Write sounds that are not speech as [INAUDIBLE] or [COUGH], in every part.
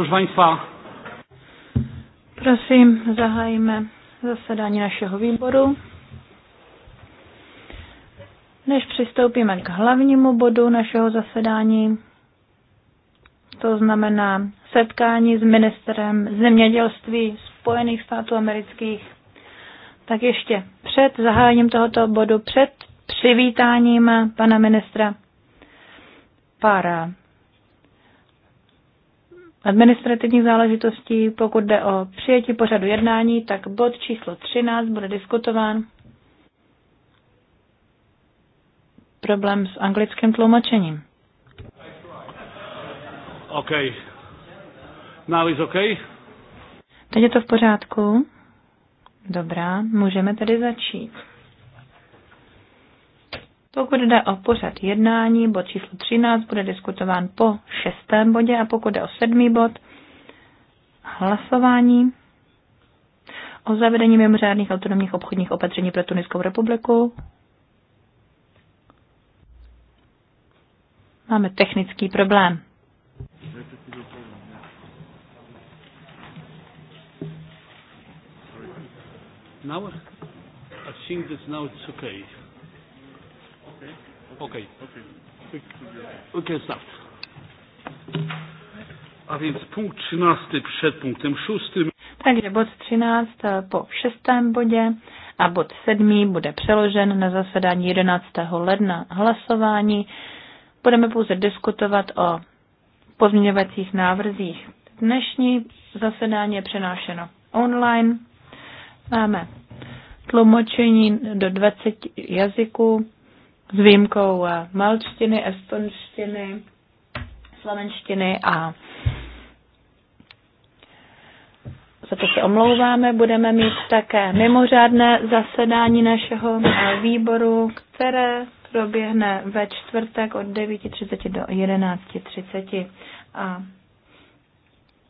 Proszę Państwa. Proszę, zahajmy zasedání našeho výboru. Než přistoupíme k hlavnímu bodu našeho zasedání, to znamená setkání s ministrem zemědělství Spojených států amerických, tak ještě před zahájením tohoto bodu, před přivítáním pana ministra, pár administrativních záležitostí. Pokud jde o přijetí pořadu jednání, tak bod číslo 13 bude diskutován. Problém s anglickým tlumočením. OK. Now is OK? Teď je to v pořádku. Dobrá, můžeme tedy začít. Pokud jde o pořad jednání, bod číslo 13 bude diskutován po šestém bodě a pokud jde o sedmý bod, hlasování o zavedení mimořádných autonomních obchodních opatření pro Tuniskou republiku. Máme technický problém. Now, I think that now it's okay ok, ok, start. A więc punkt 13 przed punktem 6. Takže bod 13 eh, po šestém bodě a bod 7 bude přeložen na zasedání 11. ledna hlasování. Budeme pouze diskutovat o pozměňovacích návrzích. Dnešní zasedání je přenášeno online. Máme tlumočení do 20 jazyků s výjimkou eh, malčtiny, estonštiny, slovenštiny a za to se omlouváme. Budeme mít také mimořádné zasedání našeho eh, výboru, které proběhne ve čtvrtek od 9.30 do 11.30. A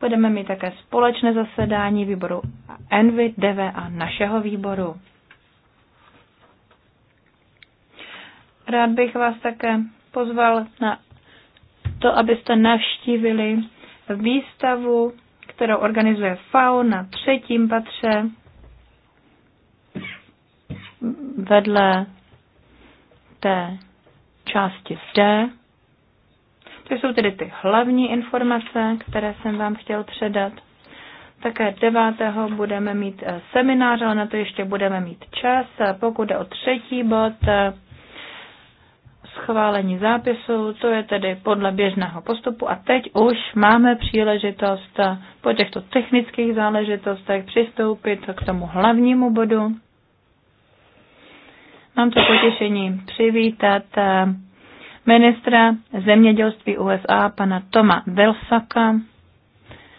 budeme mít také společné zasedání výboru Envy, DV a našeho výboru. Rád bych vás také pozval na to, abyste navštívili výstavu, kterou organizuje FAO na třetím patře vedle té části D. To jsou tedy ty hlavní informace, které jsem vám chtěl předat. Také 9. budeme mít eh, seminář, ale na to ještě budeme mít čas. Pokud je o třetí bod, eh, schválení zápisu, to je tedy podle běžného postupu a teď už máme příležitost po těchto technických záležitostech přistoupit k tomu hlavnímu bodu. Mám to potěšení přivítat eh, ministra zemědělství USA, pana Toma Velsaka,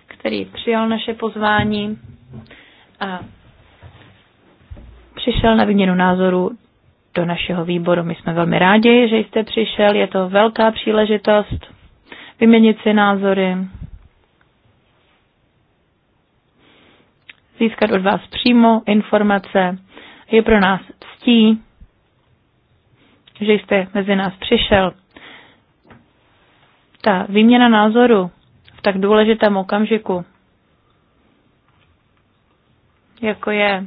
který přijal naše pozvání a přišel na výměnu názoru do našeho výboru. My jsme velmi rádi, že jste přišel. Je to velká příležitost vyměnit si názory, získat od vás přímo informace. Je pro nás ctí, že jste mezi nás přišel. Ta výměna názoru v tak důležitém okamžiku, jako je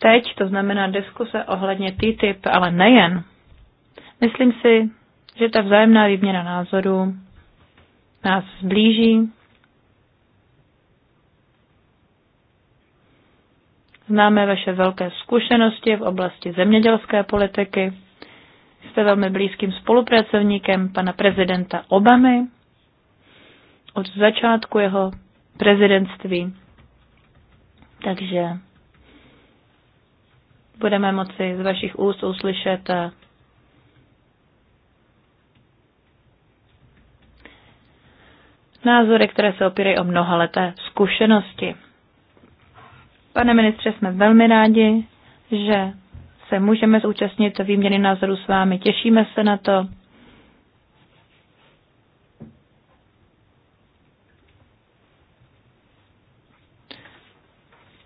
teď, to znamená diskuse ohledně TTIP, ale nejen, myslím si, že ta vzájemná výměna názorů nás zblíží. Známe vaše velké zkušenosti v oblasti zemědělské politiky. Jste velmi blízkým spolupracovníkem pana prezidenta Obamy od začátku jeho prezidentství. Takže budeme moci z vašich úst uslyšet eh, názory, které se opírají o mnohaleté zkušenosti. Pane ministře, jsme velmi rádi, že se můžeme zúčastnit výměny názorů s vámi. Těšíme se na to.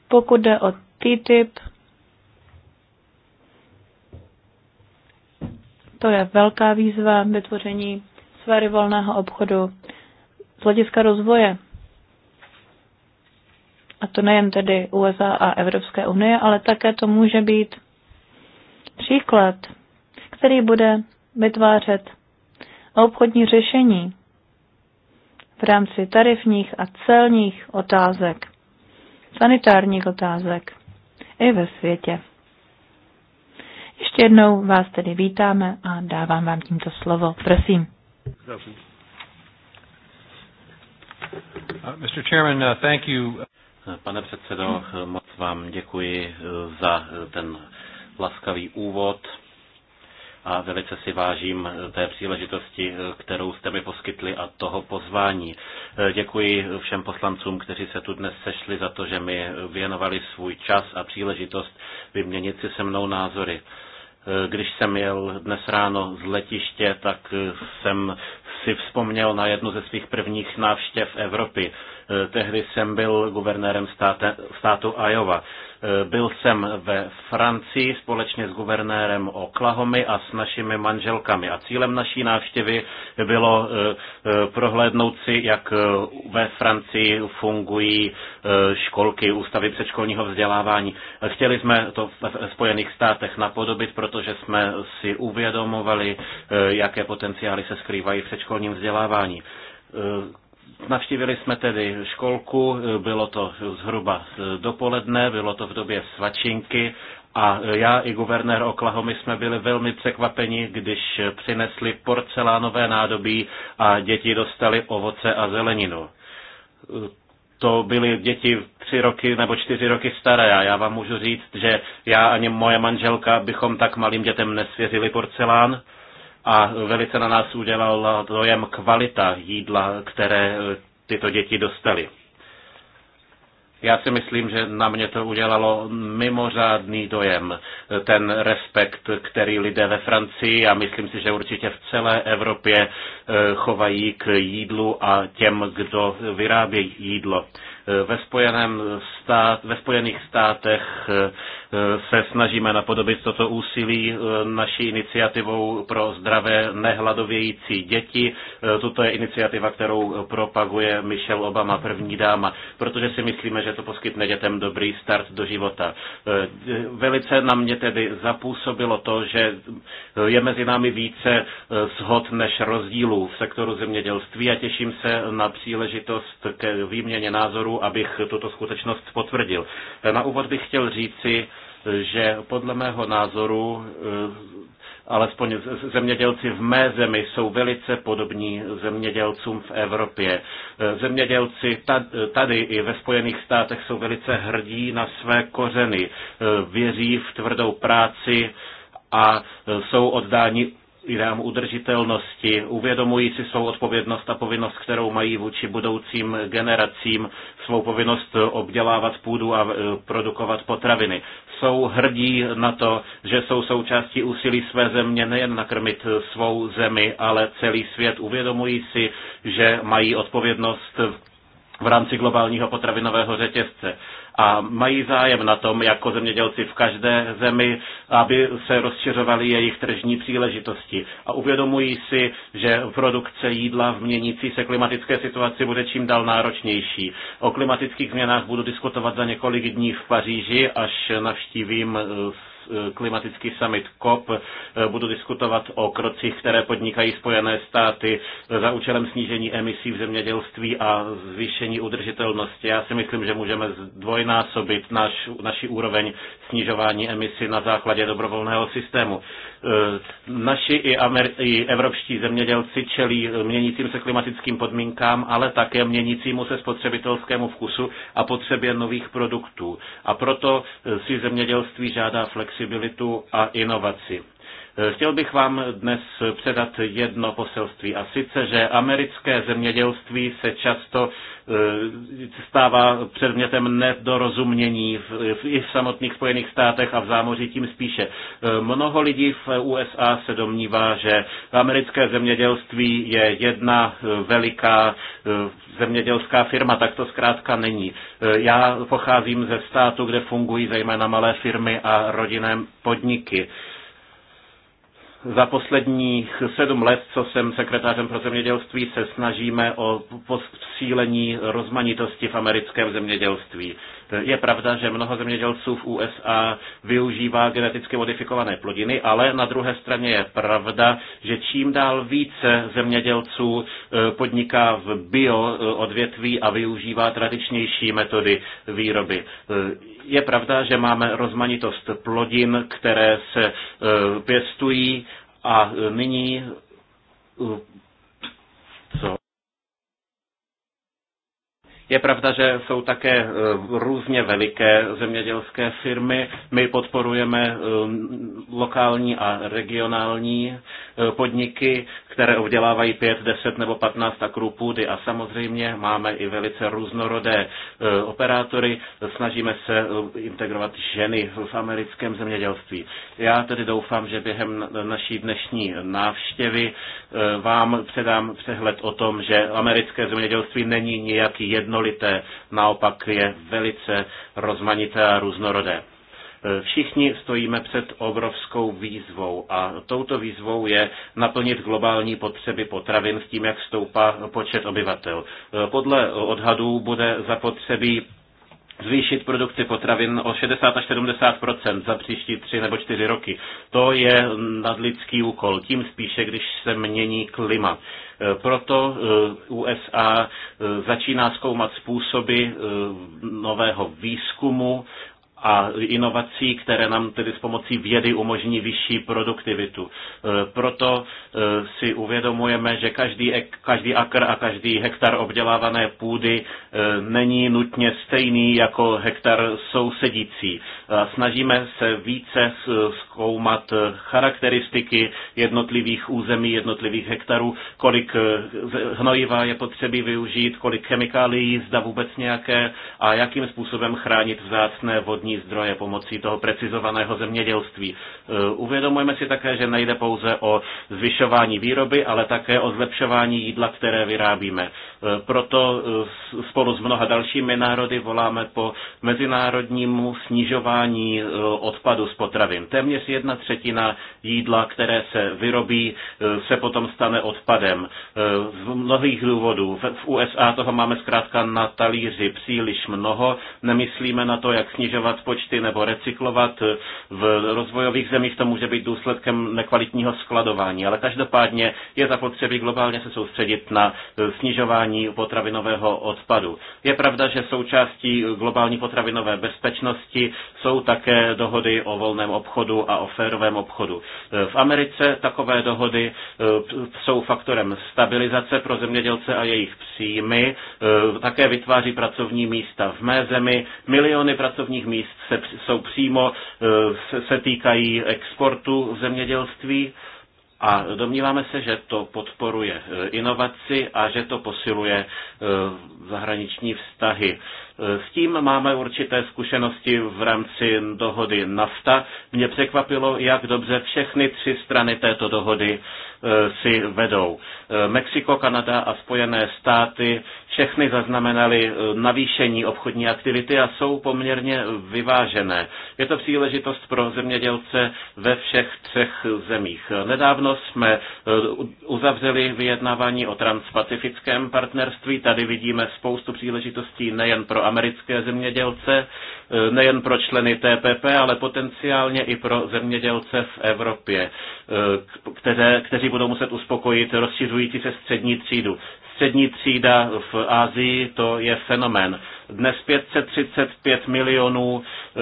Pokud jde o TTIP, To je velká výzva vytvoření sféry volného obchodu z hlediska rozvoje. A to nejen tedy USA a Evropské unie, ale také to může být příklad, který bude vytvářet obchodní řešení v rámci tarifních a celních otázek, sanitárních otázek i ve světě. Ještě jednou vás tedy vítáme a dávám vám tímto slovo. Prosím. Uh, uh, uh, pane předsedo, moc vám děkuji za ten laskavý úvod a velice si vážím té příležitosti, kterou jste mi poskytli a toho pozvání. Děkuji všem poslancům, kteří se tu dnes sešli za to, že mi věnovali svůj čas a příležitost vyměnit si se mnou názory. Když jsem jel dnes ráno z letiště, tak jsem si vzpomněl na jednu ze svých prvních návštěv Evropy Eh, tehdy jsem byl guvernérem státe, státu Iowa. Eh, byl jsem ve Francii společně s guvernérem Oklahomy a s našimi manželkami. A cílem naší návštěvy bylo eh, prohlédnout si, jak ve Francii fungují školky, ústavy předškolního vzdělávání. Chtěli jsme to ve Spojených státech napodobit, protože jsme si uvědomovali, jaké potenciály se skrývají v předškolním vzdělávání Navštívili jsme tedy školku, bylo to zhruba dopoledne, bylo to v době svačinky a já i guvernér Oklahomy jsme byli velmi překvapeni, když přinesli porcelánové nádobí a děti dostali ovoce a zeleninu. To byly děti tři roky nebo čtyři roky staré a já vám můžu říct, že já ani moje manželka bychom tak malým dětem nesvěřili porcelán a velice na nás udělal dojem kvalita jídla, které e, tyto děti dostaly. Já si myslím, že na mě to udělalo mimořádný dojem, e, ten respekt, který lidé ve Francii a myslím si, že určitě v celé Evropě e, chovají k jídlu a těm, kdo vyrábějí jídlo. Ve, stát, ve Spojených státech se snažíme napodobit toto úsilí e, naší iniciativou pro zdravé nehladovějící děti. E, toto je iniciativa, kterou propaguje Michelle Obama, první dáma, protože si myslíme, že to poskytne dětem dobrý start do života. E, velice na mě tedy zapůsobilo to, že je mezi námi více shod než rozdílů v sektoru zemědělství a těším se na příležitost ke výměně názorů, abych tuto skutečnost potvrdil. Na úvod bych chtěl říci, že podle mého názoru eh, alespoň zemědělci v mé zemi jsou velice podobní zemědělcům v Evropě. Eh, zemědělci tady i ve Spojených státech jsou velice hrdí na své kořeny, eh, věří v tvrdou práci a jsou oddáni irám udržitelnosti, uvědomují si svou odpovědnost a povinnost, kterou mají vůči budoucím generacím, svou povinnost obdělávat půdu a e, produkovat potraviny. Jsou hrdí na to, že jsou součástí úsilí své země nejen nakrmit svou zemi, ale celý svět. Uvědomují si, že mají odpovědnost v rámci globálního potravinového řetězce a mají zájem na tom, jako zemědělci v každé zemi, aby se rozšiřovaly jejich tržní příležitosti. A uvědomují si, že produkce jídla v měnící se klimatické situaci bude čím dál náročnější. O klimatických změnách budu diskutovat za několik dní v Paříži, až navštívím eh, klimatický summit COP. Budu diskutovat o krocích, které podnikají Spojené státy za účelem snížení emisí v zemědělství a zvýšení udržitelnosti. Já si myslím, že můžeme zdvojnásobit naš, naši úroveň snižování emisí na základě dobrovolného systému. Naši i, Amer- i evropští zemědělci čelí měnícím se klimatickým podmínkám, ale také měnícímu se spotřebitelskému vkusu a potřebě nových produktů. A proto si zemědělství žádá flex flexibilitu a inovaci. Chtěl bych vám dnes předat jedno poselství a sice, že americké zemědělství se často eh, stává předmětem nedorozumění v, i v samotných Spojených státech a v zámoří tím spíše. Eh, mnoho lidí v USA se domnívá, že americké zemědělství je jedna eh, veliká zemědělská firma, tak to zkrátka není. Já pocházím ze státu, kde fungují zejména malé firmy a rodinné podniky. Za posledních sedm let, co jsem sekretářem pro zemědělství, se snažíme o posílení rozmanitosti v americkém zemědělství. Je pravda, že mnoho zemědělců v USA využívá geneticky modifikované plodiny, ale na druhé straně je pravda, že čím dál více zemědělců e, podniká v bio e, odvětví a využívá tradičnější metody výroby. E, je pravda, že máme rozmanitost plodin, které se e, pěstují a e, nyní e, Je pravda, že jsou také e, různě veliké zemědělské firmy. My podporujeme e, lokální a regionální e, podniky, které obdělávají 5, 10 nebo 15 akrů půdy a samozřejmě máme i velice různorodé operátory. Snažíme se integrovat ženy v americkém zemědělství. Já tedy doufám, že během naší dnešní návštěvy vám předám přehled o tom, že americké zemědělství není nějaký jedno jednolité, naopak je velice rozmanité a různorodé. E, všichni stojíme před obrovskou výzvou a touto výzvou je naplnit globální potřeby potravin s tím, jak stoupá počet obyvatel. E, podle odhadů bude zapotřebí zvýšit produkci potravin o 60 až 70 za příští tři nebo čtyři roky. To je nadlidský úkol, tím spíše, když se mění klima. E, proto e, USA e, začíná zkoumat způsoby nového výzkumu a inovací, které nám tedy s pomocí vědy umožní vyšší produktivitu. E, proto e, si uvědomujeme, že každý, každý akr a každý hektar obdělávané půdy e, není nutně stejný jako hektar sousedící. Snažíme se více zkoumat eh, charakteristiky jednotlivých území, jednotlivých hektarů, kolik eh, hnojiva je potřebí využít, kolik chemikálií, zda vůbec nějaké a jakým způsobem chránit vzácné vodní zdroje pomocí toho precizovaného zemědělství. Eh, uvědomujeme si také, že nejde pouze o zvyšování výroby, ale také o zlepšování jídla, které vyrábíme. Proto spolu s mnoha dalšími národy voláme po mezinárodnímu snižování snižování e, odpadu z potravin. Téměř jedna třetina jídla, které se vyrobí, e, se potom stane odpadem. E, z mnohých důvodů. V USA toho máme zkrátka na talíři příliš mnoho. Nemyslíme na to, jak snižovat počty nebo recyklovat. V rozvojových zemích to může být důsledkem nekvalitního skladování. Ale každopádně je zapotřebí globálně se soustředit na snižování potravinového odpadu. Je pravda, že součástí globální potravinové bezpečnosti jsou také dohody o volném obchodu a o férovém obchodu. E, v Americe takové dohody e, jsou faktorem stabilizace pro zemědělce a jejich příjmy, e, také vytváří pracovní místa. V mé zemi miliony pracovních míst se, jsou přímo, se, se týkají exportu v zemědělství. A domníváme se, že to podporuje inovaci a že to posiluje zahraniční vztahy. S tím máme určité zkušenosti v rámci dohody NAFTA. Mě překvapilo, jak dobře všechny tři strany této dohody e, si vedou. E, Mexiko, Kanada a Spojené státy všechny zaznamenaly e, navýšení obchodní aktivity a jsou poměrně vyvážené. Je to příležitost pro zemědělce ve všech třech zemích. Nedávno jsme uzavřeli vyjednávání o transpacifickém partnerství. Tady vidíme spoustu příležitostí nejen pro americké zemědělce, e, nejen pro členy TPP, ale potenciálně i pro zemědělce v Evropě, e, které, kteří budou muset uspokojit rozšiřující se střední třídu. Střední třída v Ázii, to je fenomén. Dnes 535 milionů eh,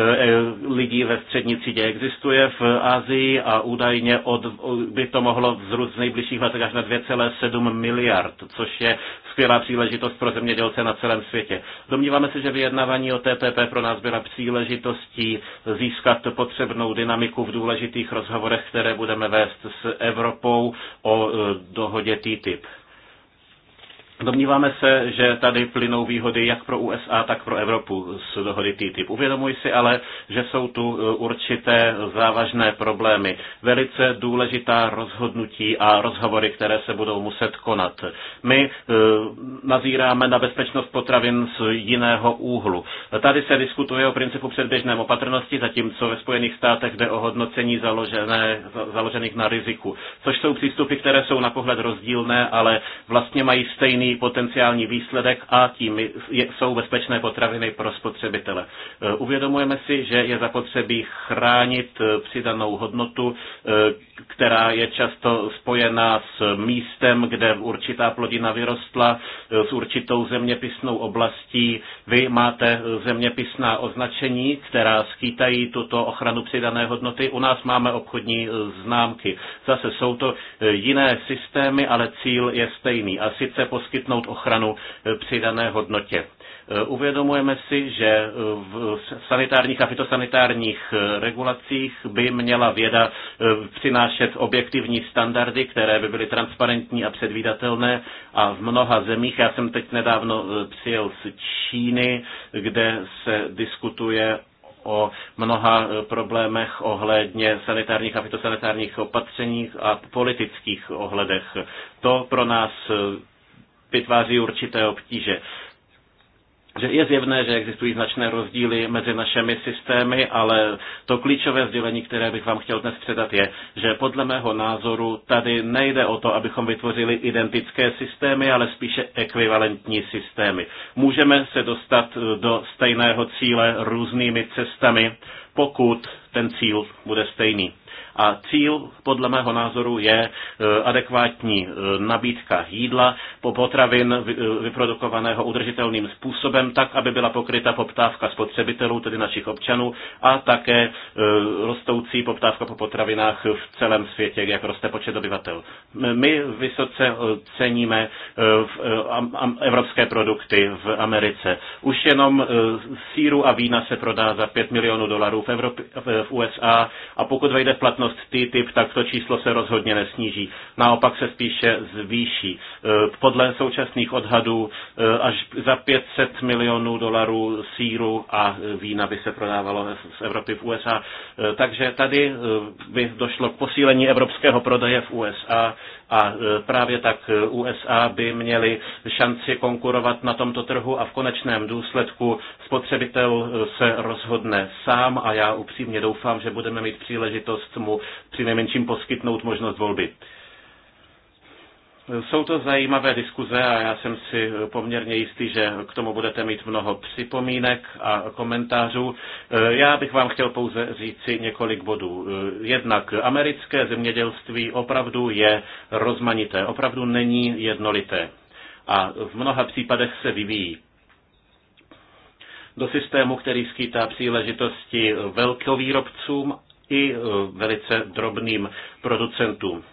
lidí ve střední třídě existuje v Asii a údajně od, by to mohlo vzrůst v nejbližších letech až na 2,7 miliard, což je skvělá příležitost pro zemědělce na celém světě. Domníváme se, že vyjednávání o TPP pro nás byla příležitostí získat potřebnou dynamiku v důležitých rozhovorech, které budeme vést s Evropou o eh, dohodě TTIP. Domníváme se, že tady plynou výhody jak pro USA, tak pro Evropu z dohody TTIP. Uvědomuji si ale, že jsou tu e, určité závažné problémy, velice důležitá rozhodnutí a rozhovory, které se budou muset konat. My e, nazíráme na bezpečnost potravin z jiného úhlu. Tady se diskutuje o principu předběžné opatrnosti, zatímco ve Spojených státech jde o hodnocení založené, založených na riziku, což jsou přístupy, které jsou na pohled rozdílné, ale vlastně mají stejný potenciální výsledek a tím jsou bezpečné potraviny pro spotřebitele. E, uvědomujeme si, že je zapotřebí chránit e, přidanou hodnotu, e, která je často spojena s místem, kde určitá plodina vyrostla, s určitou zeměpisnou oblastí, vy máte eh, zeměpisná označení, která skýtají tuto ochranu přidané hodnoty. U nás máme obchodní eh, známky. Zase jsou to eh, jiné systémy, ale cíl je stejný. A sice poskytnout ochranu přidané hodnotě. Eh, uvědomujeme si, že eh, v sanitárních a fitosanitárních eh, regulacích by měla věda přinášet objektivní standardy, které by byly transparentní a předvídatelné a v mnoha zemích, já jsem teď nedávno přijel z Číny, kde se diskutuje o mnoha problémech ohledně sanitárních a fitosanitárních opatřeních a politických ohledech. To pro nás vytváří určité obtíže že je zjevné, že existují značné rozdíly mezi našimi systémy, ale to klíčové sdělení, které bych vám chtěl dnes předat, je, že podle mého názoru tady nejde o to, abychom vytvořili identické systémy, ale spíše ekvivalentní systémy. Můžeme se dostat eh, do stejného cíle různými cestami, pokud ten cíl bude stejný. A cíl, podle mého názoru, je e, adekvátní e, nabídka jídla po potravin e, vyprodukovaného udržitelným způsobem, tak, aby byla pokryta poptávka spotřebitelů, tedy našich občanů, a také rostoucí poptávka po potravinách v celém světě, jak roste počet obyvatel. My vysoce ceníme evropské produkty v Americe. Už jenom síru a vína se prodá za 5 milionů dolarů v, Evropě, v USA a pokud vejde v platnost platnost TTIP, tak to číslo se rozhodně nesníží. Naopak se spíše zvýší. E, podle současných odhadů e, až za 500 milionů dolarů síru a vína by se prodávalo z Evropy v USA. E, takže tady by došlo k posílení evropského prodeje v USA a e, právě tak e, USA by měly šanci konkurovat na tomto trhu a v konečném důsledku spotřebitel e, se rozhodne sám a já upřímně doufám, že budeme mít příležitost mu při nejmenším poskytnout možnost volby. Jsou to zajímavé diskuze a já jsem si poměrně jistý, že k tomu budete mít mnoho připomínek a komentářů. Já bych vám chtěl pouze říci několik bodů. Jednak americké zemědělství opravdu je rozmanité, opravdu není jednolité a v mnoha případech se vyvíjí do systému, který skýtá příležitosti velkovýrobcům i velice drobným producentům.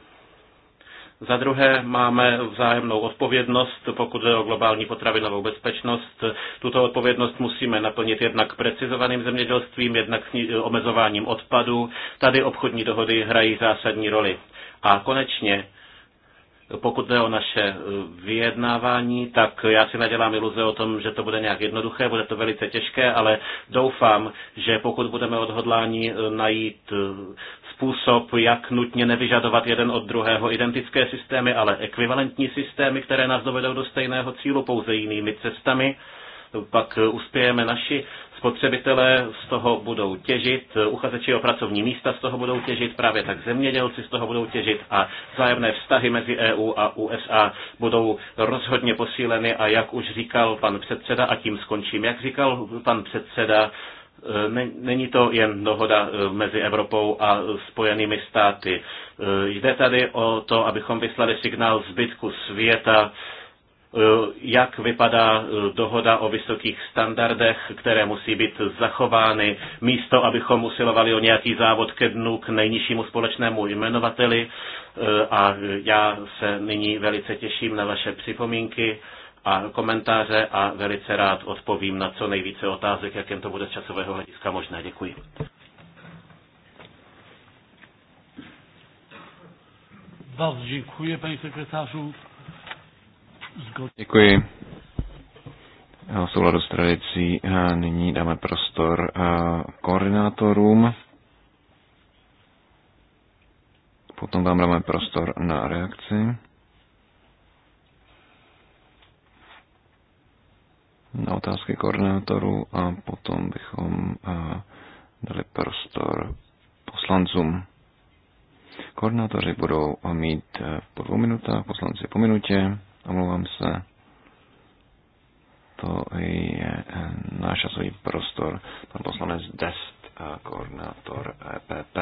Za druhé máme vzájemnou odpovědnost, pokud je o globální potravinovou bezpečnost. Tuto odpovědnost musíme naplnit jednak precizovaným zemědělstvím, jednak omezováním odpadu. Tady obchodní dohody hrají zásadní roli. A konečně pokud jde o naše e, vyjednávání, tak já si nedělám iluze o tom, že to bude nějak jednoduché, bude to velice těžké, ale doufám, že pokud budeme odhodláni e, najít e, způsob, jak nutně nevyžadovat jeden od druhého identické systémy, ale ekvivalentní systémy, které nás dovedou do stejného cílu pouze jinými cestami, pak eh, uspějeme naši spotřebitelé z toho budou těžit, eh, uchazeči o pracovní místa z toho budou těžit, právě tak zemědělci z toho budou těžit a vzájemné vztahy mezi EU a USA budou rozhodně posíleny a jak už říkal pan předseda, a tím skončím, jak říkal pan předseda, eh, Není to jen dohoda mezi Evropou a Spojenými státy. Jde tady o to, abychom vyslali signál zbytku světa, Eh, jak vypadá eh, dohoda o vysokých standardech, které musí být zachovány, místo abychom usilovali o nějaký závod ke dnu k nejnižšímu společnému jmenovateli. Eh, a já se nyní velice těším na vaše připomínky a komentáře a velice rád odpovím na co nejvíce otázek, jak jen to bude z časového hlediska možné. Děkuji. Bardzo dziękuję panie sekretarzu. Děkuji. V souladu s tradicí eh, nyní dáme prostor eh, koordinátorům. Potom tam dáme prostor na reakci. Na otázky koordinátorů a potom bychom eh, dali prostor poslancům. Koordinátoři budou mít po dvou minutách, poslanci po minutě. Omlouvám se. To je eh, náš časový prostor. Pan poslanec Dest, eh, koordinátor EPP.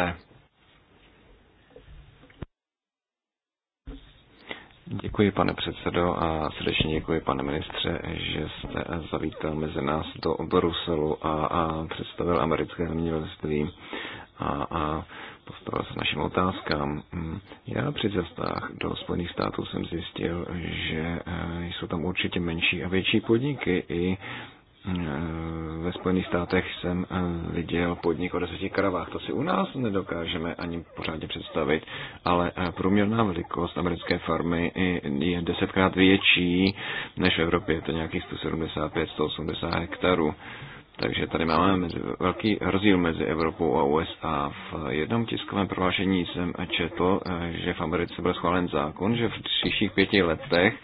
Děkuji, pane předsedo, a srdečně děkuji, pane ministře, že jste eh, zavítal mezi nás do Bruselu a, a představil americké zemědělství. A, a postavil se našim otázkám. Mm, Já při cestách do Spojených států jsem zjistil, že eh, jsou tam určitě menší a větší podniky. I eh, ve Spojených státech jsem eh, viděl podnik o deseti kravách. To si u nás nedokážeme ani pořádně představit, ale průměrná velikost americké farmy je desetkrát větší než v Evropě. Je to nějakých 175-180 hektarů. Takže tady máme mezi, velký rozdíl mezi Evropou a USA. V jednom tiskovém prohlášení jsem četl, eh, že v Americe byl schválen zákon, že v příštích pěti letech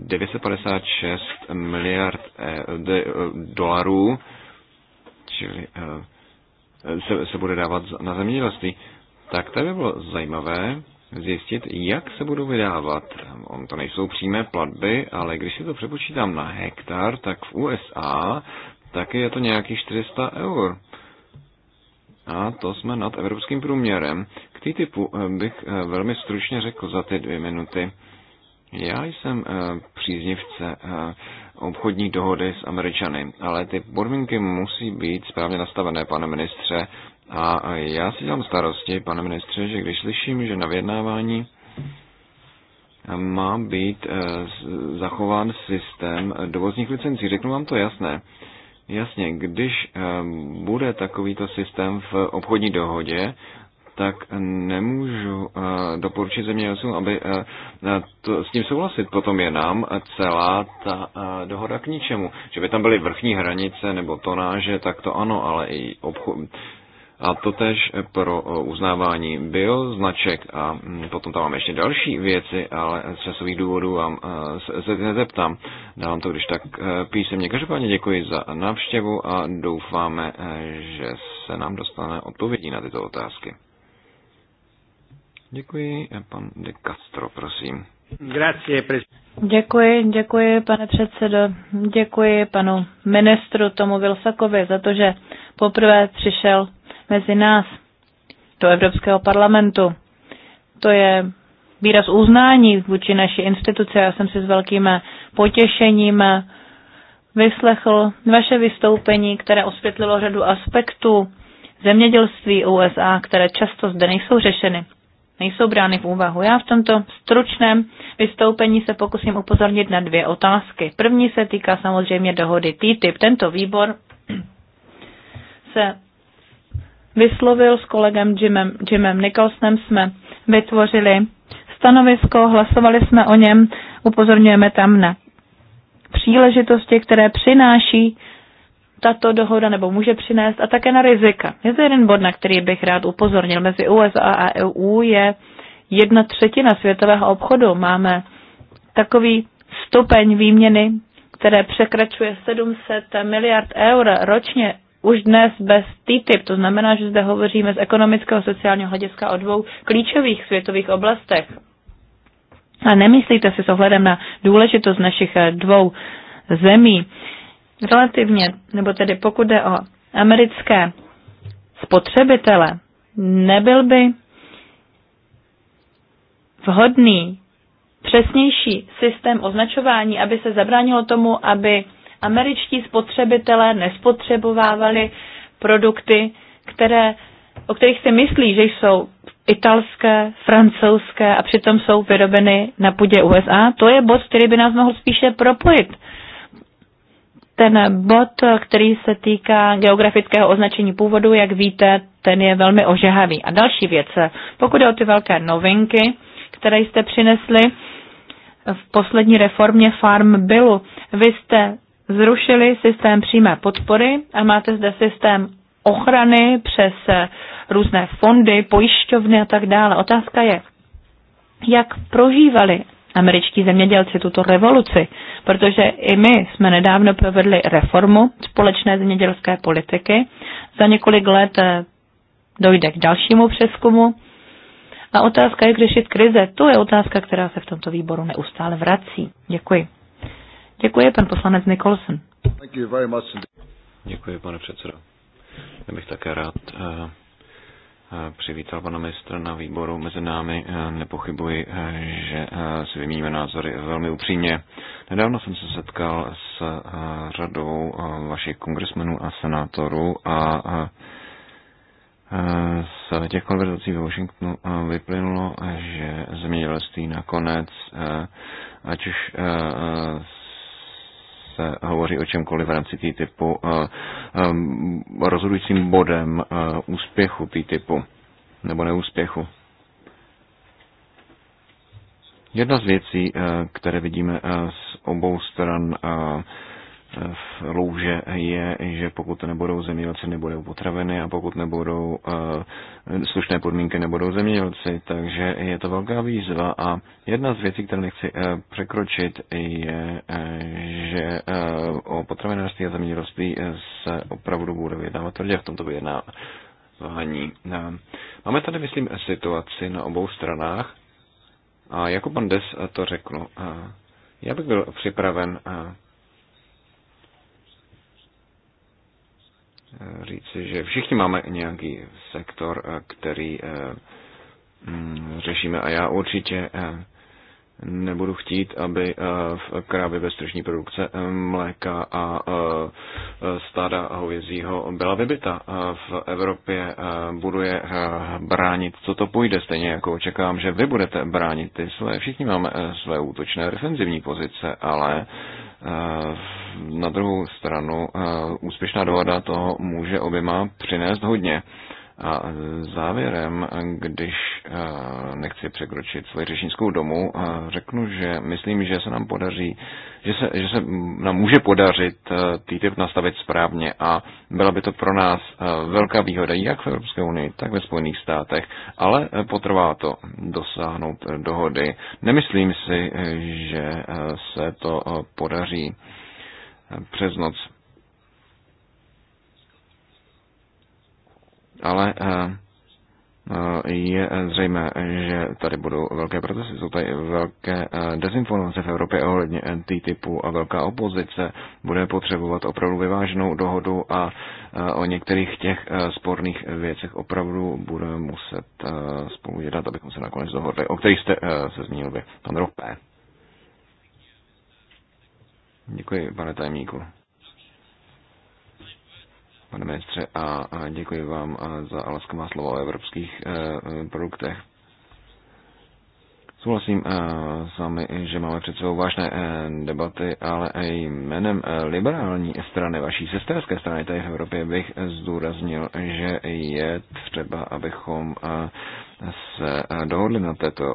956 eh, miliard eh, dolarů čili, se, se bude dávat na zemědělství. Tak to by bylo zajímavé, zjistit, jak se budou vydávat. On to nejsou přímé platby, ale když si to přepočítám na hektar, tak v USA taky je to nějakých 400 eur. A to jsme nad evropským průměrem. K té typu eh, bych eh, velmi stručně řekl za ty dvě minuty. Já jsem eh, příznivce obchodní dohody s Američany, ale ty podmínky musí být správně nastavené, pane ministře, a já si dělám starosti, pane ministře, že když slyším, že na vyjednávání má být eh, zachován systém dovozních licencí, řeknu vám to jasné. Jasně, když eh, bude takovýto systém v obchodní dohodě, tak nemůžu eh, doporučit zemědělcům, aby to, s tím souhlasit. Potom je nám celá ta dohoda k ničemu. Že by tam byly vrchní hranice nebo tonáže, tak to ano, ale i obchod, a to tež pro e, uznávání bioznaček a mm, potom tam mám ještě další věci, ale z časových důvodů vám e, se nezeptám. Dávám to když tak e, písemně. Každopádně děkuji za návštěvu a doufáme, že se nám dostane odpovědi na tyto otázky. Děkuji, pan de Castro, prosím. Děkuji, děkuji, pane předsedo. Děkuji panu ministru Tomu Vilsakovi za to, že poprvé přišel mezi nás do Evropského parlamentu. To je výraz uznání vůči naší instituce. Já jsem si s velkým potěšením vyslechl vaše vystoupení, které osvětlilo řadu aspektů zemědělství USA, které často zde nejsou řešeny, nejsou brány v úvahu. Já v tomto stručném vystoupení se pokusím upozornit na dvě otázky. První se týká samozřejmě dohody TTIP. Tento výbor se vyslovil s kolegem Jimem, Jimem Nicholsonem, jsme vytvořili stanovisko, hlasovali jsme o něm, upozorňujeme tam na příležitosti, které přináší tato dohoda nebo může přinést a také na rizika. Je to jeden bod, na který bych rád upozornil. Mezi USA a EU je jedna třetina světového obchodu. Máme takový stupeň výměny, které překračuje 700 miliard eur ročně už dnes bez TTIP. To znamená, že zde hovoříme z ekonomického a sociálního hlediska o dvou klíčových světových oblastech. A nemyslíte si s ohledem na důležitost našich eh, dvou zemí, relativně, nebo tedy pokud jde o americké spotřebitele, nebyl by vhodný přesnější systém označování, aby se zabránilo tomu, aby američtí spotřebitelé nespotřebovávali produkty, které, o kterých si myslí, že jsou italské, francouzské a přitom jsou vyrobeny na půdě USA. To je bod, který by nás mohl spíše propojit. Ten bod, který se týká geografického označení původu, jak víte, ten je velmi ožehavý. A další věc, pokud je o ty velké novinky, které jste přinesli v poslední reformě Farm Billu, vy jste zrušili systém přímé podpory a máte zde systém ochrany přes eh, různé fondy, pojišťovny a tak dále. Otázka je, jak prožívali američtí zemědělci tuto revoluci, protože i my jsme nedávno provedli reformu společné zemědělské politiky. Za několik let eh, dojde k dalšímu přeskumu. A otázka, jak řešit krize, to je otázka, která se v tomto výboru neustále vrací. Děkuji. Děkuji, pan poslanec Nicholson. Děkuji, pane předsedo. Já bych také rád eh, eh, přivítal pana ministra na výboru mezi námi. Eh, nepochybuji, že si vymíníme názory velmi upřímně. Nedávno jsem se setkal s řadou vašich kongresmenů a senátorů a z těch konverzací ve Washingtonu vyplynulo, že zemědělství nakonec, ať už se hovoří o čemkoliv v rámci TTIPu eh, eh, rozhodujícím bodem eh, úspěchu TTIPu nebo neúspěchu. Jedna z věcí, které vidíme z obou stran v louže je, že pokud nebudou zemědělci, nebudou potraviny a pokud nebudou eh, slušné podmínky, nebudou zemědělci. Takže je to velká výzva a jedna z věcí, které nechci eh, překročit, je, eh, že o potravinářství a zemědělství se opravdu bude vědávat tvrdě v tomto vyjednávání. Máme tady, myslím, situaci na obou stranách a jako pan Des to řekl, já bych byl připraven říci, že všichni máme nějaký sektor, eh, který eh, mm, řešíme a já určitě eh, nebudu chtít, aby v krávě bez tržní produkce mléka a stáda hovězího byla vybita. V Evropě buduje bránit, co to půjde, stejně jako očekávám, že vy budete bránit ty své. Všichni máme své útočné defenzivní pozice, ale Eh, na druhou stranu eh, úspěšná dohoda toho může oběma přinést hodně a e, závěrem, když e, nechci překročit svoji řečnickou domu, e, řeknu, že myslím, že se nám podaří, že se, že se nám může podařit TTIP nastavit správně a byla by to pro nás velká výhoda jak v Evropské unii, tak ve Spojených státech, ale potrvá to dosáhnout dohody. Nemyslím si, že se to podaří přes noc ale eh, eh, je zřejmé, že tady budou velké procesy, jsou tady velké eh, dezinformace v Evropě ohledně typu a velká opozice bude potřebovat opravdu vyváženou dohodu a o některých těch sporných věcech opravdu bude muset spolu jednat, abychom se nakonec dohodli, o kterých jste se zmínil vy, pan Ropé. Děkuji, pane tajemníku pane ministře, a děkuji vám za laskavá slova o evropských e, e, produktech. Souhlasím e, s vámi, že máme před sebou vážné debaty, ale i jménem liberální strany, vaší sesterské strany tady v Evropě, bych zdůraznil, že je třeba, abychom se dohodli na této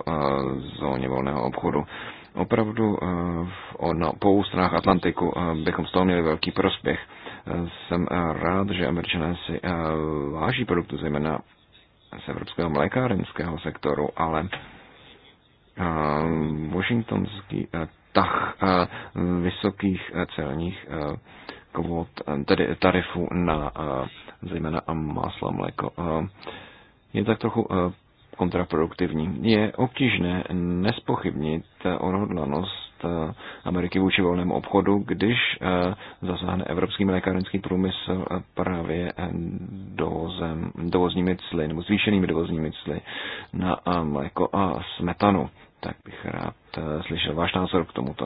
zóně volného obchodu. Opravdu po stranách Atlantiku bychom z toho měli velký prospěch. Jsem eh, rád, že američané si eh, váží produktu, zejména z evropského mlékárenského sektoru, ale eh, washingtonský tah vysokých celních kvot, tedy tarifů na zejména a mléko, je tak trochu kontraproduktivní. Je obtížné nespochybnit odhodlanost eh, Ameriky vůči volnému obchodu, když eh, zasáhne evropský mlékárenský průmysl eh, právě dovozem, dovozními cly nebo zvýšenými dovozními cly na mléko a smetanu. Tak bych rád slyšel váš názor k tomuto.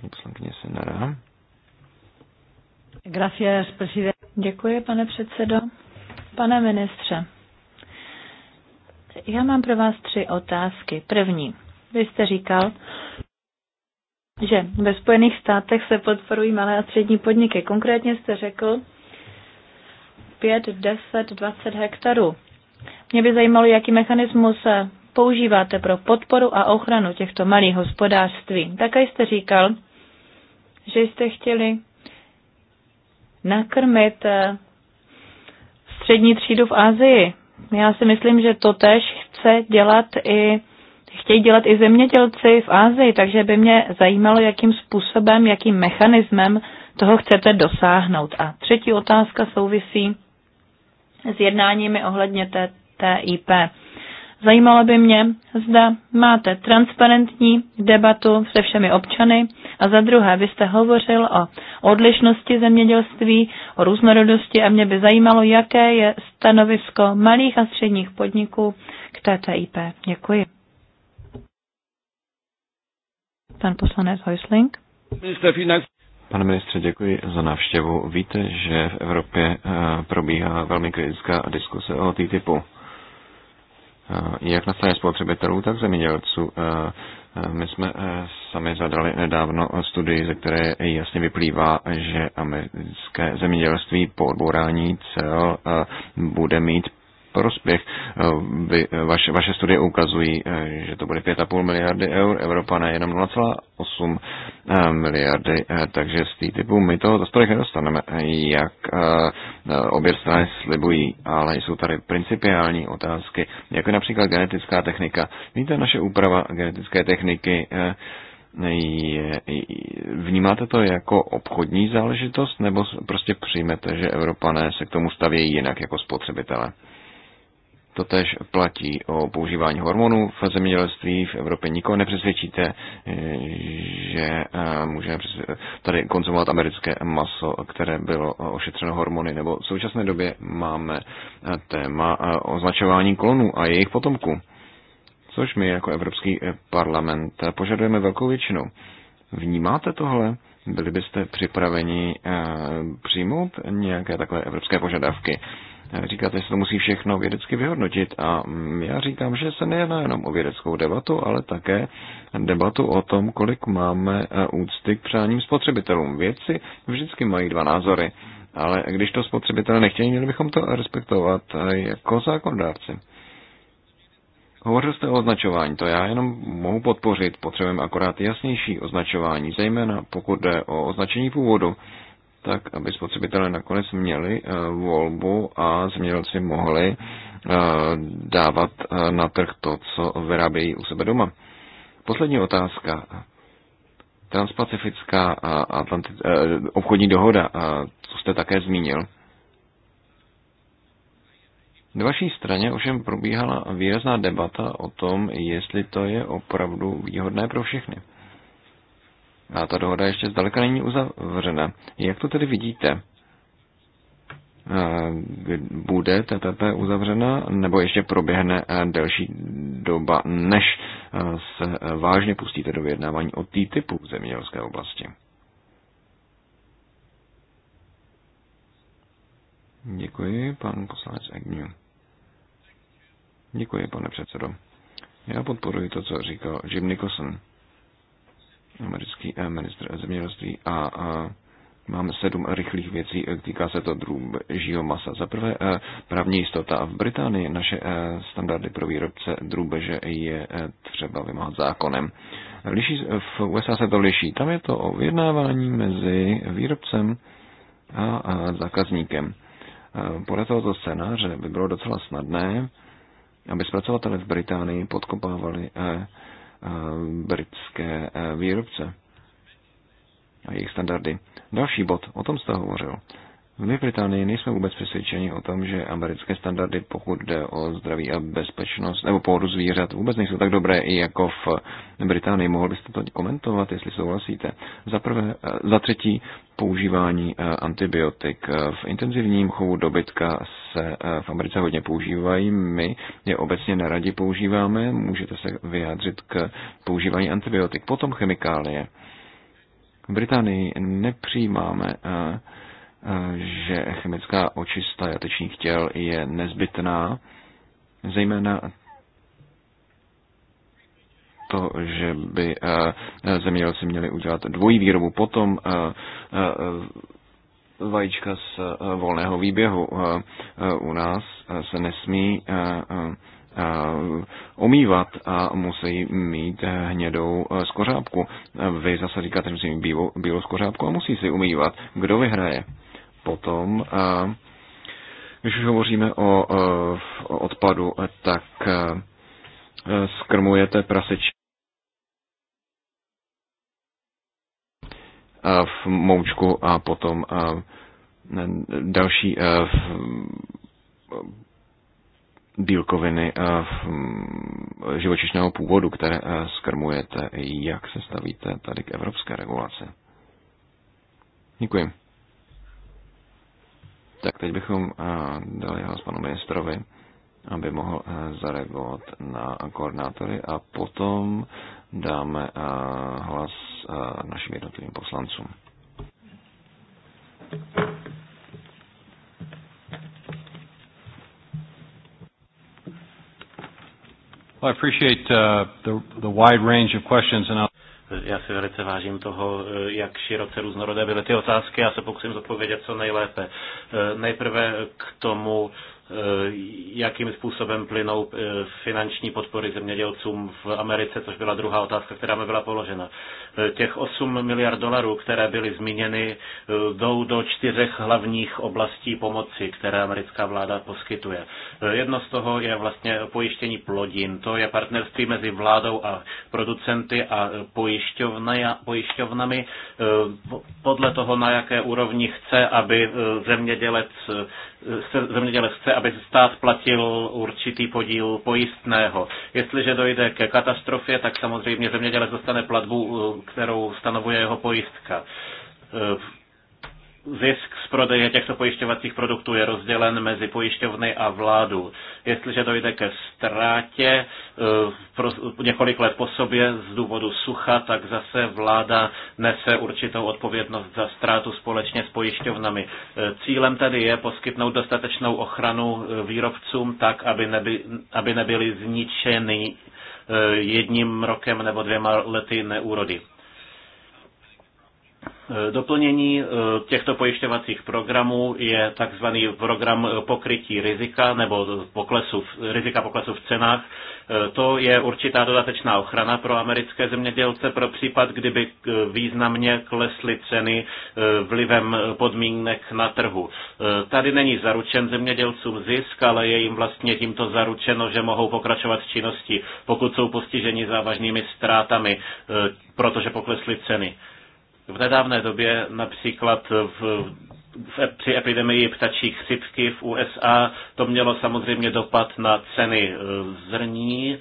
Paní poslankyně Senera. Gracias, Děkuji, pane předsedo. Pane ministře, já mám pro vás tři otázky. První. Vy jste říkal, že ve Spojených státech se podporují malé a střední podniky. Konkrétně jste řekl 5, 10, 20 hektarů. Mě by zajímalo, jaký mechanismus používáte pro podporu a ochranu těchto malých hospodářství. Také jste říkal, že jste chtěli nakrmit eh, střední třídu v Asii. Já si myslím, že to tež chce dělat i chtějí dělat i zemědělci v Ázii, takže by mě zajímalo, jakým způsobem, jakým mechanismem toho chcete dosáhnout. A třetí otázka souvisí s jednáními ohledně TIP. Zajímalo by mě, zda máte transparentní debatu se všemi občany a za druhé, vy jste hovořil o odlišnosti zemědělství, o různorodosti a mě by zajímalo, jaké je stanovisko malých a středních podniků k TTIP. Děkuji. Pan poslanec Hojsling. Pane ministře, děkuji za návštěvu. Víte, že v Evropě eh, probíhá velmi kritická diskuse o TTIPu. Eh, jak na straně spotřebitelů, tak zemědělců. Eh, eh, my jsme sami zadali nedávno studii, ze které jasně vyplývá, že americké zemědělství po odbourání cel bude mít prospěch. Eh, vy, eh, vaše, vaše studie ukazují, eh, že to bude 5,5 miliardy eur, Evropa jenom 0,8 miliardy, takže z té typu my toho za stolik nedostaneme, jak obě strany slibují, ale jsou tady principiální otázky, jako například genetická technika. Víte, naše úprava genetické techniky je, vnímáte to jako obchodní záležitost, nebo prostě přijmete, že Evropané se k tomu stavějí jinak jako spotřebitelé? Totež platí o používání hormonů v zemědělství. V Evropě nikoho nepřesvědčíte, že eh, můžeme tady konzumovat americké maso, které bylo eh, ošetřeno hormony. Nebo v současné době máme eh, téma označování klonů a jejich potomků, což my jako Evropský parlament požadujeme velkou většinou. Vnímáte tohle? Byli byste připraveni přijmout nějaké takové evropské požadavky? Říkáte, že se to musí všechno vědecky vyhodnotit a já říkám, že se nejedná jenom o vědeckou debatu, ale také debatu o tom, kolik máme e, úcty k přáním spotřebitelům. Věci vždycky mají dva názory, ale když to spotřebitelé nechtějí, měli bychom to respektovat jako zákondárci. Hovořil jste o označování, to já jenom mohu podpořit, potřebujeme akorát jasnější označování, zejména pokud jde o označení původu tak aby spotřebitelé nakonec měli eh, volbu a zemědělci mohli eh, dávat eh, na trh to, co vyrábějí u sebe doma. Poslední otázka. Transpacifická Atlantic, obchodní dohoda, co jste také zmínil. Na vaší straně ovšem probíhala výrazná debata o tom, jestli to je opravdu výhodné pro všechny. A ta dohoda ještě zdaleka není uzavřena. Jak to tedy vidíte? Bude TTP uzavřena nebo ještě proběhne delší doba, než se vážně pustíte do vyjednávání o TTIPu v zemědělské oblasti? Děkuji, pan poslanec Agnew. Děkuji, pane předsedo. Já podporuji to, co říkal Jim Nicholson americký eh, ministr zemědělství a, a Mám sedm rychlých věcí, eh, týká se to žího masa. Za prvé, eh, právní jistota. V Británii naše standardy pro výrobce drůbeže je třeba vymáhat zákonem. Liší, v USA se to liší. Tam je to o vyjednávání mezi výrobcem a zákazníkem. Podle tohoto scénáře by bylo docela snadné, aby zpracovatele v Británii podkopávali Eh, britské eh, výrobce a jejich standardy. Další bod, o tom jste hovořil. My v Británii nejsme vůbec přesvědčeni o tom, že americké standardy, pokud jde o zdraví a bezpečnost nebo pohodu zvířat, vůbec nejsou tak dobré i jako v Británii. Mohl byste to komentovat, jestli souhlasíte. Za, prvé, eh, za třetí, používání eh, antibiotik. V intenzivním chovu dobytka se eh, v Americe hodně používají. My je obecně neradi používáme. Můžete se vyjádřit k používání antibiotik. Potom chemikálie. V Británii nepřijímáme uh, že chemická očista jatečních těl je nezbytná, zejména to, že by eh, zemědělci měli udělat dvojí výrobu. Potom eh, eh, vajíčka z volného výběhu u nás se nesmí omývat a musí mít hnědou skořápku. Vy zase říkáte, že musí mít bílou, bílou skořápku a musí si umývat. Kdo vyhraje? potom, když už hovoříme o, e, o odpadu, tak e, skrmujete prasič e, v moučku a potom další bílkoviny mm, živočišného původu, které skrmujete. Jak se stavíte tady k evropské regulaci? Děkuji. Tak teď bychom eh, dali hlas panu ministrovi, aby mohl eh, zareagovat na koordinátory a potom dáme eh, hlas našim jednotlivým poslancům. Well, I appreciate uh, the, the wide range of questions, and I'll já si velice vážím toho, eh, jak široce různorodé byly ty otázky. Já se pokusím zodpovědět co nejlépe. Eh, Nejprve k tomu, Eh, jakým způsobem plynou eh, finanční podpory zemědělcům v Americe, což byla druhá otázka, která mi byla položena. Eh, těch 8 miliard dolarů, které byly zmíněny, jdou do čtyřech hlavních oblastí pomoci, které americká vláda poskytuje. Jedno z toho je vlastně pojištění plodin. To je partnerství mezi vládou a producenty a pojišťovnami podle toho, na jaké úrovni chce, aby zemědělec se zemědělec chce, aby stát platil určitý podíl pojistného. Jestliže dojde ke katastrofě, tak samozřejmě zemědělec dostane platbu, eh, kterou stanovuje jeho pojistka eh, zisk z prodeje těchto pojišťovacích produktů je rozdělen mezi pojišťovny a vládu. Jestliže dojde ke ztrátě eh, pro několik let po sobě z důvodu sucha, tak zase vláda nese určitou odpovědnost za ztrátu společně s pojišťovnami. Eh, cílem tedy je poskytnout dostatečnou ochranu eh, výrobcům tak, aby, neby, aby nebyly zničeny jedním rokem nebo dvěma lety neúrody. E, doplnění e, těchto pojišťovacích programů je takzvaný program e, pokrytí rizika nebo poklesu, rizika poklesu v cenách. To je určitá dodatečná ochrana pro americké zemědělce pro případ, kdyby významně klesly ceny vlivem podmínek na trhu. Tady není zaručen zemědělcům zisk, ale je jim vlastně tímto zaručeno, že mohou pokračovat v činnosti, pokud jsou postiženi závažnými ztrátami, protože poklesly ceny. V nedávné době například v v, při epidemii ptačí chřipky v USA to mělo samozřejmě dopad na ceny e, zrní e,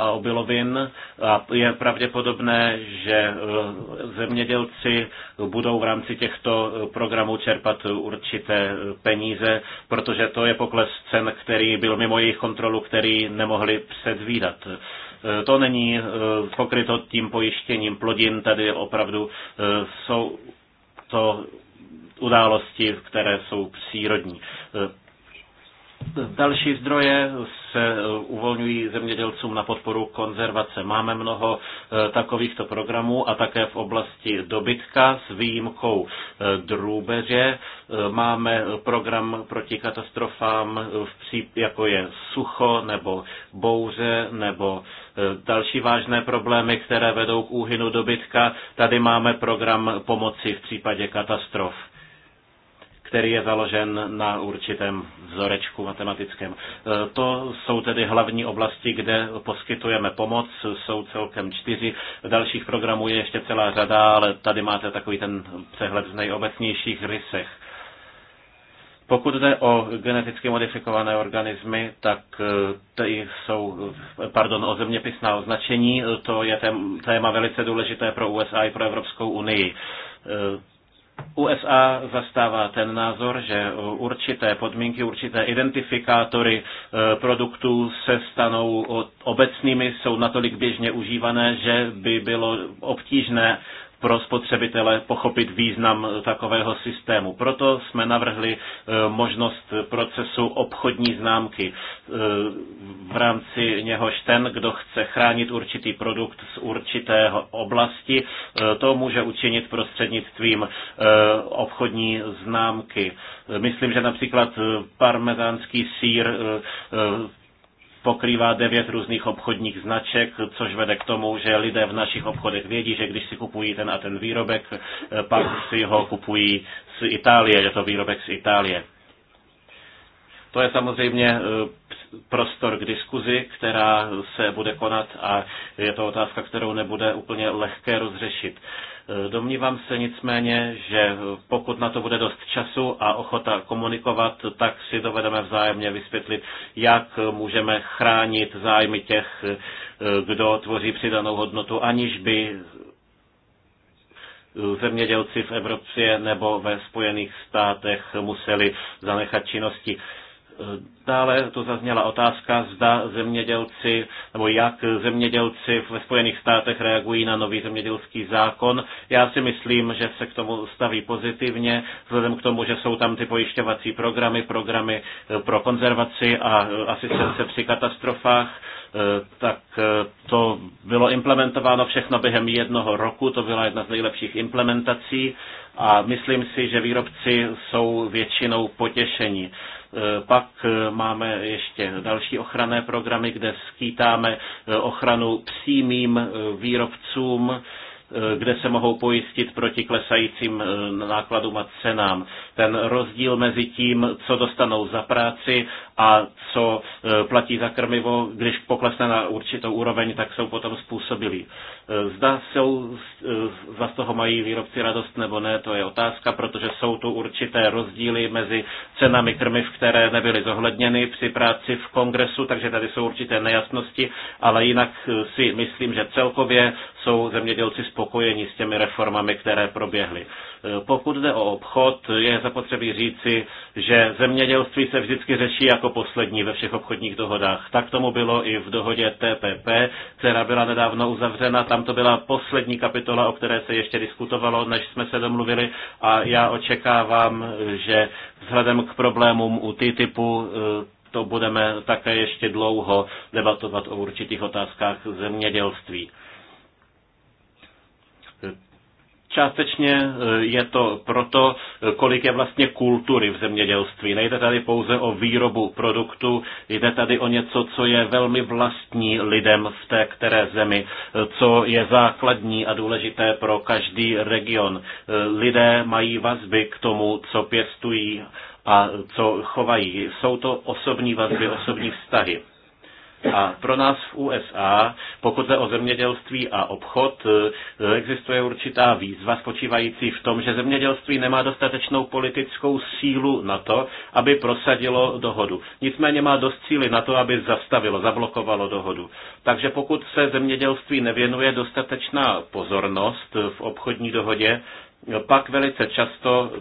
a obilovin a je pravděpodobné, že e, zemědělci budou v rámci těchto programů čerpat určité peníze, protože to je pokles cen, který byl mimo jejich kontrolu, který nemohli předvídat. Eh, to není eh, pokryto tím pojištěním plodin, tady opravdu eh, jsou to události, které jsou přírodní. Další zdroje se eh, uvolňují zemědělcům na podporu konzervace. Máme mnoho eh, takovýchto programů a také v oblasti dobytka s výjimkou eh, drůbeže. Máme program proti katastrofám, jako je sucho nebo bouře nebo další vážné problémy, které vedou k úhynu dobytka. Tady máme program pomoci v případě katastrof který je založen na určitém vzorečku matematickém. E, to jsou tedy hlavní oblasti, kde poskytujeme pomoc, jsou celkem čtyři. Dalších programů je ještě celá řada, ale tady máte takový ten přehled v nejobecnějších rysech. Pokud jde o geneticky modifikované organismy, tak e, ty jsou, pardon, o zeměpisná označení, to je téma velice důležité pro USA i pro Evropskou unii e, USA zastává ten názor, že určité podmínky, určité identifikátory eh, produktů se stanou obecnými, jsou natolik běžně užívané, že by bylo obtížné pro spotřebitele pochopit význam takového systému. Proto jsme navrhli e, možnost procesu obchodní známky, e, v rámci něhož ten, kdo chce chránit určitý produkt z určité oblasti, e, to může učinit prostřednictvím obchodní známky. Myslím, že například parmezánský sír pokrývá devět různých obchodních značek, což vede k tomu, že lidé v našich obchodech vědí, že když si kupují ten a ten výrobek, eh, pak si ho kupují z Itálie, je to výrobek z Itálie. To je samozřejmě eh, prostor k diskuzi, která se bude konat a je to otázka, kterou nebude úplně lehké rozřešit. Domnívám se nicméně, že pokud na to bude dost času a ochota komunikovat, tak si dovedeme vzájemně vysvětlit, jak můžeme chránit zájmy těch, kdo tvoří přidanou hodnotu, aniž by zemědělci v Evropě nebo ve Spojených státech museli zanechat činnosti. Dále to zazněla otázka, zda zemědělci, nebo jak zemědělci ve Spojených státech reagují na nový zemědělský zákon. Já si myslím, že se k tomu staví pozitivně, vzhledem k tomu, že jsou tam ty pojišťovací programy, programy pro konzervaci a asistence při katastrofách. Eh, tak eh, to bylo implementováno všechno během jednoho roku, to byla jedna z nejlepších implementací a myslím si, že výrobci jsou většinou potěšení. Eh, pak máme ještě další ochranné programy, kde skýtáme ochranu přímým výrobcům, kde se mohou pojistit proti klesajícím nákladům a cenám. Ten rozdíl mezi tím, co dostanou za práci a co e, platí za krmivo, když poklesne na určitou úroveň, tak jsou potom způsobilí. E, zda jsou, e, zda z toho mají výrobci radost nebo ne, to je otázka, protože jsou tu určité rozdíly mezi cenami krmiv, které nebyly zohledněny při práci v kongresu, takže tady jsou určité nejasnosti, ale jinak si myslím, že celkově jsou zemědělci spokojeni s těmi reformami, které proběhly. Pokud jde o obchod, je zapotřebí říci, že zemědělství se vždycky řeší jako jako poslední ve všech obchodních dohodách. Tak tomu bylo i v dohodě TPP, která byla nedávno uzavřena. Tam to byla poslední kapitola, o které se ještě diskutovalo, než jsme se domluvili a já očekávám, že vzhledem k problémům u TTIPu eh, to budeme také ještě dlouho debatovat o určitých otázkách zemědělství. Částečně e, je to proto, e, kolik je vlastně kultury v zemědělství. Nejde tady pouze o výrobu produktu, jde tady o něco, co je velmi vlastní lidem v té které zemi, e, co je základní a důležité pro každý region. Lidé mají vazby k tomu, co pěstují a co chovají. Jsou to osobní vazby, osobní vztahy. A pro nás v USA, pokud jde o zemědělství a obchod, eh, existuje určitá výzva spočívající v tom, že zemědělství nemá dostatečnou politickou sílu na to, aby prosadilo dohodu. Nicméně má dost síly na to, aby zastavilo, zablokovalo dohodu. Takže pokud se zemědělství nevěnuje dostatečná pozornost eh, v obchodní dohodě, eh, pak velice často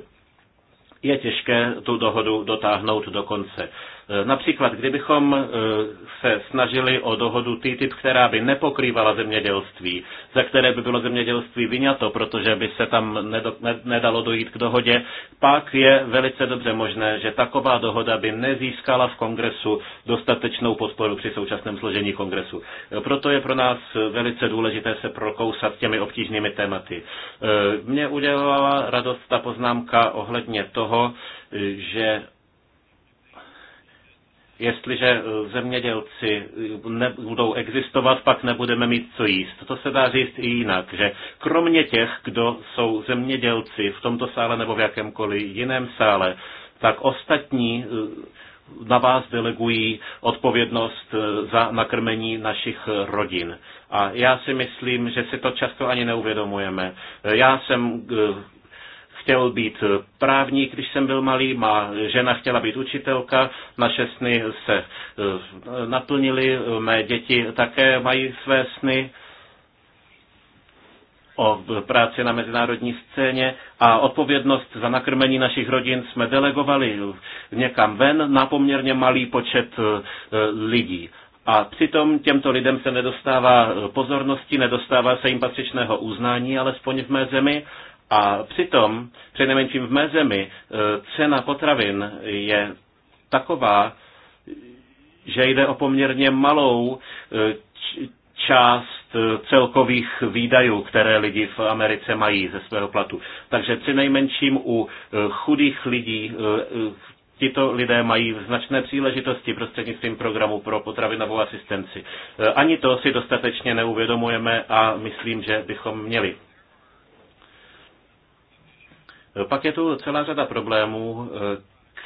je těžké tu dohodu dotáhnout do konce. Eh, například, kdybychom eh, se snažili o dohodu TTIP, která by nepokrývala zemědělství, za které by bylo zemědělství vyňato, protože by se tam nedalo dojít k dohodě, pak je velice dobře možné, že taková dohoda by nezískala v kongresu dostatečnou podporu při současném složení kongresu. Eh, proto je pro nás velice důležité se prokousat těmi obtížnými tématy. Mě udělala radost ta poznámka ohledně toho, že Jestliže eh, zemědělci eh, budou existovat, pak nebudeme mít co jíst. To se dá říct i jinak, že kromě těch, kdo jsou zemědělci v tomto sále nebo v jakémkoliv jiném sále, tak ostatní eh, na vás delegují odpovědnost za nakrmení našich rodin. A já si myslím, že si to často ani neuvědomujeme. Já jsem chtěl být právník, když jsem byl malý, má žena chtěla být učitelka, naše sny se eh, naplnily, mé děti také mají své sny o práci na mezinárodní scéně a odpovědnost za nakrmení našich rodin jsme delegovali někam ven na poměrně malý počet eh, lidí. A přitom těmto lidem se nedostává pozornosti, nedostává se jim patřičného uznání, alespoň v mé zemi. A přitom, přinejmenším v mé zemi, e, cena potravin je taková, že jde o poměrně malou e, část e, celkových výdajů, které lidi v Americe mají ze svého platu. Takže při nejmenším u chudých lidí tito lidé mají značné příležitosti prostřednictvím programu pro potravinovou asistenci. Ani to si dostatečně neuvědomujeme a myslím, že bychom měli. Pak je tu celá řada problémů,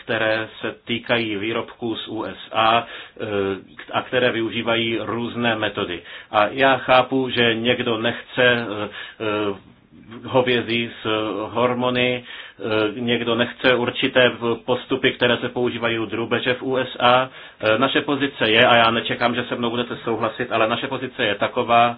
které se týkají výrobků z USA eh, a které využívají různé metody. A já chápu, že někdo nechce eh, hovězí s hormony, eh, někdo nechce určité postupy, které se používají u drůbeže v USA. Naše pozice je, a já nečekám, že se mnou budete souhlasit, ale naše pozice je taková,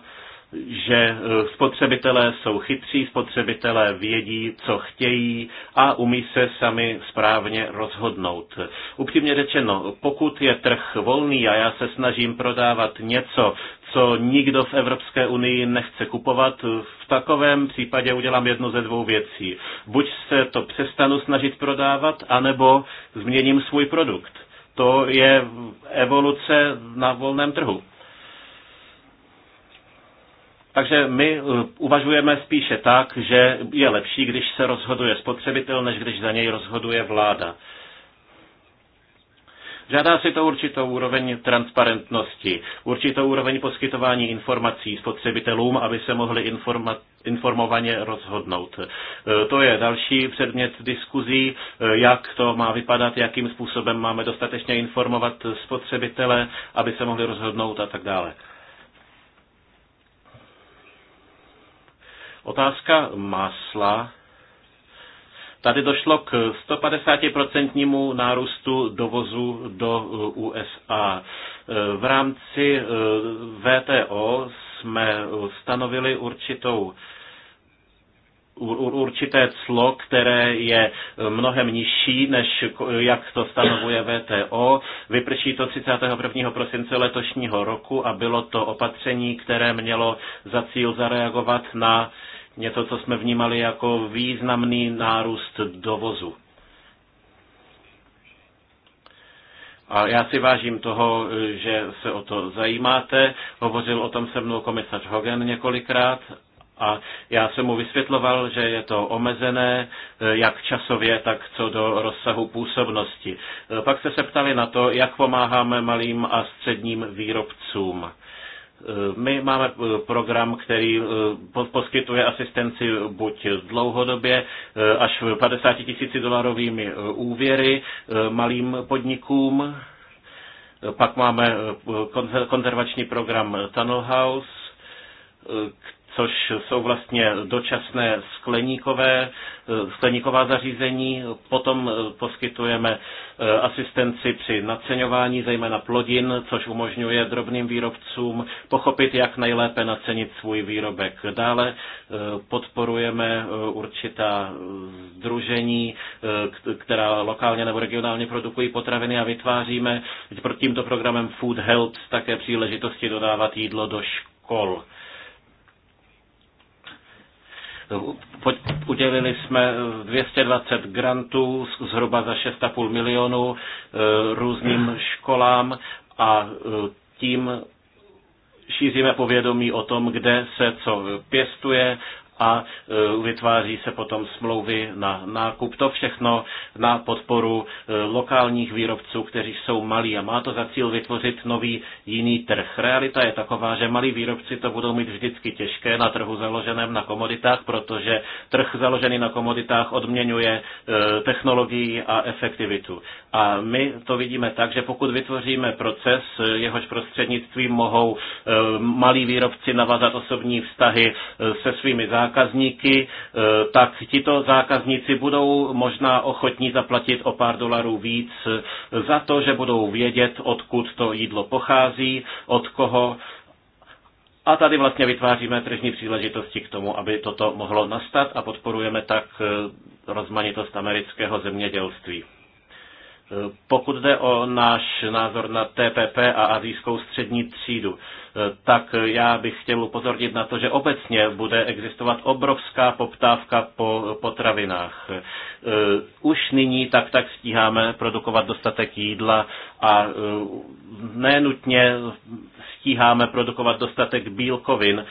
že eh, spotřebitelé jsou chytří, spotřebitelé vědí, co chtějí a umí se sami správně rozhodnout. Upřímně řečeno, pokud je trh volný a já se snažím prodávat něco, co nikdo v Evropské unii nechce kupovat, v takovém případě udělám jednu ze dvou věcí. Buď se to přestanu snažit prodávat, anebo změním svůj produkt. To je evoluce na volném trhu. Takže my eh, uvažujeme spíše tak, že je lepší, když se rozhoduje spotřebitel, než když za něj rozhoduje vláda. Žádá si to určitou úroveň transparentnosti, určitou úroveň poskytování informací spotřebitelům, aby se mohli informa- informovaně rozhodnout. Eh, to je další předmět diskuzí, eh, jak to má vypadat, jakým způsobem máme dostatečně informovat spotřebitele, aby se mohli rozhodnout a tak dále. Otázka másla. Tady došlo k 150% nárůstu dovozu do eh, USA. Eh, v rámci eh, VTO jsme stanovili určitou určité clo, které je mnohem nižší, než jak to stanovuje VTO. Vyprší to 31. prosince letošního roku a bylo to opatření, které mělo za cíl zareagovat na uh, něco, co jsme vnímali jako významný nárůst dovozu. A já si vážím toho, že se o to zajímáte. Hovořil o tom se mnou komisař Hogan několikrát a já jsem mu vysvětloval, že je to omezené jak časově, tak co do rozsahu působnosti. Pak jste se ptali na to, jak pomáháme malým a středním výrobcům. My máme eh, program, který eh, poskytuje asistenci buď dlouhodobě eh, až 50 tisíci dolarovými úvěry malým podnikům, pak máme konzervační program Tunnel House, což jsou vlastně dočasné skleníkové, eh, skleníková zařízení. Potom eh, poskytujeme eh, asistenci při naceňování, zejména plodin, což umožňuje drobným výrobcům pochopit, jak nejlépe nacenit svůj výrobek. Dále podporujeme určitá združení, která lokálně nebo regionálně produkují potraviny a vytváříme tímto programem Food Health také příležitosti dodávat jídlo do škol škol. Udělili jsme 220 eh, grantů zhruba za 6,5 milionů eh, různým školám a eh, tím šíříme povědomí o tom, kde se co pěstuje a e, vytváří se potom smlouvy na nákup. To všechno na podporu e, lokálních výrobců, kteří jsou malí a má to za cíl vytvořit nový jiný trh. Realita je taková, že malí výrobci to budou mít vždycky těžké na trhu založeném na komoditách, protože trh založený na komoditách odměňuje e, technologii a efektivitu. A my to vidíme tak, že pokud vytvoříme proces, jehož prostřednictvím mohou malí výrobci navazat osobní vztahy se svými zákazníky, zákazníky, e, tak tito zákazníci budou možná ochotní zaplatit o pár dolarů víc e, za to, že budou vědět, odkud to jídlo pochází, od koho. A tady vlastně vytváříme tržní příležitosti k tomu, aby toto mohlo nastat a podporujeme tak e, rozmanitost amerického zemědělství. Pokud jde o náš názor na TPP a azijskou střední třídu, tak já bych chtěl upozornit na to, že obecně bude existovat obrovská poptávka po potravinách. E, už nyní tak tak stíháme produkovat dostatek jídla a e, nenutně stíháme produkovat dostatek bílkovin, e,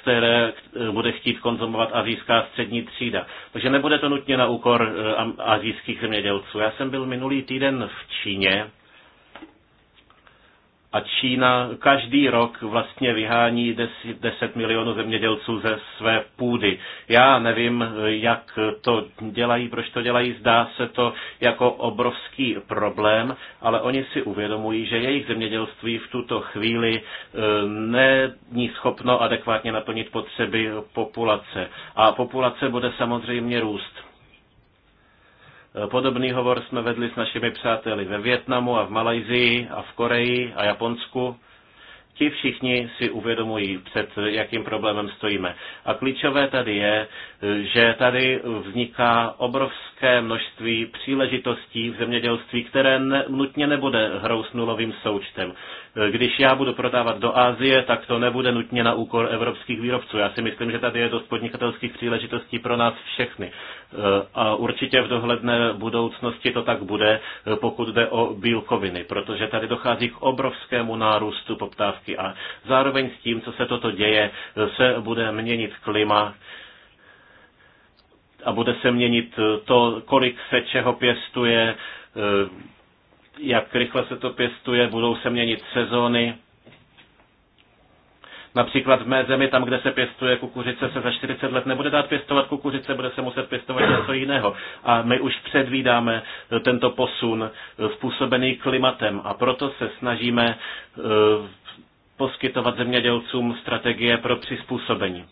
které bude chtít konzumovat azijská střední třída. Takže nebude to nutně na úkor azijských zemědělců. Já jsem byl minulý týden v Číně a Čína každý rok vlastně vyhání 10 milionů zemědělců ze své půdy. Já nevím, jak to dělají, proč to dělají, zdá se to jako obrovský problém, ale oni si uvědomují, že jejich zemědělství v tuto chvíli e, není schopno adekvátně naplnit potřeby populace. A populace bude samozřejmě růst. Podobný hovor jsme vedli s našimi přáteli ve Větnamu a v Malajzii a v Koreji a Japonsku. Ti všichni si uvědomují, před jakým problémem stojíme. A klíčové tady je, že tady vzniká obrovský velké množství příležitostí v zemědělství, které ne, nutně nebude hrou s nulovým součtem. Když já budu prodávat do Asie, tak to nebude nutně na úkor evropských výrobců. Já si myslím, že tady je dost podnikatelských příležitostí pro nás všechny. Eh, a určitě v dohledné budoucnosti to tak bude, eh, pokud jde o bílkoviny, protože tady dochází k obrovskému nárůstu poptávky a zároveň s tím, co se toto děje, eh, se bude měnit klima a bude se měnit to, kolik se čeho pěstuje, eh, jak rychle se to pěstuje, budou se měnit sezóny. Například v mé zemi, tam, kde se pěstuje kukuřice, se za 40 let nebude dát pěstovat kukuřice, bude se muset pěstovat něco jiného. A my už předvídáme eh, tento posun eh, způsobený klimatem a proto se snažíme poskytovat zemědělcům strategie pro přizpůsobení.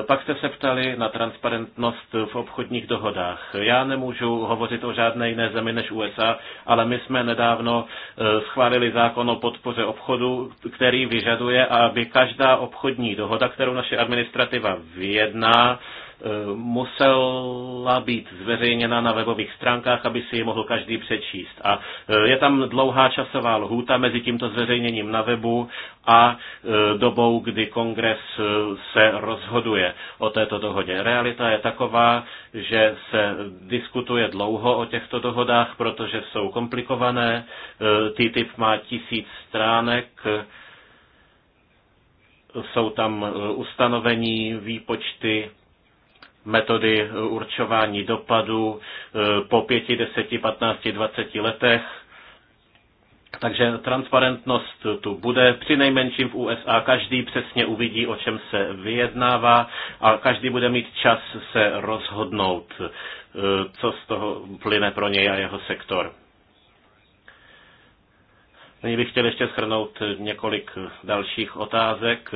Eh, pak jste se ptali na transparentnost v obchodních dohodách. Já nemůžu hovořit o žádné jiné zemi než USA, ale my jsme nedávno eh, schválili zákon o podpoře obchodu, který vyžaduje, aby každá obchodní dohoda, kterou naše administrativa vyjedná, Eh, musela být zveřejněna na webových stránkách, aby si ji mohl každý přečíst. A eh, je tam dlouhá časová lhůta mezi tímto zveřejněním na webu a eh, dobou, kdy kongres se rozhoduje o této dohodě. Realita je taková, že se diskutuje dlouho o těchto dohodách, protože jsou komplikované. TTIP má tisíc stránek, jsou tam ustanovení, výpočty, metody eh, určování dopadů eh, po 5, 10, 15, 20 letech. Takže transparentnost tu bude. Při nejmenším v USA každý přesně uvidí, o čem se vyjednává a každý bude mít čas se rozhodnout, eh, co z toho plyne pro něj a jeho sektor. Nyní bych chtěl ještě shrnout několik dalších otázek.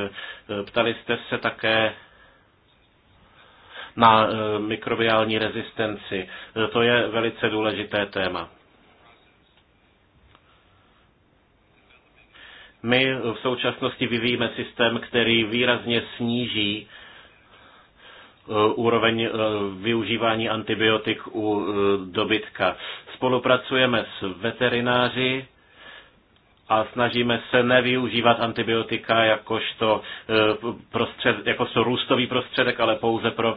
Ptali jste se také na eh, mikrobiální rezistenci. Eh, to je velice důležité téma. My v současnosti vyvíjíme systém, který výrazně sníží eh, úroveň využívání antibiotik u dobytka. Spolupracujeme s veterináři a snažíme se nevyužívat antibiotika jakožto e, prostřed, jakožto růstový prostředek, ale pouze pro e,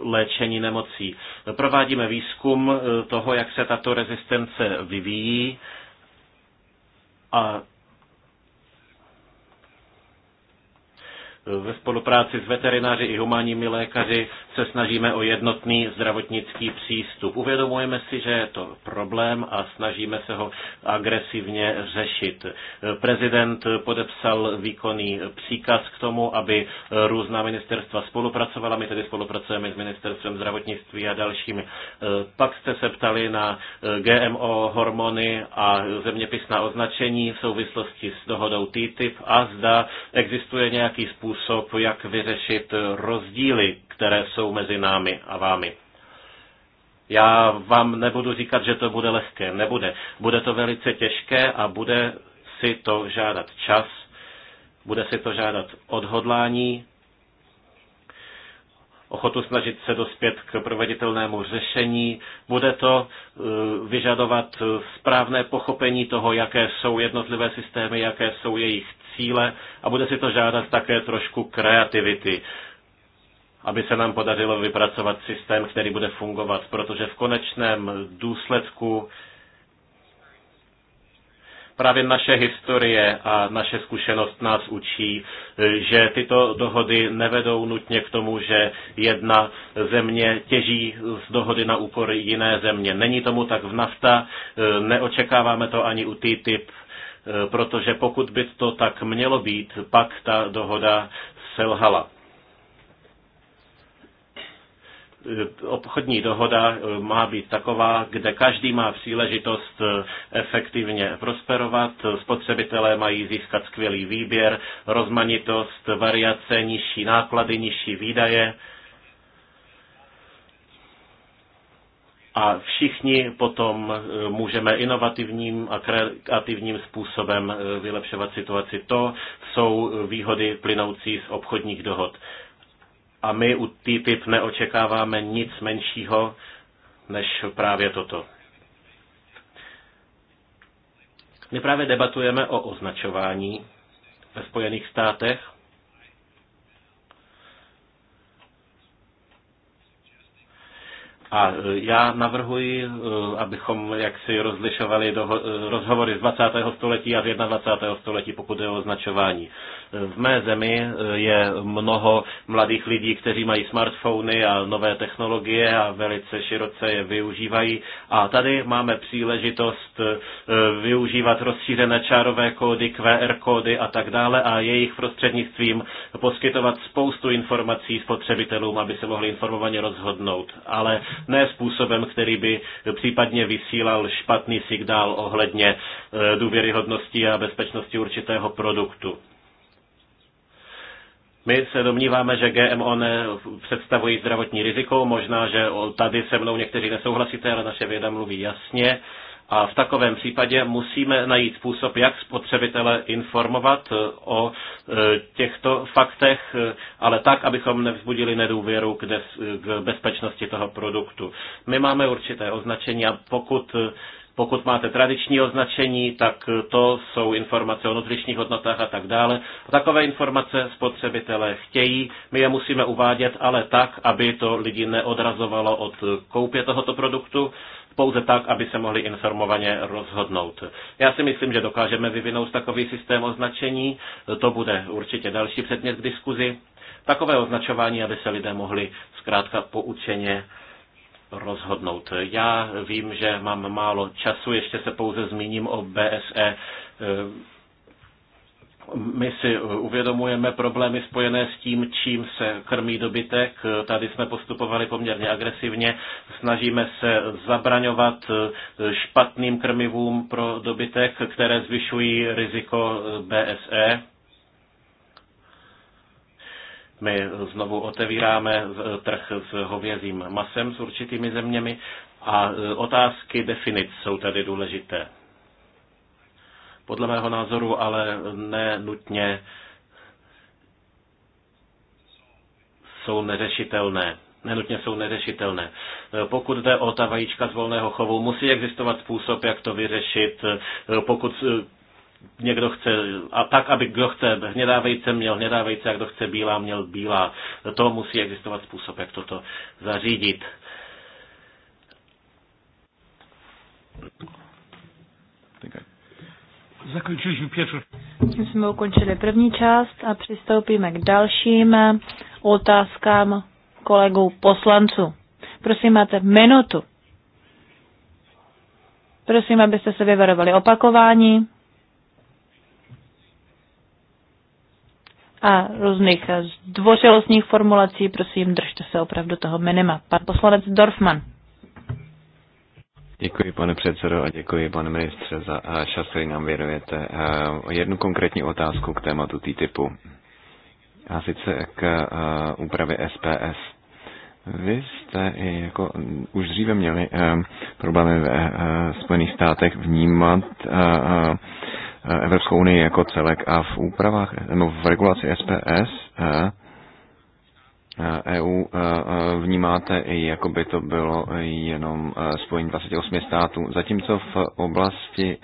léčení nemocí. Provádíme výzkum e, toho, jak se tato rezistence vyvíjí a ve spolupráci s veterináři i humánními lékaři se snažíme o jednotný zdravotnický přístup. Uvědomujeme si, že je to problém a snažíme se ho agresivně řešit. Prezident podepsal výkonný příkaz k tomu, aby různá ministerstva spolupracovala. My tedy spolupracujeme s ministerstvem zdravotnictví a dalšími. Pak jste se ptali na GMO hormony a zeměpisná označení v souvislosti s dohodou TTIP a zda existuje nějaký způsob, jak vyřešit rozdíly, které jsou mezi námi a vámi. Já vám nebudu říkat, že to bude lehké. Nebude. Bude to velice těžké a bude si to žádat čas, bude si to žádat odhodlání, ochotu snažit se dospět k proveditelnému řešení. Bude to eh, vyžadovat správné pochopení toho, jaké jsou jednotlivé systémy, jaké jsou jejich cíle a bude si to žádat také trošku kreativity aby se nám podařilo vypracovat systém, který bude fungovat, protože v konečném důsledku právě naše historie a naše zkušenost nás učí, že tyto dohody nevedou nutně k tomu, že jedna země těží z dohody na úkor jiné země. Není tomu tak v NAFTA, neočekáváme to ani u TTIP, protože pokud by to tak mělo být, pak ta dohoda selhala obchodní dohoda eh, má být taková, kde každý má příležitost eh, efektivně prosperovat, spotřebitelé mají získat skvělý výběr, rozmanitost, variace, nižší náklady, nižší výdaje. A všichni potom eh, můžeme inovativním a kreativním způsobem vylepšovat situaci. To jsou výhody plynoucí z obchodních dohod. A my u TTIP neočekáváme nic menšího než právě toto. My právě debatujeme o označování ve Spojených státech A e, já navrhuji, e, abychom jaksi rozlišovali do e, rozhovory z 20. století a z 21. století, pokud je o označování. V mé zemi je mnoho mladých lidí, kteří mají smartfony a nové technologie a velice široce je využívají. A tady máme příležitost využívat rozšířené čárové kódy, QR kódy a tak dále a jejich prostřednictvím poskytovat spoustu informací spotřebitelům, aby se mohli informovaně rozhodnout. Ale ne způsobem, který by případně vysílal špatný signál ohledně eh, důvěryhodnosti a bezpečnosti určitého produktu. My se domníváme, že GMO představují zdravotní riziko, možná, že tady se mnou někteří nesouhlasíte, ale naše věda mluví jasně. A v takovém případě musíme najít způsob, jak spotřebitele informovat eh, o eh, těchto faktech, eh, ale tak, abychom nevzbudili nedůvěru k, bezpečnosti toho produktu. My máme určité označení a pokud pokud máte tradiční označení, tak to jsou informace o nutričních hodnotách a tak dále. Takové informace spotřebitelé chtějí, my je musíme uvádět, ale tak, aby to lidi neodrazovalo od koupě tohoto produktu, pouze tak, aby se mohli informovaně rozhodnout. Já si myslím, že dokážeme vyvinout takový systém označení, to bude určitě další předmět k diskuzi. Takové označování, aby se lidé mohli zkrátka poučeně rozhodnout. Já vím, že mám málo času, ještě se pouze zmíním o BSE. My si uvědomujeme problémy spojené s tím, čím se krmí dobytek. Tady jsme postupovali poměrně agresivně. Snažíme se zabraňovat špatným krmivům pro dobytek, které zvyšují riziko BSE. My znovu otevíráme trh s hovězím masem s určitými zeměmi a e, otázky definic jsou tady důležité. Podle mého názoru ale ne nutně jsou neřešitelné nenutně jsou neřešitelné. E, pokud jde o ta vajíčka z volného chovu, musí existovat způsob, jak to vyřešit. E, pokud někdo chce, a tak, aby kdo chce hnědá vejce, měl hnědá vejce, a kdo chce bílá, měl bílá. To musí existovat způsob, jak toto zařídit. Tím jsme ukončili první část a přistoupíme k dalším otázkám kolegů poslanců. Prosím, máte minutu. Prosím, abyste se vyvarovali opakování. a různých eh, zdvořilostních formulací, prosím, držte se opravdu toho minima. Pan poslanec Dorfman. Děkuji, pane předsedo, a děkuji, pane ministře, za eh, čas, který nám věnujete. Eh, jednu konkrétní otázku k tématu TTIPu, a sice k úpravě SPS. Vy jste jako mm, už dříve měli problémy ve Spojených státech vnímat Eh, Evropskou unii jako celek a v úpravách nebo v regulaci SPS EU eh, eh, e vnímáte i jako by to bylo jenom spojení 28 států, zatímco v oblasti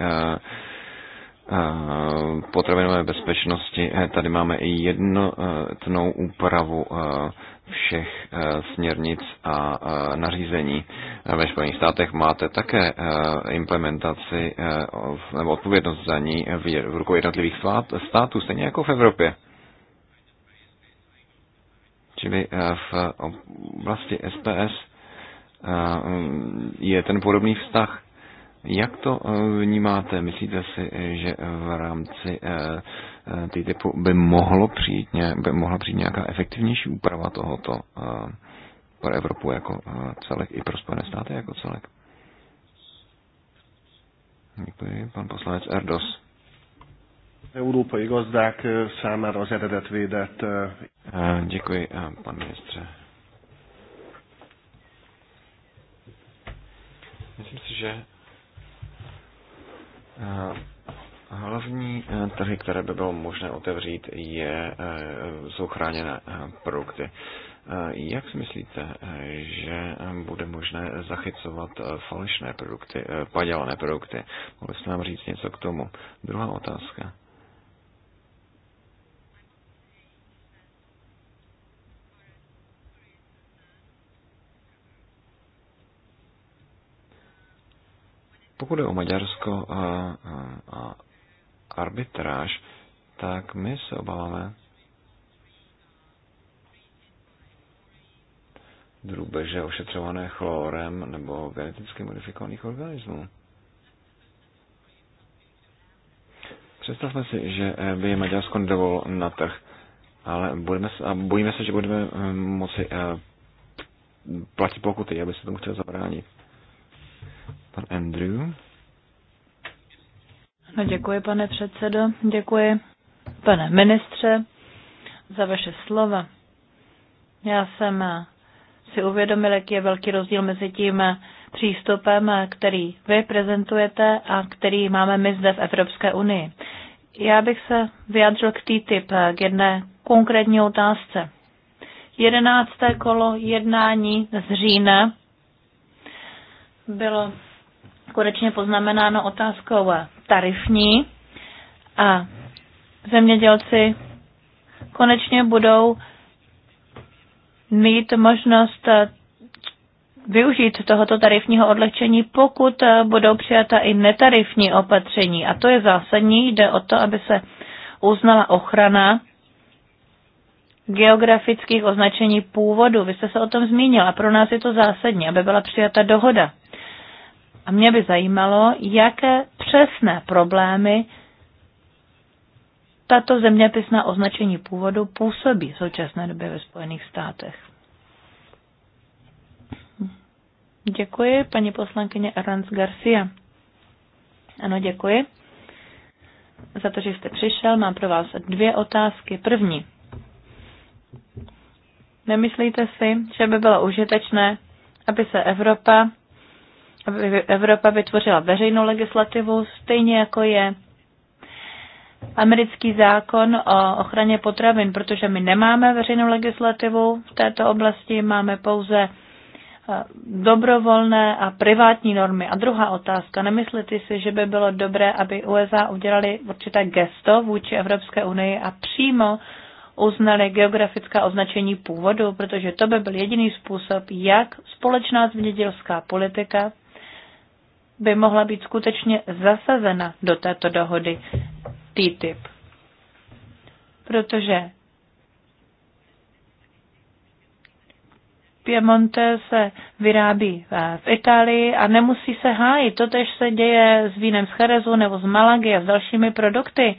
potravinové bezpečnosti tady máme i jednotnou úpravu všech eh, směrnic a eh, nařízení. Eh, ve Spojených státech máte také implementaci nebo odpovědnost za ní v rukou jednotlivých států, stejně jako v Evropě. Čili v oblasti SPS mm, je ten podobný vztah. Jak to vnímáte? Myslíte si, že v rámci typu by, mohlo přijít, by mohla přijít nějaká efektivnější úprava tohoto eh, pro Evropu jako eh, celek i pro Spojené státy jako celek. Děkuji. Pan poslanec Erdos. Európai gazdák eh, számára az védett. Děkuji, pan ministře. Myslím si, že Hlavní eh, trhy, které by bylo možné otevřít, je, eh, jsou chráněné eh, produkty. Jak si myslíte, že bude možné zachycovat falešné produkty, padělané produkty? Mohli jste nám říct něco k tomu? Druhá otázka. Pokud je o Maďarsko a, a, a arbitráž, tak my se obáváme drůbeže ošetřované chlorem nebo geneticky modifikovaných organismů. Představme si, že eh, by je Maďarsko nedovol na trh, ale budeme, a bojíme se, že budeme hm, moci eh, platit pokuty, aby se tomu chtěl zabránit. Pan Andrew. No, děkuji, pane předsedo, děkuji, pane ministře, za vaše slova. Já jsem si uvědomil, jaký je velký rozdíl mezi tím přístupem, který vy prezentujete a který máme my zde v Evropské unii. Já bych se vyjádřil k TTIP, k jedné konkrétní otázce. Jedenácté kolo jednání z října bylo konečně poznamenáno otázkou tarifní a zemědělci konečně budou mít možnost eh, využít tohoto tarifního odlehčení, pokud eh, budou přijata i netarifní opatření. A to je zásadní, jde o to, aby se uznala ochrana geografických označení původu. Vy jste se o tom zmínil a pro nás je to zásadní, aby byla přijata dohoda a mě by zajímalo, jaké přesné problémy tato zeměpisná označení původu působí v současné době ve Spojených státech. Děkuji, paní poslankyně Aranz Garcia. Ano, děkuji za to, že jste přišel. Mám pro vás dvě otázky. První. Nemyslíte si, že by bylo užitečné, aby se Evropa aby Evropa vytvořila veřejnou legislativu, stejně jako je americký zákon o ochraně potravin, protože my nemáme veřejnou legislativu v této oblasti, máme pouze eh, dobrovolné a privátní normy. A druhá otázka, nemyslíte si, že by bylo dobré, aby USA udělali určité gesto vůči Evropské unii a přímo uznali geografická označení původu, protože to by byl jediný způsob, jak společná zemědělská politika by mohla být skutečně zasazena do této dohody TTIP. Protože Piemonte se vyrábí eh, v Itálii a nemusí se hájit. Totež se děje s vínem z Cherezu nebo z Malagy a s dalšími produkty.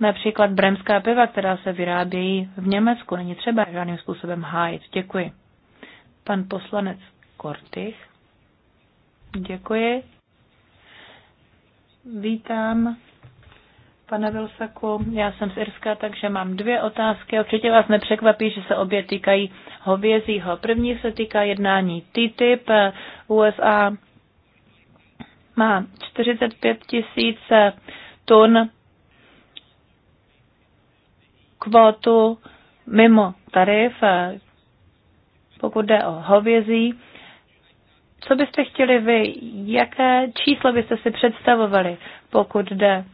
Například bremská piva, která se vyrábějí v Německu. Není třeba žádným způsobem hájit. Děkuji. Pan poslanec Kortich. Děkuji. Vítám pane Vilsaku. Já jsem z Irska, takže mám dvě otázky. Určitě vás nepřekvapí, že se obě týkají hovězího. První se týká jednání TTIP. USA má 45 tisíc tun kvotu mimo tarif, pokud jde o hovězí. Co byste chtěli vy? Jaké číslo byste si představovali, pokud jde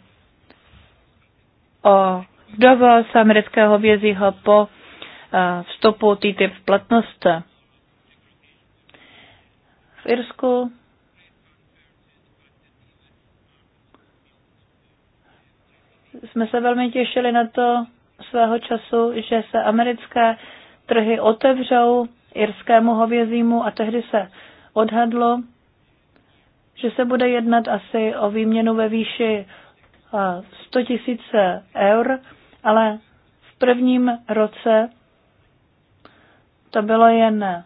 o dovoz amerického vězího po eh, vstupu TTIP v platnost? V Irsku jsme se velmi těšili na to svého času, že se americké trhy otevřou irskému hovězímu a tehdy se odhadlo, že se bude jednat asi o výměnu ve výši 100 000 eur, ale v prvním roce to bylo jen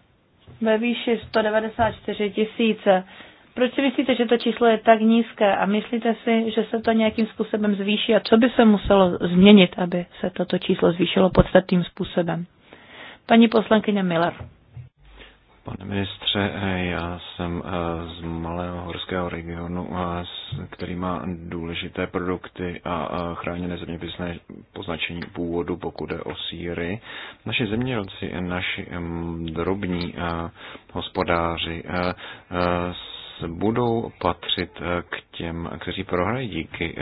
ve výši 194 tisíce. Proč si myslíte, že to číslo je tak nízké a myslíte si, že se to nějakým způsobem zvýší a co by se muselo změnit, aby se toto číslo zvýšilo podstatným způsobem? Paní poslankyně Miller. Pane ministře, já jsem eh, z malého horského regionu, eh, který má důležité produkty a eh, chráněné zeměpisné poznačení původu, pokud jde o síry. Naši zemědělci, naši drobní hospodáři budou patřit k těm, kteří prohrají díky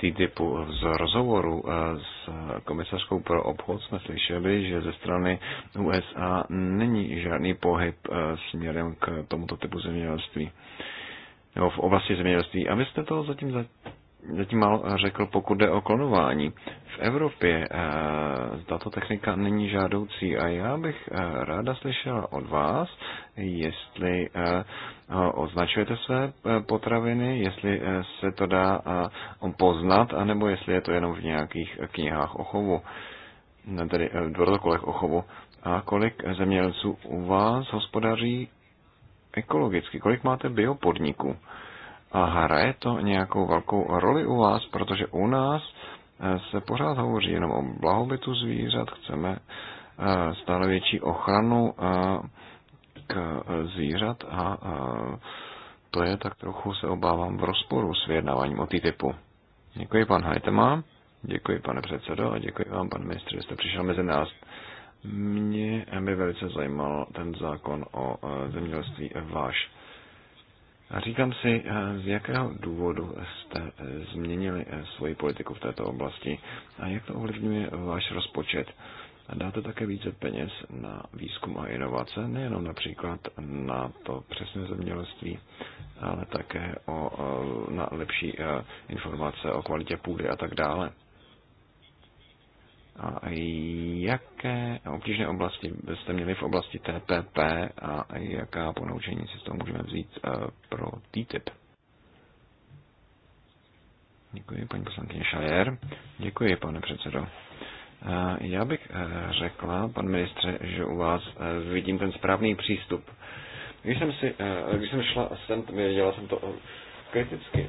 typu z rozhovoru eh, s komisařkou pro obchod jsme slyšeli, že ze strany USA není žádný pohyb eh, směrem k tomuto typu zemědělství nebo v oblasti zemědělství. A vy jste to zatím zatím mal eh, řekl, pokud jde o klonování. V Evropě eh, tato technika není žádoucí a já bych eh, ráda slyšela od vás, jestli označujete své potraviny, jestli se to dá poznat, anebo jestli je to jenom v nějakých knihách o chovu, tedy v protokolech o chovu. A kolik zemědělců u vás hospodaří ekologicky? Kolik máte biopodniků? A hraje to nějakou velkou roli u vás, protože u nás eh, se pořád hovoří jenom o blahobytu zvířat, chceme eh, stále větší ochranu eh, k zvířat a to je tak trochu, se obávám, v rozporu s vyjednáváním o TTIPu. Děkuji, pan Hajtema. Děkuji, pane předsedo, a děkuji vám, pan ministře, že jste přišel mezi nás. Mě by velice zajímal ten zákon o zemědělství váš. A říkám si, eh, z jakého důvodu jste eh, změnili eh, svoji politiku v této oblasti a jak to ovlivňuje váš rozpočet. Dáte také více peněz na výzkum a inovace, nejenom například na to přesné zemědělství, ale také o, na lepší informace o kvalitě půdy a tak dále. A jaké obtížné oblasti byste měli v oblasti TPP a jaká ponaučení si z toho můžeme vzít eh, pro TTIP? Děkuji, paní poslankyně Šajer. Děkuji, pane předsedo. Eh, já bych eh, řekla, pan ministře, že u vás vidím ten správný přístup. Když jsem, si, když jsem šla sem, věděla jsem to kriticky,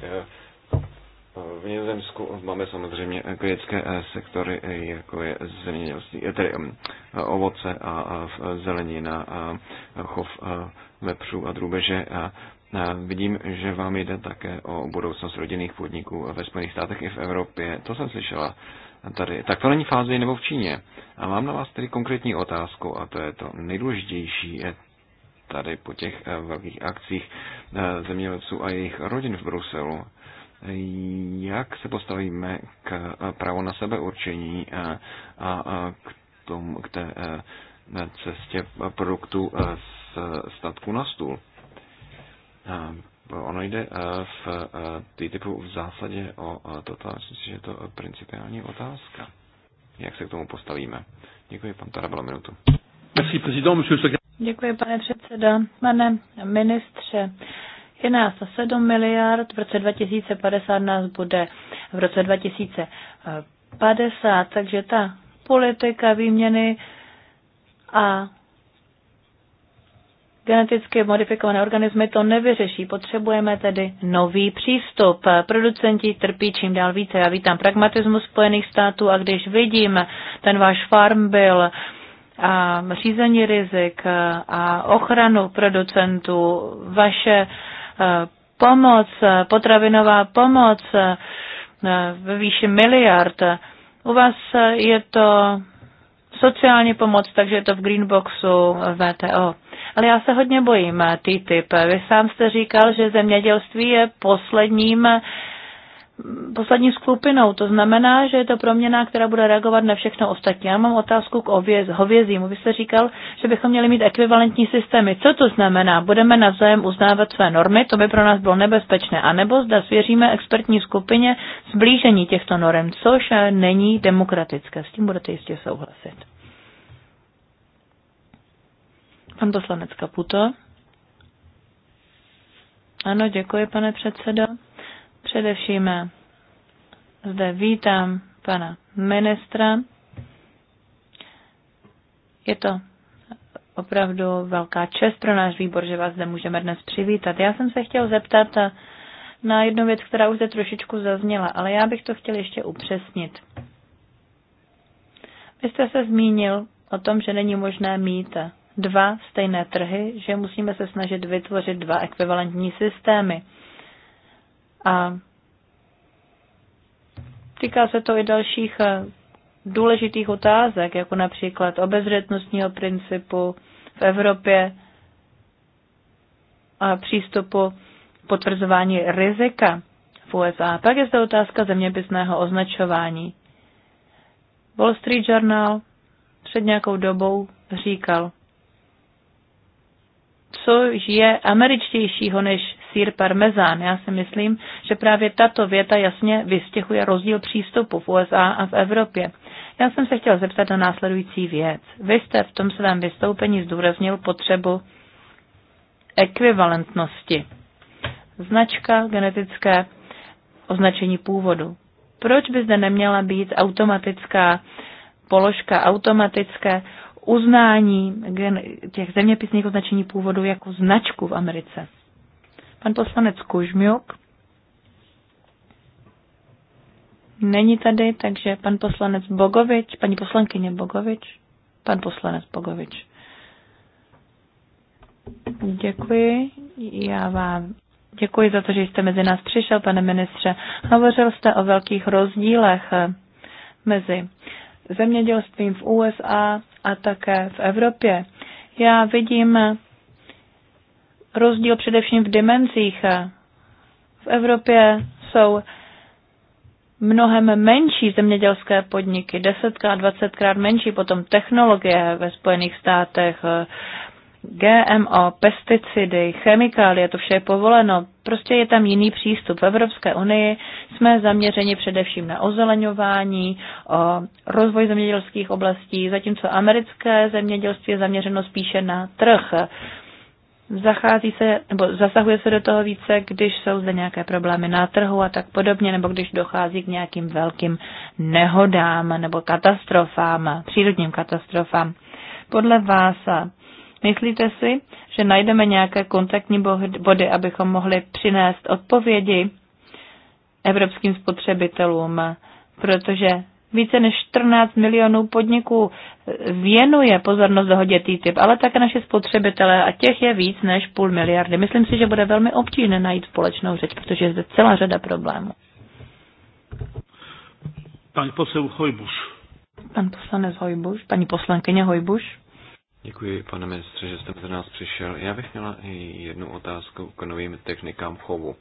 v Nizozemsku máme samozřejmě kritické eh, sektory, eh, jako je zemědělství, eh, tedy ovoce a zelenina, a chov vepřů a drůbeže. A vidím, že vám jde také o budoucnost rodinných podniků ve Spojených státech i v Evropě. To jsem slyšela tady. Tak to není v Ázii nebo v Číně. A mám na vás tedy konkrétní otázku, a to je to nejdůležitější tady po těch velkých akcích zemědělců a jejich rodin v Bruselu jak se postavíme k právo na sebeurčení a, a k, tom, k té e, cestě produktu e, z statku na stůl. E, ono jde v typu v zásadě o toto, myslím si, že je to principiální otázka. Jak se k tomu postavíme? Děkuji, pan Tarabala, minutu. Děkuji, pane předseda. Pane ministře, je nás 7 miliard, v roce 2050 nás bude v roce 2050, takže ta politika výměny a geneticky modifikované organismy to nevyřeší. Potřebujeme tedy nový přístup. Producenti trpí čím dál více. Já vítám pragmatismus Spojených států a když vidím ten váš farm byl a řízení rizik a ochranu producentů, vaše pomoc, potravinová pomoc eh, ve výši miliard. U vás je to sociální pomoc, takže je to v Greenboxu VTO. Ale já se hodně bojím eh, TTIP. Vy sám jste říkal, že zemědělství je posledním poslední skupinou. To znamená, že je to proměna, která bude reagovat na všechno ostatní. Já mám otázku k ověz, hovězímu. Vy jste říkal, že bychom měli mít ekvivalentní systémy. Co to znamená? Budeme navzájem uznávat své normy, to by pro nás bylo nebezpečné. A nebo zda svěříme expertní skupině zblížení těchto norm, což eh, není demokratické. S tím budete jistě souhlasit. Pan poslanec Kaputo. Ano, děkuji, pane předsedo. Především zde vítám pana ministra. Je to opravdu velká čest pro náš výbor, že vás zde můžeme dnes přivítat. Já jsem se chtěl zeptat na jednu věc, která už zde trošičku zazněla, ale já bych to chtěl ještě upřesnit. Vy jste se zmínil o tom, že není možné mít dva stejné trhy, že musíme se snažit vytvořit dva ekvivalentní systémy a týká se to i dalších eh, důležitých otázek, jako například obezřetnostního principu v Evropě a přístupu potvrzování rizika v USA. Pak je zde otázka zeměpisného označování. Wall Street Journal před nějakou dobou říkal, co je američtějšího než sír parmezán. Já si myslím, že právě tato věta jasně vystěhuje rozdíl přístupu v USA a v Evropě. Já jsem se chtěl zeptat na následující věc. Vy jste v tom svém vystoupení zdůraznil potřebu ekvivalentnosti. Značka genetické označení původu. Proč by zde neměla být automatická položka, automatické uznání těch zeměpisných označení původu jako značku v Americe? Pan poslanec Kužmiuk. Není tady, takže pan poslanec Bogovič, paní poslankyně Bogovič, pan poslanec Bogovič. Děkuji. Já vám děkuji za to, že jste mezi nás přišel, pane ministře. Hovořil jste o velkých rozdílech eh, mezi zemědělstvím v USA a také v Evropě. Já vidím eh, rozdíl především v dimenzích. V Evropě jsou mnohem menší zemědělské podniky, desetkrát, dvacetkrát menší, potom technologie ve Spojených státech, GMO, pesticidy, chemikálie, to vše je povoleno. Prostě je tam jiný přístup. V Evropské unii jsme zaměřeni především na ozeleňování, o rozvoj zemědělských oblastí, zatímco americké zemědělství je zaměřeno spíše na trh zachází se, nebo zasahuje se do toho více, když jsou zde nějaké problémy na trhu a tak podobně, nebo když dochází k nějakým velkým nehodám nebo katastrofám, přírodním katastrofám. Podle vás, myslíte si, že najdeme nějaké kontaktní body, abychom mohli přinést odpovědi evropským spotřebitelům, protože více než 14 milionů podniků věnuje pozornost dohodě TTIP, ale také naše spotřebitelé a těch je víc než půl miliardy. Myslím si, že bude velmi obtížné najít společnou řeč, protože je zde celá řada problémů. Pan posel Hojbuš. Pan poslanec Hojbuš, paní poslankyně Hojbuš. Děkuji, pane ministře, že jste mezi nás přišel. Já bych měla i jednu otázku k novým technikám chovu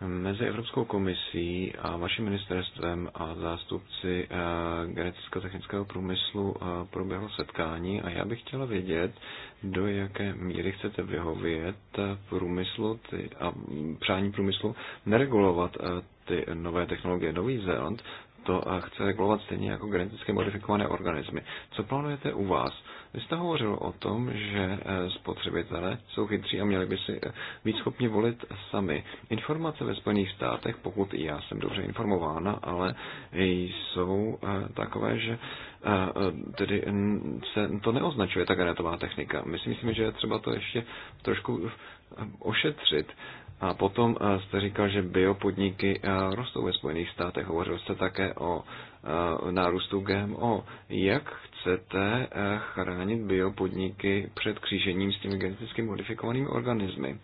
mezi Evropskou komisí a vaším ministerstvem a zástupci eh, geneticko-technického průmyslu eh, proběhlo setkání a já bych chtěla vědět, do jaké míry chcete vyhovět eh, průmyslu ty, a přání průmyslu neregulovat ty nové technologie. Nový Zéland to chce regulovat stejně jako geneticky modifikované organismy. Co plánujete u vás? Vy jste hovořil o tom, že eh, spotřebitelé jsou chytří a měli by si eh, být schopni volit sami. Informace ve Spojených státech, pokud i já jsem dobře informována, ale jsou eh, takové, že tedy se to neoznačuje ta granetová technika. My si myslíme, že je třeba to ještě trošku ošetřit. A potom jste říkal, že biopodniky rostou ve Spojených státech. Hovořil jste také o nárůstu GMO. Jak chcete eh, chránit biopodniky před křížením s těmi geneticky modifikovanými organismy.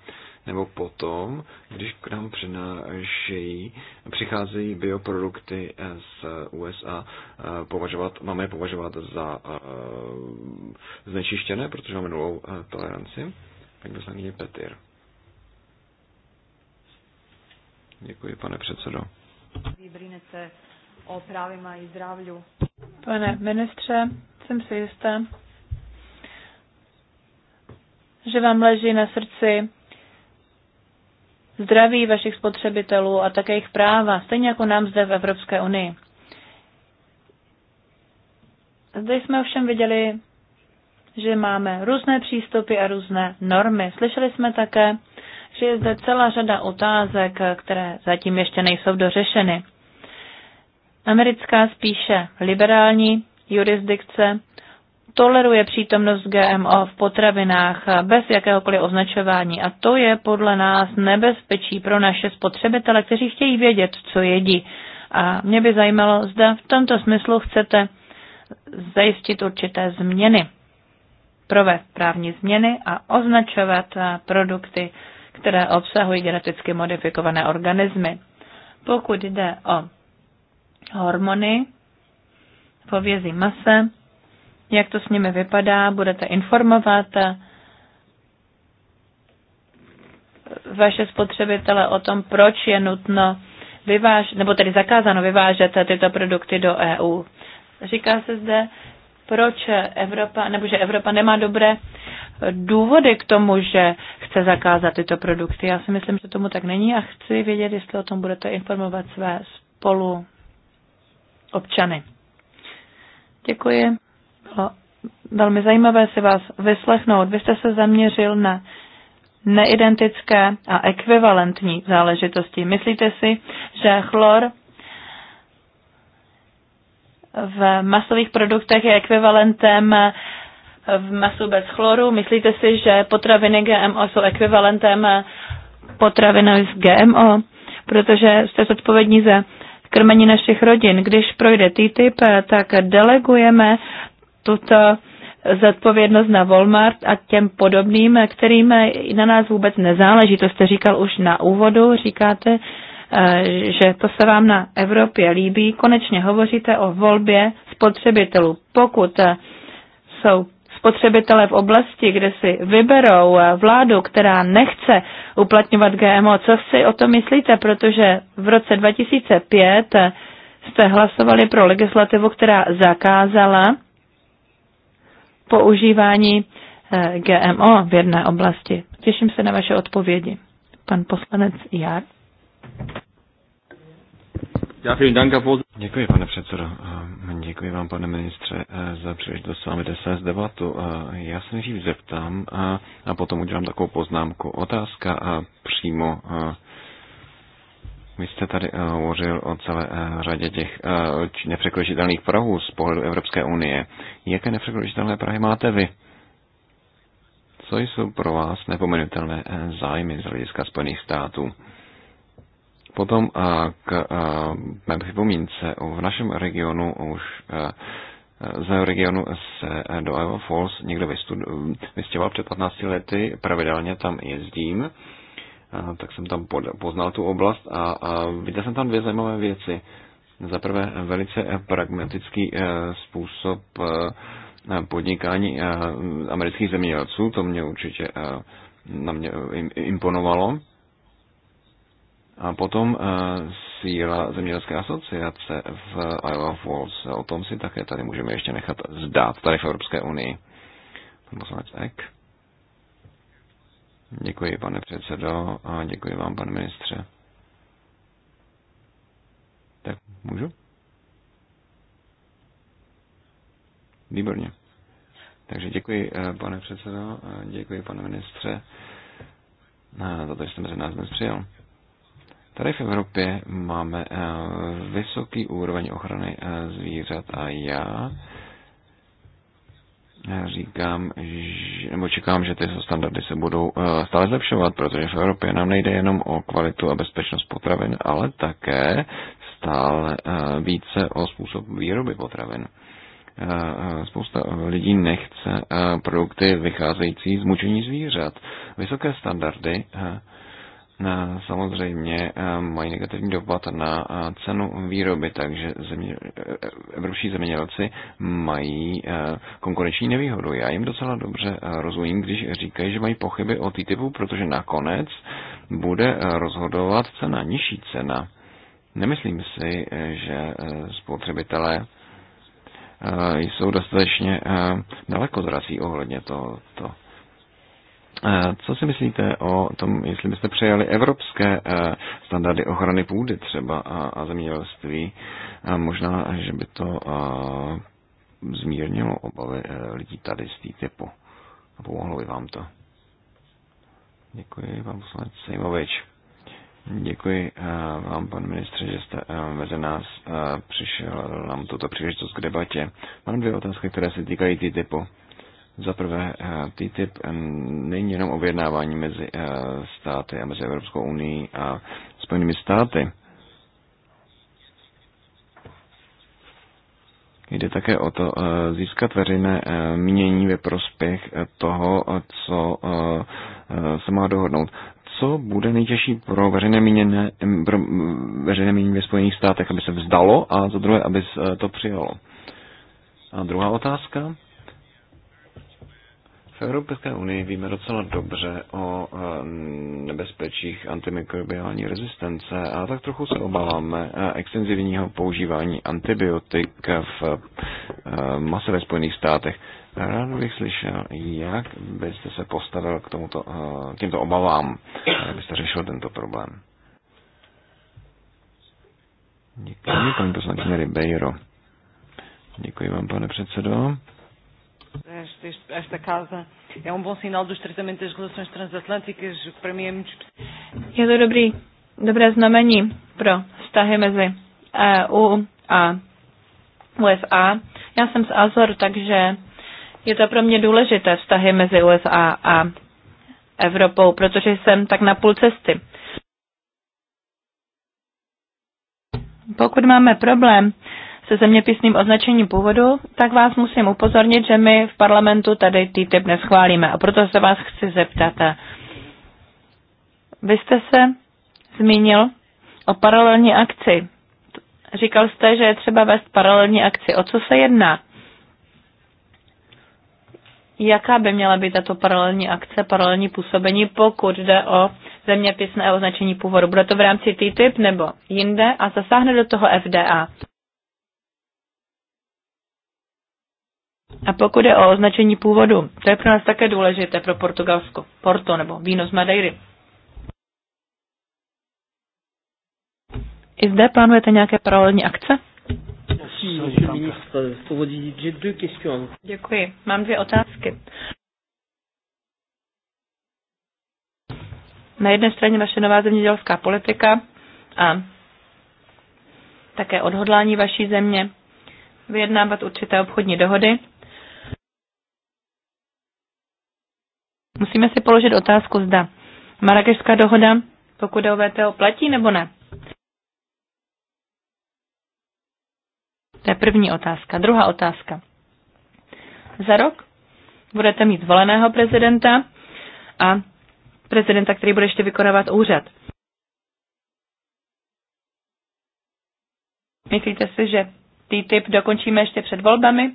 Nebo potom, když k nám přinášejí, přicházejí bioprodukty eh, z USA, eh, považovat, máme je považovat za znečištěné, protože máme nulovou toleranci. Tak poslankyně Petir. Děkuji, pane předsedo. Vybrinete o právima i zdravlju. Pane ministře, jsem si jistá, že vám leží na srdci zdraví vašich spotřebitelů a také jejich práva, stejně jako nám zde v Evropské unii. Zde jsme ovšem viděli, že máme různé přístupy a různé normy. Slyšeli jsme také, že je zde celá řada otázek, které zatím ještě nejsou dořešeny. Americká spíše liberální jurisdikce toleruje přítomnost GMO v potravinách bez jakéhokoliv označování a to je podle nás nebezpečí pro naše spotřebitele, kteří chtějí vědět, co jedí. A mě by zajímalo, zda v tomto smyslu chcete zajistit určité změny, provést právní změny a označovat produkty, které obsahují geneticky modifikované organismy. Pokud jde o hormony v hovězí mase, jak to s nimi vypadá, budete informovat vaše spotřebitele o tom, proč je nutno vyvážet, nebo tedy zakázáno vyvážet tyto produkty do EU. Říká se zde, proč Evropa, nebo že Evropa nemá dobré důvody k tomu, že chce zakázat tyto produkty. Já si myslím, že tomu tak není a chci vědět, jestli o tom budete informovat své spolu občany. Děkuji. Bylo velmi zajímavé si vás vyslechnout. Vy jste se zaměřil na neidentické a ekvivalentní záležitosti. Myslíte si, že chlor v masových produktech je ekvivalentem v masu bez chloru? Myslíte si, že potraviny GMO jsou ekvivalentem potraviny z GMO? Protože jste zodpovědní za krmení našich rodin. Když projde TTIP, tak delegujeme tuto zodpovědnost na Walmart a těm podobným, kterým na nás vůbec nezáleží. To jste říkal už na úvodu, říkáte, eh, že to se vám na Evropě líbí. Konečně hovoříte o volbě spotřebitelů. Pokud eh, jsou spotřebitele v oblasti, kde si vyberou eh, vládu, která nechce uplatňovat GMO. Co si o tom myslíte? Protože v roce 2005 eh, jste hlasovali pro legislativu, která zakázala používání eh, GMO v jedné oblasti. Těším se na vaše odpovědi. Pan poslanec Jar. Děkuji, pane předsedo. Eh, děkuji vám, pane ministře, eh, za příležitost s vámi z debatu. Eh, já se nejdřív zeptám a, a potom udělám takovou poznámku. Otázka a přímo. Vy jste tady hovořil o celé řadě těch nepřekročitelných prahů z pohledu Evropské unie. Jaké nepřekročitelné prahy máte vy? Co jsou pro vás nepomenutelné zájmy z hlediska Spojených států? Potom k mé připomínce. V našem regionu už z regionu se do Iowa Falls někdo vystěhoval před 15 lety, pravidelně tam jezdím, tak jsem tam poznal tu oblast a, a viděl jsem tam dvě zajímavé věci. Za prvé velice e, pragmatický e, způsob e, podnikání amerických zemědělců, to mě určitě na mě imponovalo. A potom eh, síla zemědělské asociace v Isle of Walls. O tom si také tady můžeme ještě nechat zdát tady v Evropské unii. Pan poslanec Ek. Děkuji, pane předsedo, a děkuji vám, pane ministře. Tak můžu? Výborně. Takže děkuji, eh, pane předsedo, děkuji, pane ministře, eh, za to, že jste mezi nás dnes přijel. Tady v Evropě máme eh, vysoký úroveň ochrany eh, zvířat a já eh, říkám, že, nebo čekám, že ty standardy se budou stále zlepšovat, protože v Evropě nám nejde jenom o kvalitu a bezpečnost potravin, ale také stále více o způsob výroby potravin. Spousta lidí nechce produkty vycházející z mučení zvířat. Vysoké standardy Eh, samozřejmě eh, mají negativní dopad na eh, cenu výroby, takže země, evropští zemědělci mají konkurenční nevýhodu. Já jim docela dobře rozumím, když říkají, že mají pochyby o TTIPu, protože nakonec bude rozhodovat cena, nižší cena. Nemyslím si, že spotřebitelé jsou dostatečně daleko zrací ohledně tohoto. To Eh, co si myslíte o tom, jestli byste přejali evropské eh, standardy ochrany půdy třeba a zemědělství? Možná, že by to eh, zmírnilo obavy lidí tady z té typu. A pomohlo by vám to. Děkuji, pan poslanec Sejmovič. Děkuji vám, pan ministře, že jste mezi nás přišel nám tuto příležitost k debatě. Mám dvě otázky, které se týkají ty typu. Za prvé, eh, TTIP eh, není jenom o mezi eh, státy a mezi Evropskou unii a Spojenými státy. Jde také o to získat veřejné mínění ve prospěch toho, co se má dohodnout. Co bude nejtěžší pro veřejné mínění, pro veřejné mínění ve Spojených státech, aby se vzdalo a za druhé, aby to přijalo? A druhá otázka. V Evropské unii víme docela dobře o eh, nebezpečích antimikrobiální rezistence a tak trochu se obáváme eh, extenzivního používání antibiotik v eh, masové ve Spojených státech. Rád bych slyšel, jak byste se postavil k tomuto, k těmto obavám, abyste byste řešil tento problém. Děkuji, paní poslankyně Ribeiro. Děkuji vám, pane předsedo. Esta, esta, esta casa é um bom sinal dos tratamentos das relações transatlânticas. Para mim é muito especial. Je to dobrý, dobré znamení pro vztahy mezi EU a USA. Já jsem z Azoru, takže je to pro mě důležité vztahy mezi USA a Evropou, protože jsem tak na půl cesty. Pokud máme problém se zeměpisným označením původu, tak vás musím upozornit, že my v parlamentu tady TTIP neschválíme. A proto se vás chci zeptat. Vy jste se zmínil o paralelní akci. Říkal jste, že je třeba vést paralelní akci. O co se jedná? Jaká by měla být tato paralelní akce, paralelní působení, pokud jde o zeměpisné označení původu? Bude to v rámci TTIP nebo jinde a zasáhne do toho FDA? A pokud je o označení původu, to je pro nás také důležité pro Portugalsko. Porto nebo víno z Madeiry. I zde plánujete nějaké paralelní akce? Děkuji. Mám dvě otázky. Na jedné straně vaše nová zemědělská politika a také odhodlání vaší země vyjednávat určité obchodní dohody Musíme si položit otázku, zda Marrakešská dohoda, pokud o VTO, platí nebo ne. To je první otázka. Druhá otázka. Za rok budete mít zvoleného prezidenta a prezidenta, který bude ještě vykonávat úřad. Myslíte si, že TTIP dokončíme ještě před volbami?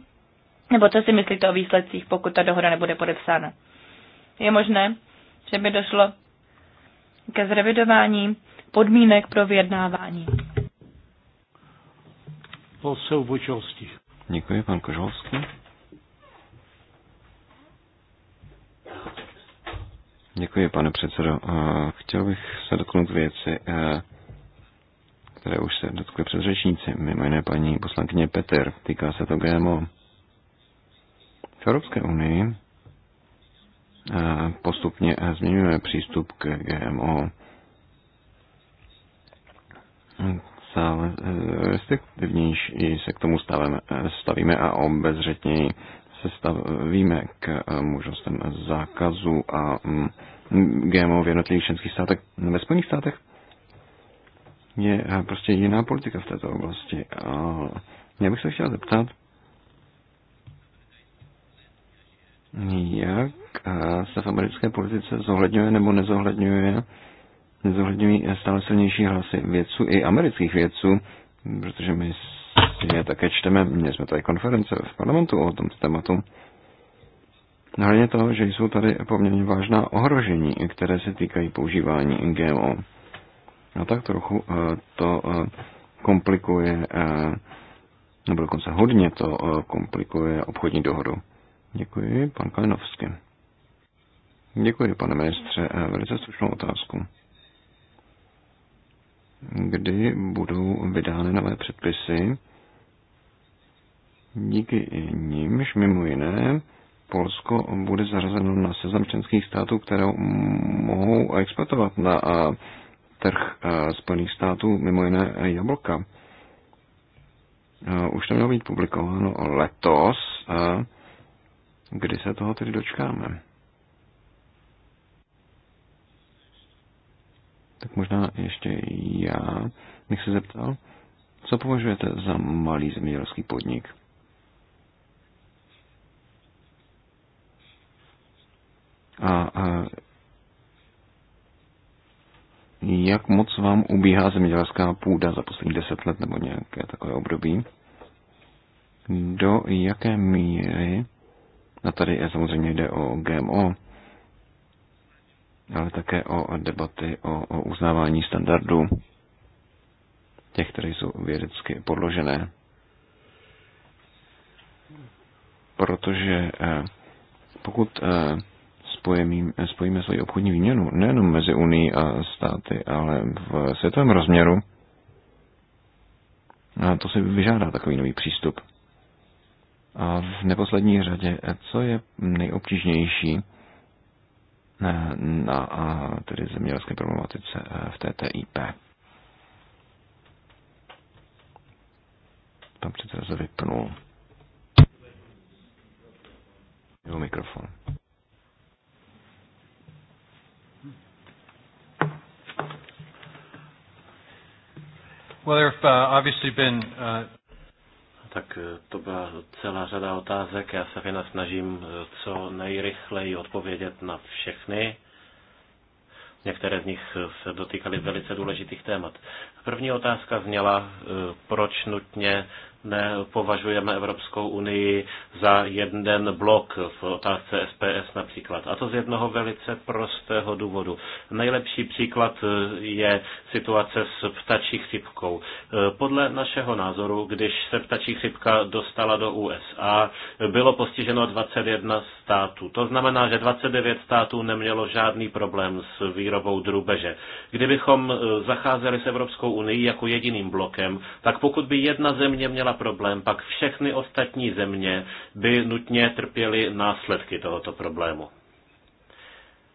Nebo co si myslíte o výsledcích, pokud ta dohoda nebude podepsána? Je možné, že by došlo ke zrevidování podmínek pro vyjednávání. Posel Vočovský. Děkuji, pan Kožovský. Děkuji, pane předsedo. Eh, chtěl bych se dotknout věci, eh, které už se dotkly předřečníci, mimo jiné paní poslankyně Petr. Týká se to GMO. V Evropské unii Eh, postupně eh, změňujeme přístup k GMO. Stále eh, restriktivnější se k tomu stavíme, stavíme a obezřetněji se stavíme k možnostem zákazu a mm, GMO v jednotlivých členských státech. Ve Spojených státech je prostě jiná politika v této oblasti. A já bych se chtěl zeptat, jak eh, se v americké politice zohledňuje nebo nezohledňuje nezohledňují stále silnější hlasy vědců i amerických vědců, protože my je také čteme, měli jsme tady konference v parlamentu o tomto tématu. Hledně toho, že jsou tady poměrně vážná ohrožení, které se týkají používání GMO. A tak trochu eh, to eh, komplikuje, nebo dokonce hodně to komplikuje obchodní dohodu. Děkuji, pan Kalinovský. Děkuji, pane ministře. Eh, velice slušnou otázku. Kdy budou vydány nové předpisy, díky nímž, mimo jiné Polsko bude zařazeno na seznam členských států, které mohou exportovat na eh, trh eh, Spojených států, mimo jiné jablka. Už to mělo být publikováno letos a Kdy se toho tedy dočkáme? Tak možná ještě já bych se zeptal, co považujete za malý zemědělský podnik? A, a jak moc vám ubíhá zemědělská půda za posledních deset let nebo nějaké takové období? Do jaké míry a tady je samozřejmě jde o GMO, ale také o debaty o, o uznávání standardů, těch, které jsou vědecky podložené. Protože eh, pokud eh, spojíme spojíme svoji obchodní výměnu nejenom mezi Unii a státy, ale v světovém rozměru, a to si vyžádá takový nový přístup. A v neposlední řadě, co je nejobtížnější na, eh, na a tedy zemědělské problematice eh, v TTIP? Pan předseda se vypnul. Jeho mikrofon. Well, there have uh, obviously been uh, tak eh, to byla celá řada otázek. Já se vina snažím eh, co nejrychleji odpovědět na všechny. Některé z nich eh, se dotýkaly velice důležitých témat. První otázka zněla, proč nutně nepovažujeme Evropskou unii za jeden blok v otázce SPS například. A to z jednoho velice prostého důvodu. Nejlepší příklad eh, je situace s ptačí chřipkou. Eh, podle našeho názoru, když se ptačí chřipka dostala do USA, bylo postiženo 21 států. To znamená, že 29 států nemělo žádný problém s výrobou drůbeže. Kdybychom eh, zacházeli s Evropskou unii jako jediným blokem, tak pokud by jedna země měla problém, pak všechny ostatní země by nutně trpěly následky tohoto problému.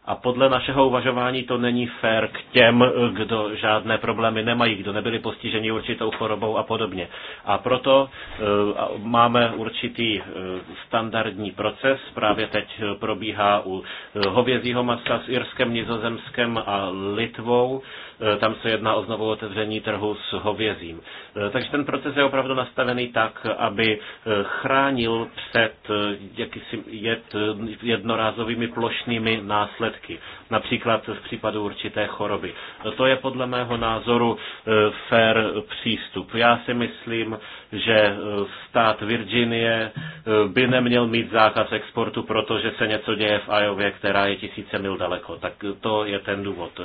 A podle našeho uvažování to není fér k těm, kdo žádné problémy nemají, kdo nebyli postiženi určitou chorobou a podobně. A proto eh, máme určitý eh, standardní proces. Právě teď eh, probíhá u hovězího masa s Irskem, Nizozemskem a Litvou. Tam se jedná o znovu otevření trhu s hovězím. Takže ten proces je opravdu nastavený tak, aby chránil před jakýsi jed, jednorázovými plošnými následky důsledky, například v případu určité choroby. To je podle mého názoru e, fair přístup. Já si myslím, že e, stát Virginie e, by neměl mít zákaz exportu, protože se něco děje v Ajově, která je tisíce mil daleko. Tak to je ten důvod.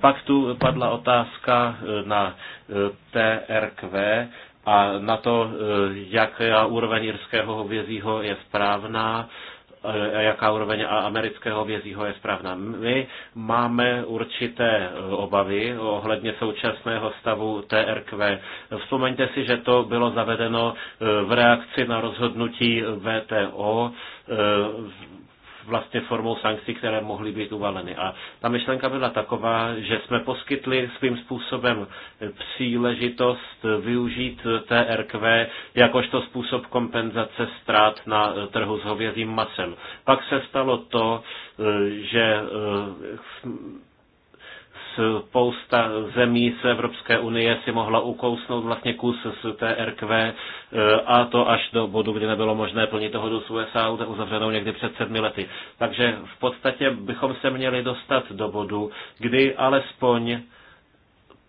Pak tu padla otázka na TRQ, a na to, jaká úroveň irského hovězího je správná. Eh, jaká úroveň amerického vězího je správná. My máme určité eh, obavy ohledně současného stavu TRQ. Vzpomeňte si, že to bylo zavedeno eh, v reakci na rozhodnutí VTO vlastně formou sankcí, které mohly být uvaleny. A ta myšlenka byla taková, že jsme poskytli svým způsobem příležitost využít TRQ jakožto způsob kompenzace ztrát na trhu s hovězím masem. Pak se stalo to, že eh, spousta zemí z Evropské unie si mohla ukousnout vlastně kus z té eh, a to až do bodu, kdy nebylo možné plnit dohodu s USA uzavřenou někdy před sedmi lety. Takže v podstatě bychom se měli dostat do bodu, kdy alespoň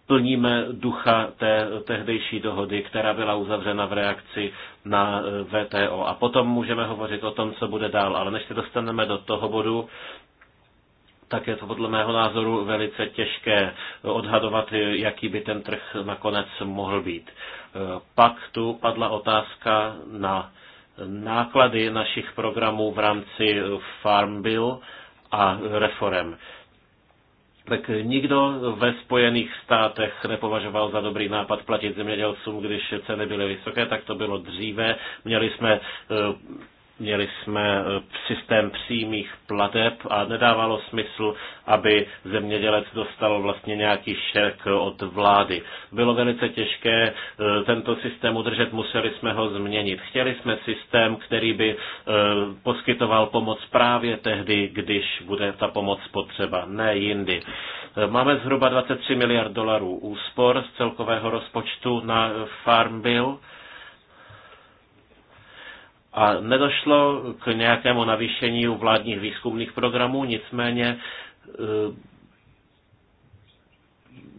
plníme ducha té tehdejší dohody, která byla uzavřena v reakci na eh, VTO. A potom můžeme hovořit o tom, co bude dál. Ale než se dostaneme do toho bodu, tak je to podle mého názoru velice těžké odhadovat, jaký by ten trh nakonec mohl být. Pak tu padla otázka na náklady našich programů v rámci Farm Bill a reform. Tak nikdo ve Spojených státech nepovažoval za dobrý nápad platit zemědělcům, když ceny byly vysoké, tak to bylo dříve. Měli jsme eh, Měli jsme eh, systém přímých plateb a nedávalo smysl, aby zemědělec dostal vlastně nějaký šek od vlády. Bylo velice těžké eh, tento systém udržet, museli jsme ho změnit. Chtěli jsme systém, který by eh, poskytoval pomoc právě tehdy, když bude ta pomoc potřeba, ne jindy. Máme zhruba 23 miliard dolarů úspor z celkového rozpočtu na Farm Bill a nedošlo k nějakému navýšení vládních výzkumných programů, nicméně e,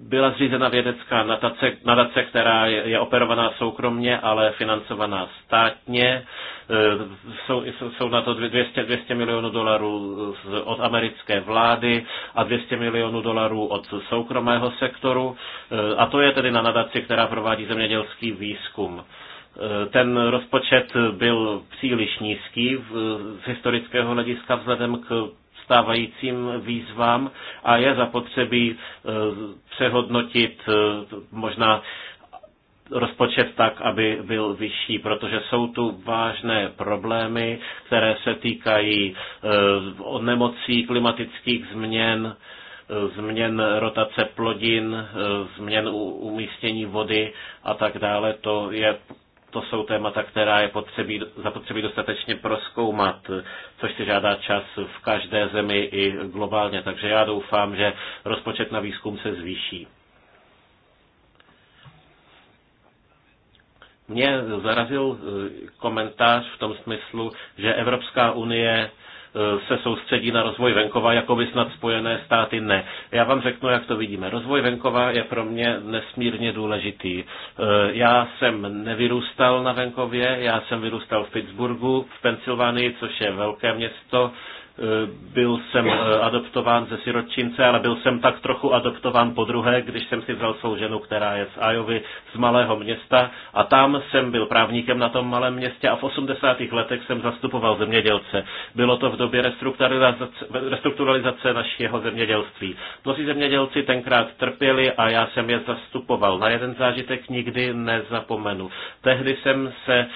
byla zřízena vědecká nadace, nadace která je, je operovaná soukromně, ale financovaná státně. E, jsou, jsou na to 200, 200 milionů dolarů od americké vlády a 200 milionů dolarů od soukromého sektoru. E, a to je tedy na nadaci, která provádí zemědělský výzkum. Eh, ten rozpočet byl příliš nízký z historického hlediska vzhledem k stávajícím výzvám a je zapotřebí eh, přehodnotit eh, možná rozpočet tak, aby byl vyšší, protože jsou tu vážné problémy, které se týkají nemocí, klimatických změn, změn rotace plodin, změn umístění vody a tak dále. To je to jsou témata, která je potřebí, zapotřebí dostatečně proskoumat, což si žádá čas v každé zemi i globálně. Takže já doufám, že rozpočet na výzkum se zvýší. Mě zarazil eh, komentář v tom smyslu, že Evropská unie se soustředí na rozvoj venkova, jako by snad Spojené státy ne. Já vám řeknu, jak to vidíme. Rozvoj venkova je pro mě nesmírně důležitý. E, já jsem nevyrůstal na venkově, já jsem vyrůstal v Pittsburghu, v Pensylvánii, což je velké město, Eh, byl jsem eh, adoptován ze siročince, ale byl jsem tak trochu adoptován po druhé, když jsem si vzal svou ženu, která je z Ajovy, z malého města a tam jsem byl právníkem na tom malém městě a v 80. letech jsem zastupoval zemědělce. Bylo to v době restrukturalizace, restrukturalizace našeho zemědělství. Mnozí zemědělci tenkrát trpěli a já jsem je zastupoval. Na jeden zážitek nikdy nezapomenu. Tehdy jsem se eh,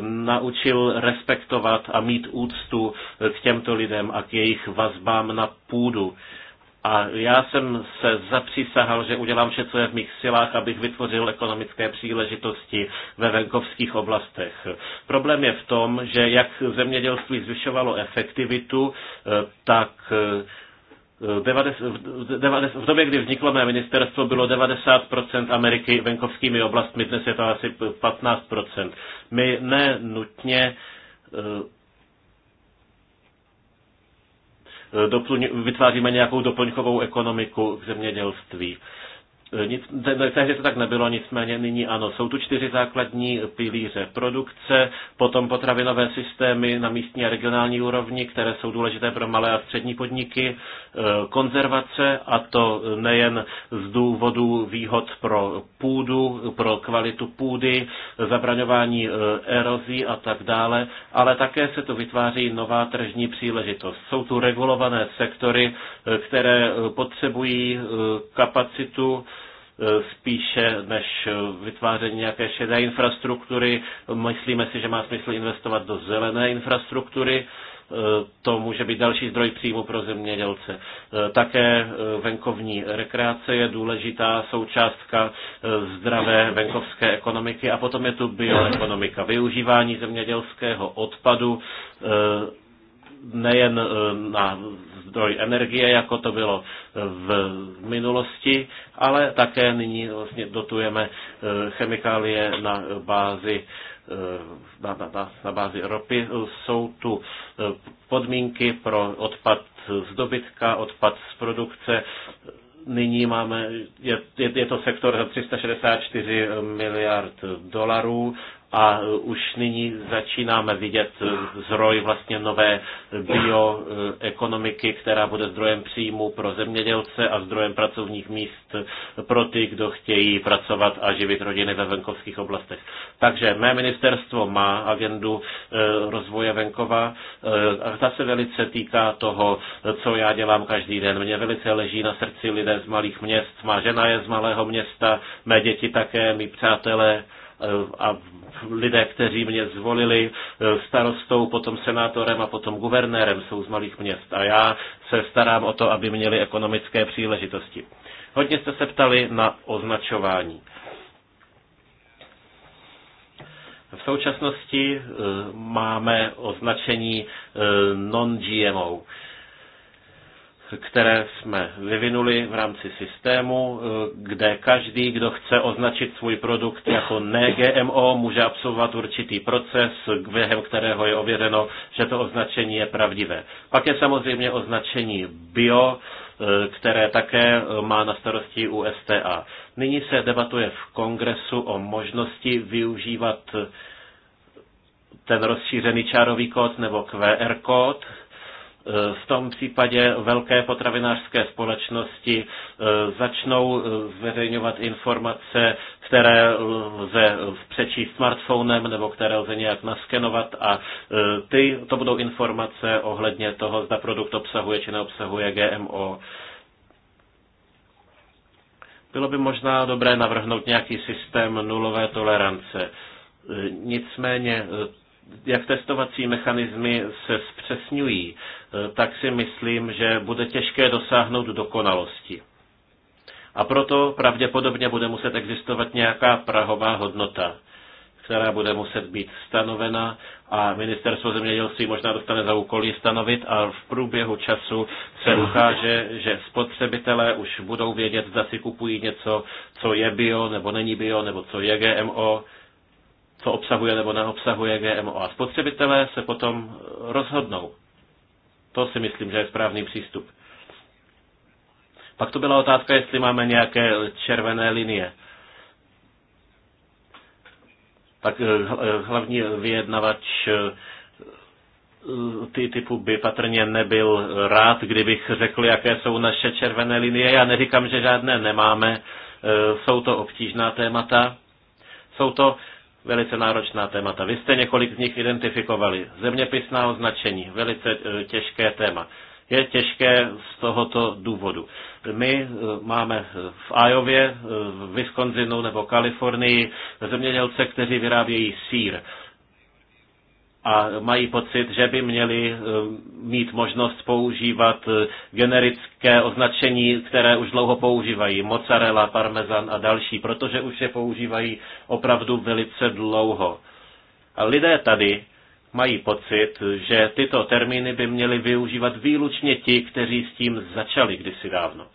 naučil respektovat a mít úctu k těmto lidem lidem a k jejich vazbám na půdu. A já jsem se zapřísahal, že udělám vše, co je v mých silách, abych vytvořil ekonomické příležitosti ve venkovských oblastech. Problém je v tom, že jak zemědělství zvyšovalo efektivitu, eh, tak eh, v době, kdy vzniklo mé ministerstvo, bylo 90% Ameriky venkovskými oblastmi, dnes je to asi 15%. My ne nutně eh, vytváříme nějakou doplňkovou ekonomiku k zemědělství. Eh, nic, tehdy to tak nebylo, nicméně nyní ano. Jsou tu čtyři základní pilíře produkce, potom potravinové systémy na místní a regionální úrovni, které jsou důležité pro malé a střední podniky, eh, konzervace, a to nejen z důvodu výhod pro půdu, pro kvalitu půdy, zabraňování eh, erozí a tak dále, ale také se tu vytváří nová tržní příležitost. Jsou tu regulované sektory, které potřebují kapacitu, Eh, spíše než vytváření nějaké šedé infrastruktury. Myslíme si, že má smysl investovat do zelené infrastruktury. Eh, to může být další zdroj příjmu pro zemědělce. Eh, také venkovní rekreace je důležitá součástka zdravé venkovské ekonomiky a potom je tu bioekonomika. Využívání zemědělského odpadu nejen eh, na zdroj energie, jako to bylo eh, v minulosti, ale také nyní vlastně dotujeme eh, chemikálie na bázi na, na, na bázi ropy. Jsou tu podmínky pro odpad z dobytka, odpad z produkce. Nyní máme, je, je, je to sektor za 364 miliard dolarů a e, už nyní začínáme vidět e, zroj vlastně nové bioekonomiky, která bude zdrojem příjmu pro zemědělce a zdrojem pracovních míst pro ty, kdo chtějí pracovat a živit rodiny ve venkovských oblastech. Takže mé ministerstvo má agendu e, rozvoje venkova a ta se velice týká toho, co já dělám každý den. Mně velice leží na srdci lidé z malých měst, má žena je z malého města, mé děti také, mý přátelé a lidé, kteří mě zvolili e, starostou, potom senátorem a potom guvernérem, jsou z malých měst a já se starám o to, aby měli ekonomické příležitosti. Hodně jste se ptali na označování. V současnosti e, máme označení e, non-GMO které jsme vyvinuli v rámci systému, eh, kde každý, kdo chce označit svůj produkt jako ne-GMO, může absolvovat určitý proces, během kterého je ověřeno, že to označení je pravdivé. Pak je samozřejmě označení bio, eh, které také eh, má na starosti USTA. Nyní se debatuje v kongresu o možnosti využívat ten rozšířený čárový kód nebo QR kód, v tom případě velké potravinářské společnosti e, začnou e, zveřejňovat informace, které lze přečíst smartphonem nebo které lze nějak naskenovat a e, ty, to budou informace ohledně toho, zda produkt obsahuje či neobsahuje GMO. Bylo by možná dobré navrhnout nějaký systém nulové tolerance. Nicméně, jak testovací mechanismy se zpřesňují, Eh, tak si myslím, že bude těžké dosáhnout dokonalosti. A proto pravděpodobně bude muset existovat nějaká prahová hodnota, která bude muset být stanovena a ministerstvo zemědělství možná dostane za úkol ji stanovit a v průběhu času se ukáže, že spotřebitelé už budou vědět, zda si kupují něco, co je bio nebo není bio, nebo co je GMO, co obsahuje nebo neobsahuje GMO. A spotřebitelé se potom rozhodnou. To si myslím, že je správný přístup. Pak to byla otázka, jestli máme nějaké červené linie. Tak eh, eh, hlavní vyjednavač eh, ty typu by patrně nebyl rád, kdybych řekl, jaké jsou naše červené linie. Já neříkám, že žádné nemáme. Jsou to obtížná témata. Jsou to velice náročná témata. Vy jste několik z nich identifikovali. Zeměpisná označení, velice e, těžké téma. Je těžké z tohoto důvodu. My e, máme v Ajově, e, v Wisconsinu nebo Kalifornii zemědělce, kteří vyrábějí sír a mají pocit, že by měli eh, mít možnost používat eh, generické označení, které už dlouho používají, mozzarella, parmezan a další, protože už je používají opravdu velice dlouho. A lidé tady mají pocit, že tyto termíny by měli využívat výlučně ti, kteří s tím začali kdysi dávno.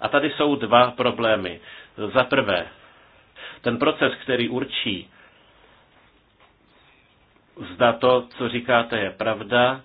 A tady jsou dva problémy. Za prvé, ten proces, který určí, zda to, co říkáte, je pravda,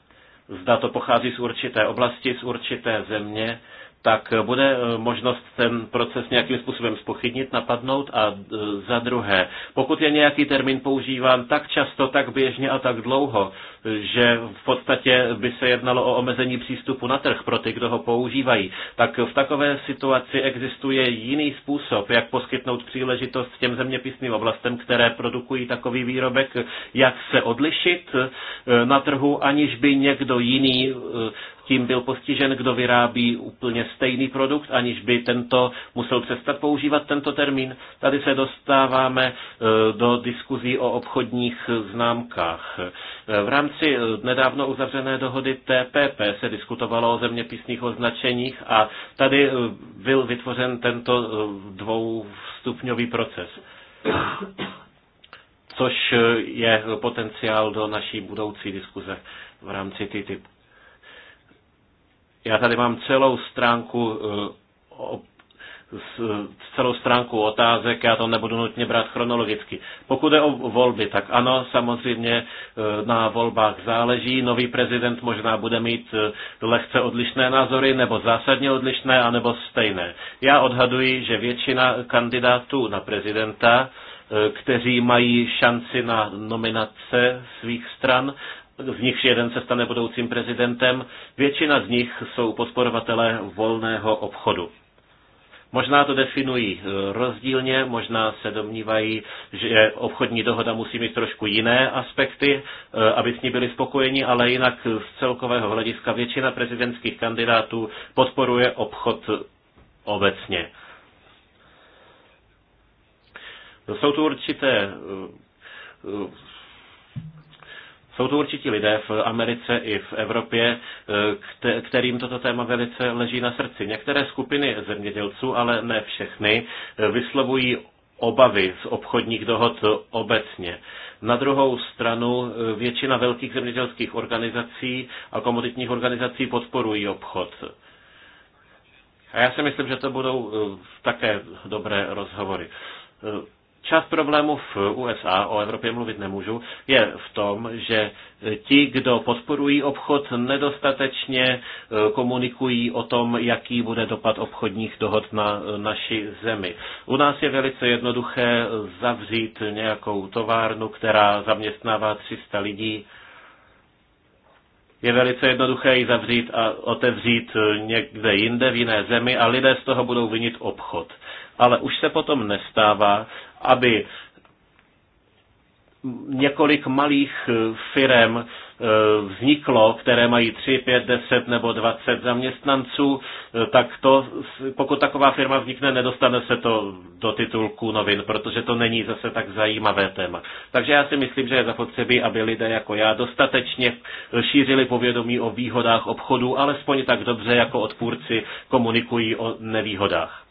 zda to pochází z určité oblasti, z určité země tak eh, bude eh, možnost ten proces nějakým způsobem spochybnit, napadnout a eh, za druhé, pokud je nějaký termín používán tak často, tak běžně a tak dlouho, že v podstatě by se jednalo o omezení přístupu na trh pro ty, kdo ho používají, tak v takové situaci existuje jiný způsob, jak poskytnout příležitost těm zeměpisným oblastem, které produkují takový výrobek, jak se odlišit na trhu, aniž by někdo jiný tím byl postižen, kdo vyrábí úplně stejný produkt, aniž by tento musel přestat používat tento termín. Tady se dostáváme e, do diskuzí o obchodních známkách. E, v rámci e, nedávno uzavřené dohody TPP se diskutovalo o zeměpisných označeních a tady byl vytvořen tento dvoustupňový proces což je potenciál do naší budoucí diskuze v rámci TTIP. Já tady mám celou stránku eh, s celou stránku otázek, já to nebudu nutně brát chronologicky. Pokud je o volby, tak ano, samozřejmě eh, na volbách záleží. Nový prezident možná bude mít eh, lehce odlišné názory, nebo zásadně odlišné, anebo stejné. Já odhaduji, že většina kandidátů na prezidenta kteří mají šanci na nominace svých stran, z nich jeden se stane budoucím prezidentem, většina z nich jsou podporovatele volného obchodu. Možná to definují e, rozdílně, možná se domnívají, že obchodní dohoda musí mít trošku jiné aspekty, e, aby s ní byli spokojeni, ale jinak z celkového hlediska většina prezidentských kandidátů podporuje obchod obecně. Jsou tu určité e, jsou to určitě lidé v Americe i v Evropě, e, kterým toto téma velice leží na srdci. Některé skupiny zemědělců, ale ne všechny, e, vyslovují obavy z obchodních dohod obecně. Na druhou stranu e, většina velkých zemědělských organizací a komoditních organizací podporují obchod. A já si myslím, že to budou také dobré rozhovory. Část problémů v USA, o Evropě mluvit nemůžu, je v tom, že ti, kdo podporují obchod, nedostatečně e, komunikují o tom, jaký bude dopad obchodních dohod na naši zemi. U nás je velice jednoduché zavřít nějakou továrnu, která zaměstnává 300 lidí, je velice jednoduché ji zavřít a otevřít někde jinde v jiné zemi a lidé z toho budou vinit obchod ale už se potom nestává, aby několik malých eh, firm eh, vzniklo, které mají 3, 5, 10 nebo 20 zaměstnanců, eh, tak to, pokud taková firma vznikne, nedostane se to do titulku novin, protože to není zase tak zajímavé téma. Takže já si myslím, že je zapotřebí, aby lidé jako já dostatečně šířili povědomí o výhodách obchodu, alespoň tak dobře, jako odpůrci komunikují o nevýhodách.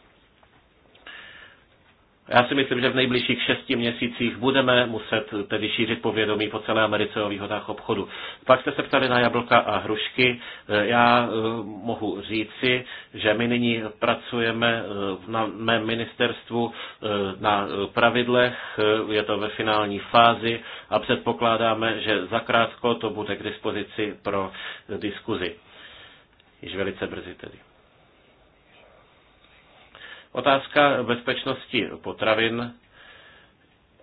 Já si myslím, že v nejbližších šesti měsících budeme muset tedy šířit povědomí po celé Americe o výhodách obchodu. Pak jste se ptali na jablka a hrušky. Já e, mohu říci, že my nyní pracujeme e, na mém ministerstvu e, na pravidlech, je to ve finální fázi a předpokládáme, že zakrátko to bude k dispozici pro diskuzi. Již velice brzy tedy. Otázka bezpečnosti potravin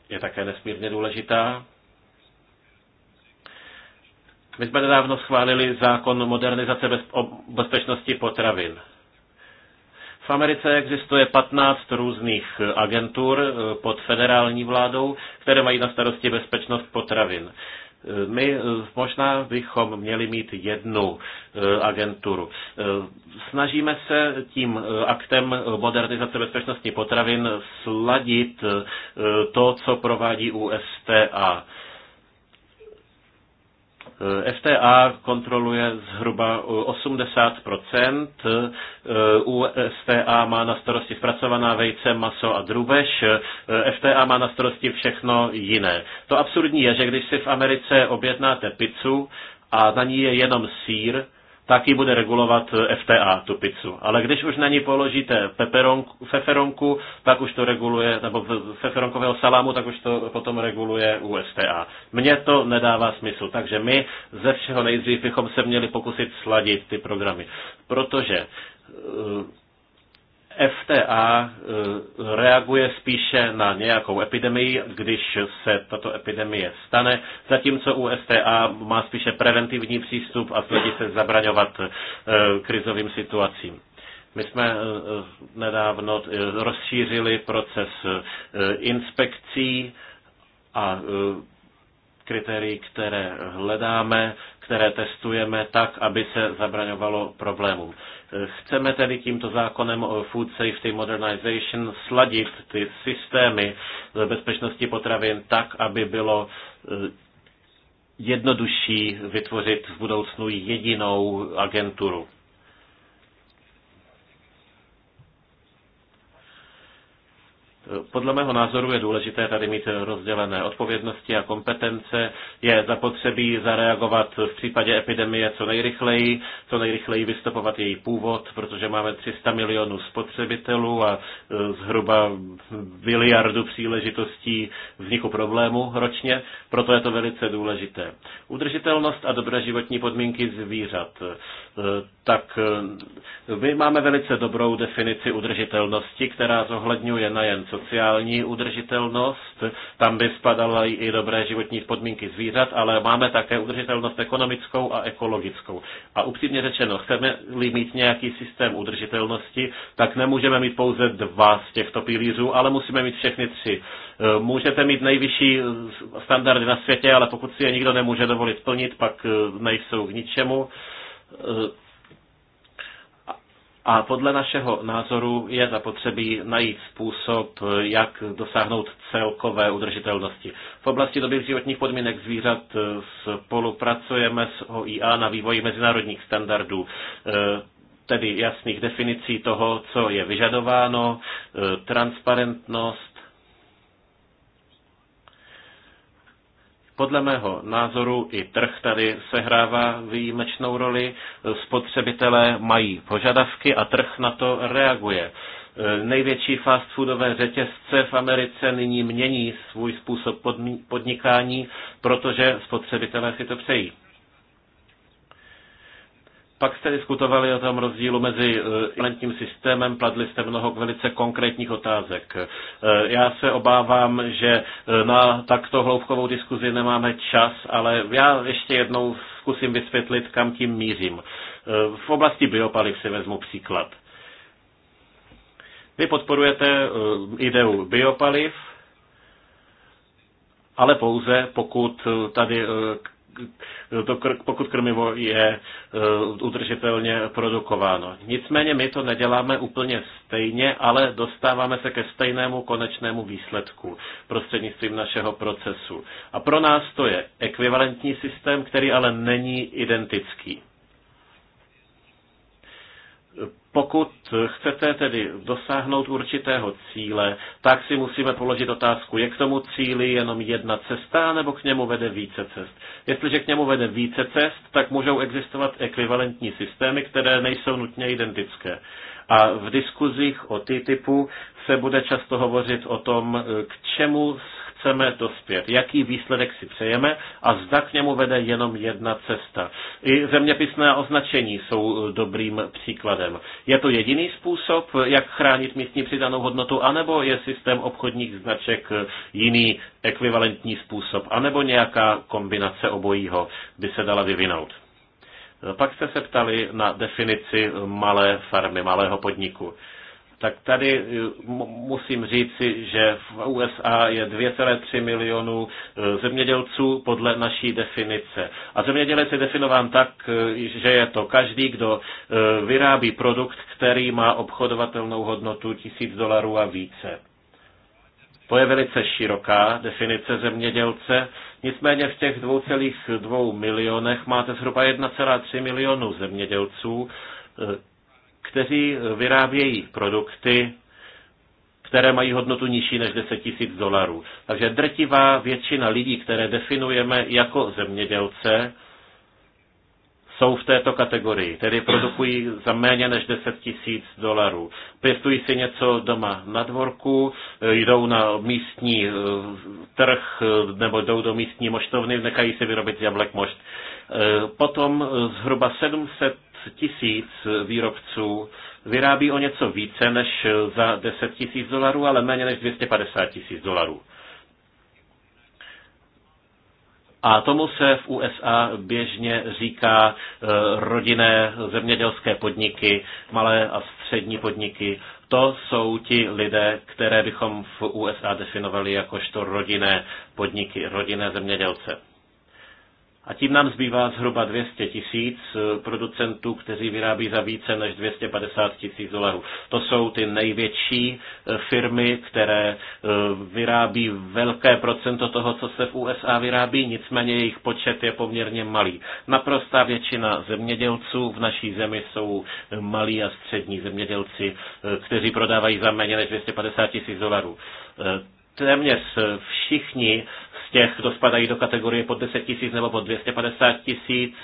je také nesmírně důležitá. My jsme nedávno schválili zákon modernizace bez, o bezpečnosti potravin. V Americe existuje 15 různých agentur eh, pod federální vládou, které mají na starosti bezpečnost potravin. My eh, možná bychom měli mít jednu eh, agenturu. Eh, snažíme se tím aktem modernizace bezpečnosti potravin sladit to, co provádí USTA. Eh, FTA kontroluje zhruba 80%, eh, USTA má na starosti zpracovaná vejce, maso a drubež, eh, FTA má na starosti všechno jiné. To absurdní je, že když si v Americe objednáte pizzu a na ní je jenom sír, tak ji bude regulovat eh, FTA, tu pizzu. Ale když už na ní položíte peperonku, feferonku, tak už to reguluje, nebo feferonkového salámu, tak už to potom reguluje USTA. Mně to nedává smysl, takže my ze všeho nejdřív bychom se měli pokusit sladit ty programy. Protože eh, FTA eh, reaguje spíše na nějakou epidemii, když se tato epidemie stane, zatímco u STA má spíše preventivní přístup a snaží se zabraňovat eh, krizovým situacím. My jsme eh, nedávno rozšířili proces inspekcí a kritérií, které hledáme, které testujeme tak, aby se zabraňovalo problémům. Chceme tedy tímto zákonem o Food Safety Modernization sladit ty systémy bezpečnosti potravin tak, aby bylo eh, jednodušší vytvořit v budoucnu jedinou agenturu. Podle mého názoru je důležité tady mít rozdělené odpovědnosti a kompetence. Je zapotřebí zareagovat v případě epidemie co nejrychleji, co nejrychleji vystupovat její původ, protože máme 300 milionů spotřebitelů a e, zhruba miliardu příležitostí vzniku problému ročně, proto je to velice důležité. Udržitelnost a dobré životní podmínky zvířat. E, tak e, my máme velice dobrou definici udržitelnosti, která zohledňuje nejen co sociální udržitelnost, tam by spadaly i dobré životní podmínky zvířat, ale máme také udržitelnost ekonomickou a ekologickou. A upřímně řečeno, chceme-li mít nějaký systém udržitelnosti, tak nemůžeme mít pouze dva z těchto pilířů, ale musíme mít všechny tři. Eh, můžete mít nejvyšší standardy na světě, ale pokud si je nikdo nemůže dovolit plnit, pak eh, nejsou k ničemu eh, a podle našeho názoru je zapotřebí najít způsob, jak dosáhnout celkové udržitelnosti. V oblasti dobrých životních podmínek zvířat eh, spolupracujeme s OIA na vývoji mezinárodních standardů eh, tedy jasných definicí toho, co je vyžadováno, eh, transparentnost, Podle mého názoru i trh tady sehrává výjimečnou roli. Spotřebitelé mají požadavky a trh na to reaguje. E, největší fast foodové řetězce v Americe nyní mění svůj způsob podnikání, protože spotřebitelé si to přejí. Pak jste diskutovali o tom rozdílu mezi eh, implementním systémem, padli jste mnoho velice konkrétních otázek. Eh, já se obávám, že eh, na takto hloubkovou diskuzi nemáme čas, ale já ještě jednou zkusím vysvětlit, kam tím mířím. V oblasti biopaliv si vezmu příklad. Vy podporujete ideu biopaliv, ale pouze pokud tady to, pokud krmivo je e, udržitelně produkováno. Nicméně my to neděláme úplně stejně, ale dostáváme se ke stejnému konečnému výsledku prostřednictvím našeho procesu. A pro nás to je ekvivalentní systém, který ale není identický. Pokud chcete tedy dosáhnout určitého cíle, tak si musíme položit otázku, je k tomu cíli jenom jedna cesta, nebo k němu vede více cest. Jestliže k němu vede více cest, tak můžou existovat ekvivalentní systémy, které nejsou nutně identické. A v diskuzích o ty typu se bude často hovořit o tom, k čemu chceme dospět, jaký výsledek si přejeme a zda k němu vede jenom jedna cesta. I zeměpisné označení jsou eh, dobrým příkladem. Je to jediný způsob, jak chránit místní přidanou hodnotu, anebo je systém obchodních značek eh, jiný ekvivalentní způsob, anebo nějaká kombinace obojího by se dala vyvinout. Eh, pak jste se ptali na definici malé farmy, malého podniku tak tady eh, musím říci, že v USA je 2,3 milionů eh, zemědělců podle naší definice. A zemědělec je definován tak, eh, že je to každý, kdo vyrábí produkt, který má obchodovatelnou hodnotu 1000 dolarů a více. To je velice široká definice zemědělce, nicméně v těch 2,2 milionech máte zhruba 1,3 milionů zemědělců, kteří vyrábějí produkty, které mají hodnotu nižší než 10 000 dolarů. Takže drtivá většina lidí, které definujeme jako zemědělce, jsou v této kategorii, tedy produkují za méně než 10 tisíc dolarů. Pěstují si něco doma na dvorku, jdou na místní eh, trh eh, nebo jdou do místní moštovny, nechají si vyrobit jablek mošt. Eh, potom zhruba 700 tisíc výrobců vyrábí o něco více než za 10 tisíc dolarů, ale méně než 250 tisíc dolarů. A tomu se v USA běžně říká eh, rodinné zemědělské podniky, malé a střední podniky. To jsou ti lidé, které bychom v USA definovali jakožto rodinné podniky, rodinné zemědělce. A tím nám zbývá zhruba 200 tisíc eh, producentů, kteří vyrábí za více než 250 tisíc dolarů. To jsou ty největší eh, firmy, které eh, vyrábí velké procento toho, co se v USA vyrábí, nicméně jejich počet je poměrně malý. Naprostá většina zemědělců v naší zemi jsou malí a střední zemědělci, kteří prodávají za méně než 250 tisíc dolarů téměř všichni těch, vlastně, kdo spadají do kategorie pod 10 tisíc nebo pod 250 tisíc,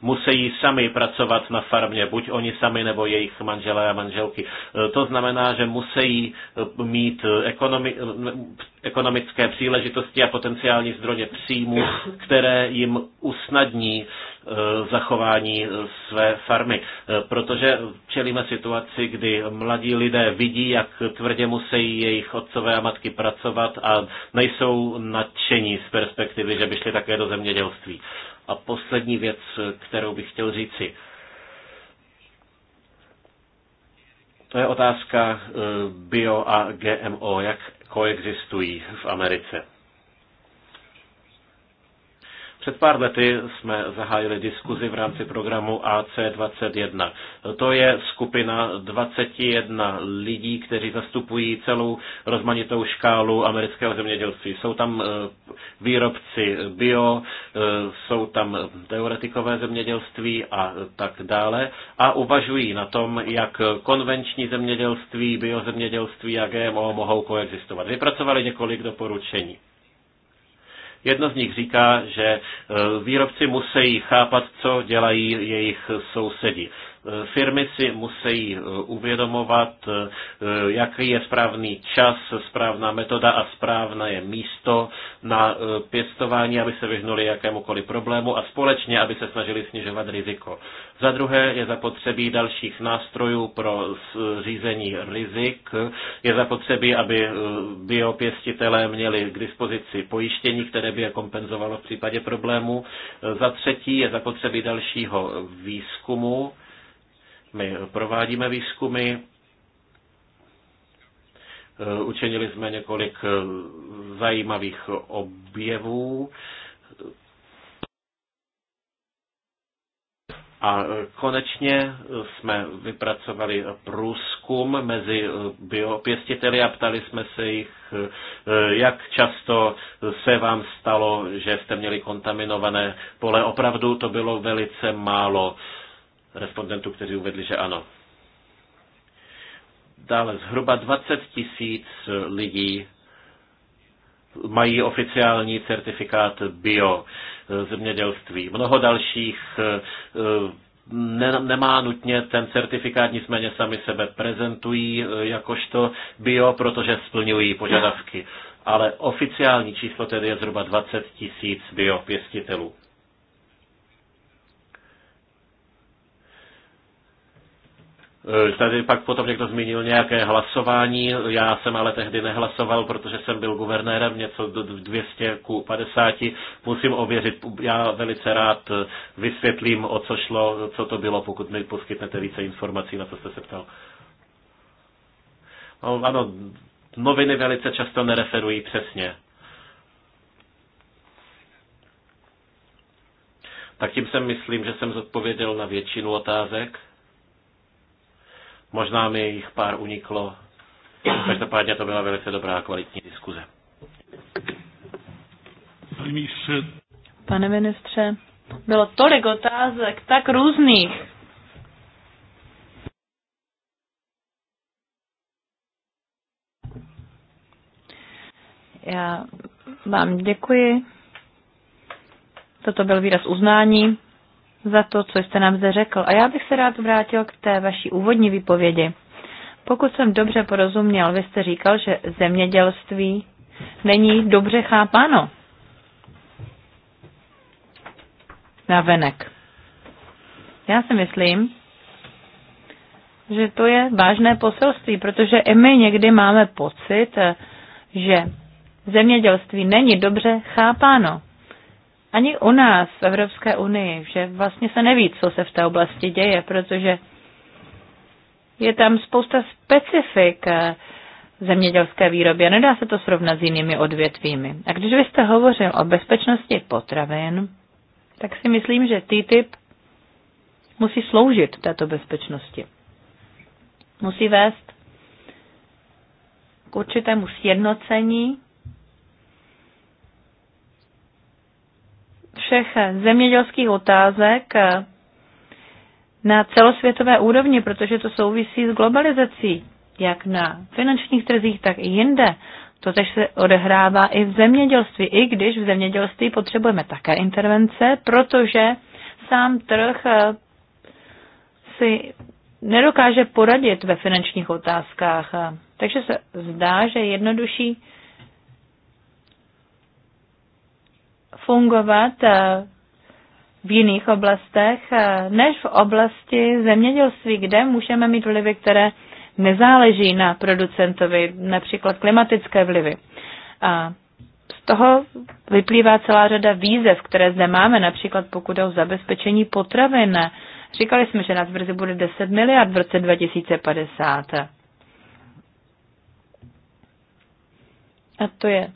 musí sami pracovat na farmě, buď oni sami nebo jejich manželé a manželky. To znamená, že musí eh, mít eh, ekonomi- eh, ekonomické příležitosti a potenciální zdroje příjmu, které jim usnadní Eh, zachování eh, své farmy, eh, protože čelíme situaci, kdy mladí lidé vidí, jak tvrdě musí jejich otcové a matky pracovat a nejsou nadšení z perspektivy, že by šli také do zemědělství. A poslední věc, kterou bych chtěl říci, to je otázka bio a GMO, jak koexistují v Americe. Před pár lety jsme zahájili diskuzi v rámci programu AC21. To je skupina 21 lidí, kteří zastupují celou rozmanitou škálu amerického zemědělství. Jsou tam eh, výrobci bio, eh, jsou tam teoretikové zemědělství a tak dále a uvažují na tom, jak konvenční zemědělství, biozemědělství a GMO mohou koexistovat. Vypracovali několik doporučení. Jedno z nich říká, že e, výrobci musí chápat, co dělají jejich sousedi. Firmy si musí eh, uvědomovat, eh, jaký je správný čas, správná metoda a správné je místo na eh, pěstování, aby se vyhnuli jakémukoliv problému a společně, aby se snažili snižovat riziko. Za druhé je zapotřebí dalších nástrojů pro řízení rizik. Je zapotřebí, aby biopěstitelé měli k dispozici pojištění, které by je kompenzovalo v případě problému. Za třetí je zapotřebí dalšího výzkumu my provádíme výzkumy, eh, učinili jsme několik eh, zajímavých objevů a eh, konečně jsme vypracovali průzkum mezi biopěstiteli a ptali jsme se jich, jak často se vám stalo, že jste měli kontaminované pole. Opravdu to bylo velice málo respondentů, kteří uvedli, že ano. Dále zhruba 20 tisíc lidí mají oficiální certifikát bio zemědělství. Mnoho dalších eh, ne, nemá nutně ten certifikát, nicméně sami sebe prezentují eh, jakožto bio, protože splňují požadavky. Ale oficiální číslo tedy je zhruba 20 tisíc bio pěstitelů. Eh, tady pak potom někdo zmínil nějaké hlasování, já jsem ale tehdy nehlasoval, protože jsem byl guvernérem něco do 200 ku 50. Musím ověřit, já velice rád eh, vysvětlím, o co šlo, co to bylo, pokud mi poskytnete více informací, na co jste se ptal. No, ano, noviny velice často nereferují přesně. Tak tím jsem myslím, že jsem zodpověděl na většinu otázek. Možná mi jich pár uniklo. Každopádně to byla velice dobrá kvalitní diskuze. Pane ministře, bylo tolik otázek, tak různých. Já vám děkuji. Toto byl výraz uznání za to, co jste nám zde řekl. A já bych se rád vrátil k té vaší úvodní výpovědi. Pokud jsem dobře porozuměl, vy jste říkal, že zemědělství není dobře chápáno. Na venek. Já si myslím, že to je vážné poselství, protože i my někdy máme pocit, že zemědělství není dobře chápáno ani u nás v Evropské unii, že vlastně se neví, co se v té oblasti děje, protože je tam spousta specifik eh, zemědělské výroby a nedá se to srovnat s jinými odvětvími. A když byste hovořil o bezpečnosti potravin, tak si myslím, že TTIP musí sloužit této bezpečnosti. Musí vést k určitému sjednocení všech zemědělských otázek na celosvětové úrovni, protože to souvisí s globalizací, jak na finančních trzích, tak i jinde. To tež se odehrává i v zemědělství, i když v zemědělství potřebujeme také intervence, protože sám trh eh, si nedokáže poradit ve finančních otázkách. Eh, takže se zdá, že jednodušší fungovat eh, v jiných oblastech, eh, než v oblasti zemědělství, kde můžeme mít vlivy, které nezáleží na producentovi, například klimatické vlivy. A z toho vyplývá celá řada výzev, které zde máme, například pokud je o zabezpečení potravin. Říkali jsme, že nás brzy bude 10 miliard v roce 2050. A to je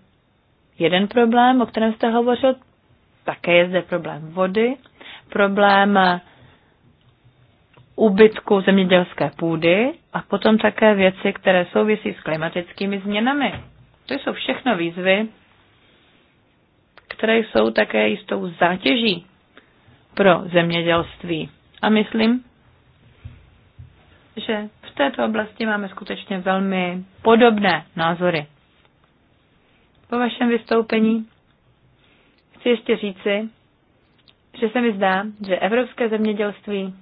jeden problém, o kterém jste hovořil, také je zde problém vody, problém úbytku zemědělské půdy a potom také věci, které souvisí s klimatickými změnami. To jsou všechno výzvy, které jsou také jistou zátěží pro zemědělství. A myslím, že v této oblasti máme skutečně velmi podobné názory po vašem vystoupení. Chci ještě říci, že se mi zdá, že evropské zemědělství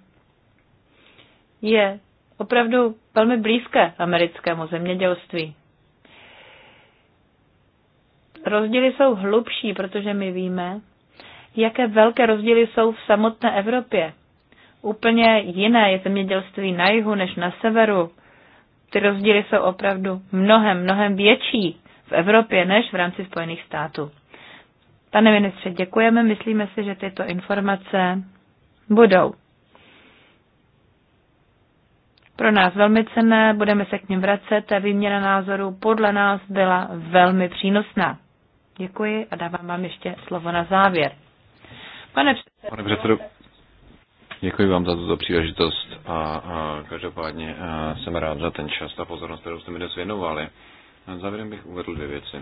je opravdu velmi blízké americkému zemědělství. Rozdíly jsou hlubší, protože my víme, jaké velké rozdíly jsou v samotné Evropě. Úplně jiné je zemědělství na jihu než na severu. Ty rozdíly jsou opravdu mnohem, mnohem větší v Evropě než v rámci Spojených států. Pane ministře, děkujeme. Myslíme si, že tyto informace budou pro nás velmi cenné, budeme se k ním vracet. Ta výměna názorů podle nás byla velmi přínosná. Děkuji a dávám vám ještě slovo na závěr. Pane předsedo. Pane předsedo. Děkuji vám za tuto příležitost a, a každopádně a jsem rád za ten čas a pozornost, kterou jste mi dnes věnovali závěr bych uvedl dvě věci.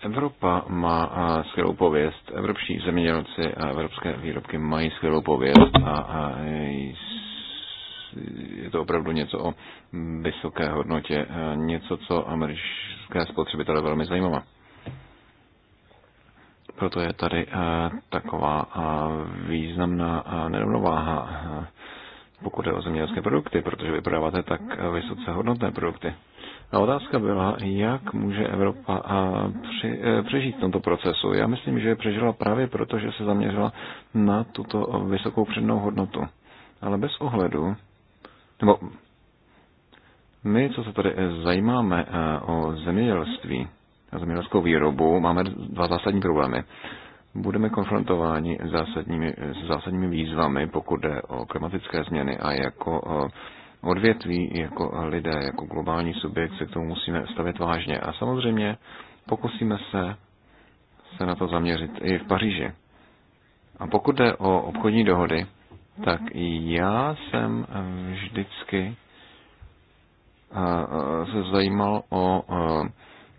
Evropa má skvělou pověst, evropští zemědělci a evropské výrobky mají skvělou pověst a, a je to opravdu něco o vysoké hodnotě, něco, co americké spotřebitele velmi zajímá. Proto je tady taková významná nerovnováha pokud je o zemědělské produkty, protože vy prodáváte tak vysoce hodnotné produkty. A otázka byla, jak může Evropa při, e, přežít v tomto procesu. Já myslím, že přežila právě proto, že se zaměřila na tuto vysokou přednou hodnotu. Ale bez ohledu, nebo my, co se tady zajímáme e, o zemědělství a zemědělskou výrobu, máme dva zásadní problémy budeme konfrontováni zásadními, s zásadními výzvami, pokud jde o klimatické změny a jako eh, odvětví, jako lidé, jako globální subjekt se k tomu musíme stavět vážně. A samozřejmě pokusíme se se na to zaměřit i v Paříži. A pokud jde o obchodní dohody, tak já jsem vždycky eh, eh, se zajímal o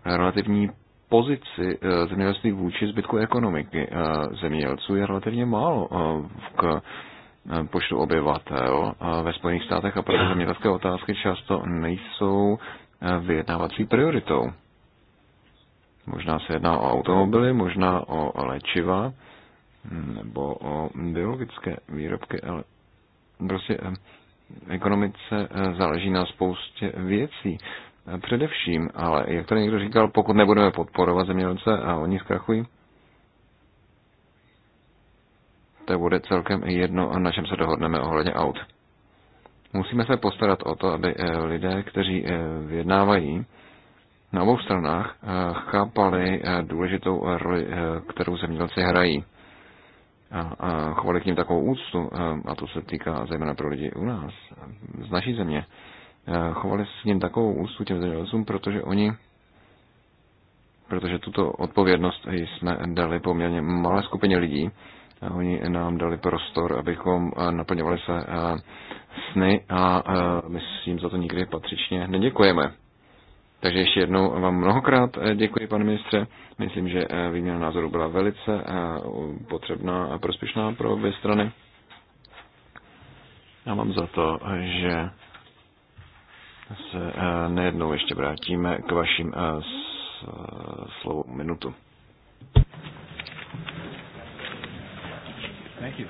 relativní pozici eh, zemědělství vůči zbytku ekonomiky eh, zemědělců je relativně málo eh, k počtu obyvatel ve Spojených státech a proto zemědělské otázky často nejsou vyjednávací prioritou. Možná se jedná o automobily, možná o léčiva hm, nebo o biologické výrobky, ale prostě ekonomice záleží na spoustě věcí. Eh, především, ale jak tady někdo říkal, pokud nebudeme podporovat zemědělce a oni zkrachují, to bude celkem jedno, na čem se dohodneme ohledně aut. Musíme se postarat o to, aby eh, lidé, kteří eh, vyjednávají na obou stranách, chápali důležitou roli, kterou zemědělci hrají a chovali k ním takovou úctu, a to se týká zejména pro lidi u nás, z naší země, Eh, chovali s ním takovou úctu těm zemědělcům, protože oni protože tuto odpovědnost jsme dali poměrně malé skupině lidí. Oni nám dali prostor, abychom eh, naplňovali se eh, sny a my s ním za to nikdy patřičně neděkujeme. Takže ještě jednou vám mnohokrát děkuji, pane ministře. Myslím, že výměna názoru byla velice potřebná a prospěšná pro obě strany. Já mám za to, že se eh, nejednou ještě vrátíme k vašim eh, eh, slovu minutu. Thank you.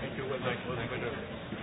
Thank you.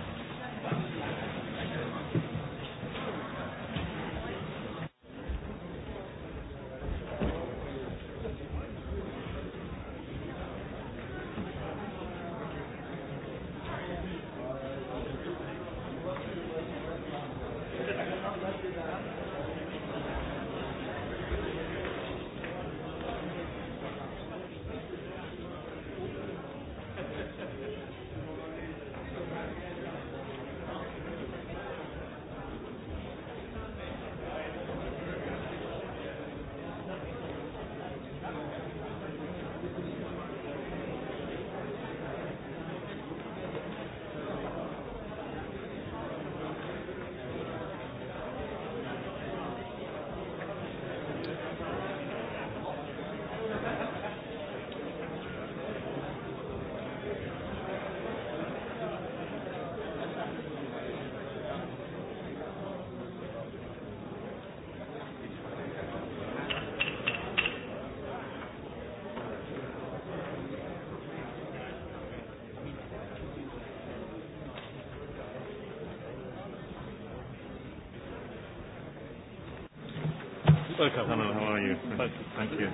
Welcome. Hello, how are you? Thank you.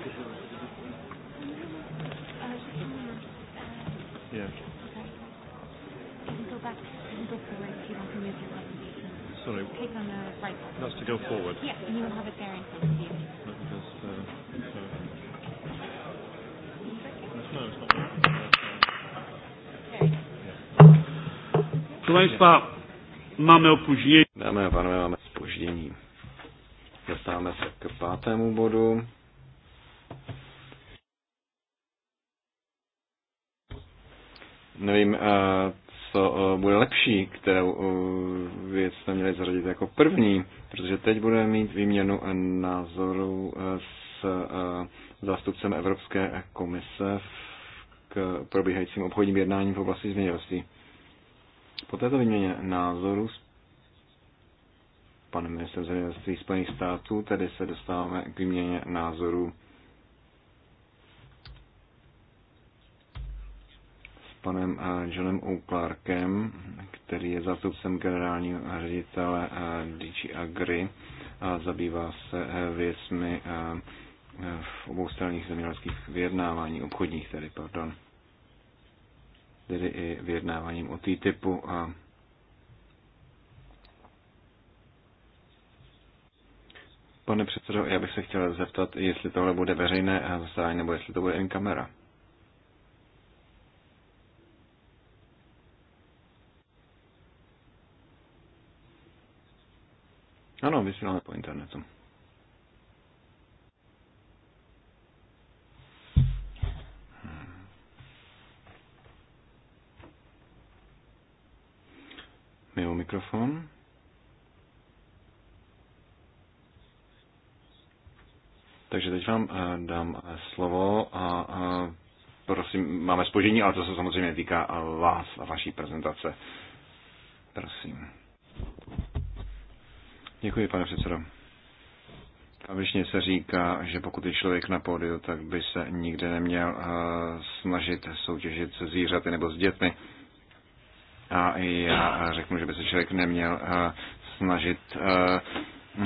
Sorry. Click on the right That's to go forward. Yeah, and you'll have it there in front of you. Let me just. Uh, no, it's not. Proszę Państwa, mamy opóźnienie. devátému bodu. Nevím, eh, co eh, bude lepší, kterou eh, věc jsme měli zařadit jako první, protože teď budeme mít výměnu názorů s zástupcem Evropské komise k probíhajícím obchodním jednáním v oblasti zemědělství. Po této výměně názorů s panem ministrem zemědělství Spojených států, tedy se dostáváme k výměně názorů s panem eh, Johnem O'Clarkem, který je zástupcem generálního ředitele eh, DG Agri a zabývá se eh, věcmi v obou oboustranných zemědělských vyjednávání, obchodních tedy, pardon, tedy i vyjednáváním o TTIPu a Pane předsedo, já bych se chtěl zeptat, jestli tohle bude veřejné zasedání nebo jestli to bude in kamera. Ano, vysíláme po internetu. Mimo mikrofon. Takže teď vám eh, dám eh, slovo a eh, prosím, máme spožení, ale to se samozřejmě týká vás a vaší prezentace. Prosím. Děkuji, pane předsedo. Většině se říká, že pokud je člověk na pódiu, tak by se nikde neměl snažit soutěžit se zvířaty nebo s dětmi. A já řeknu, že by se člověk neměl snažit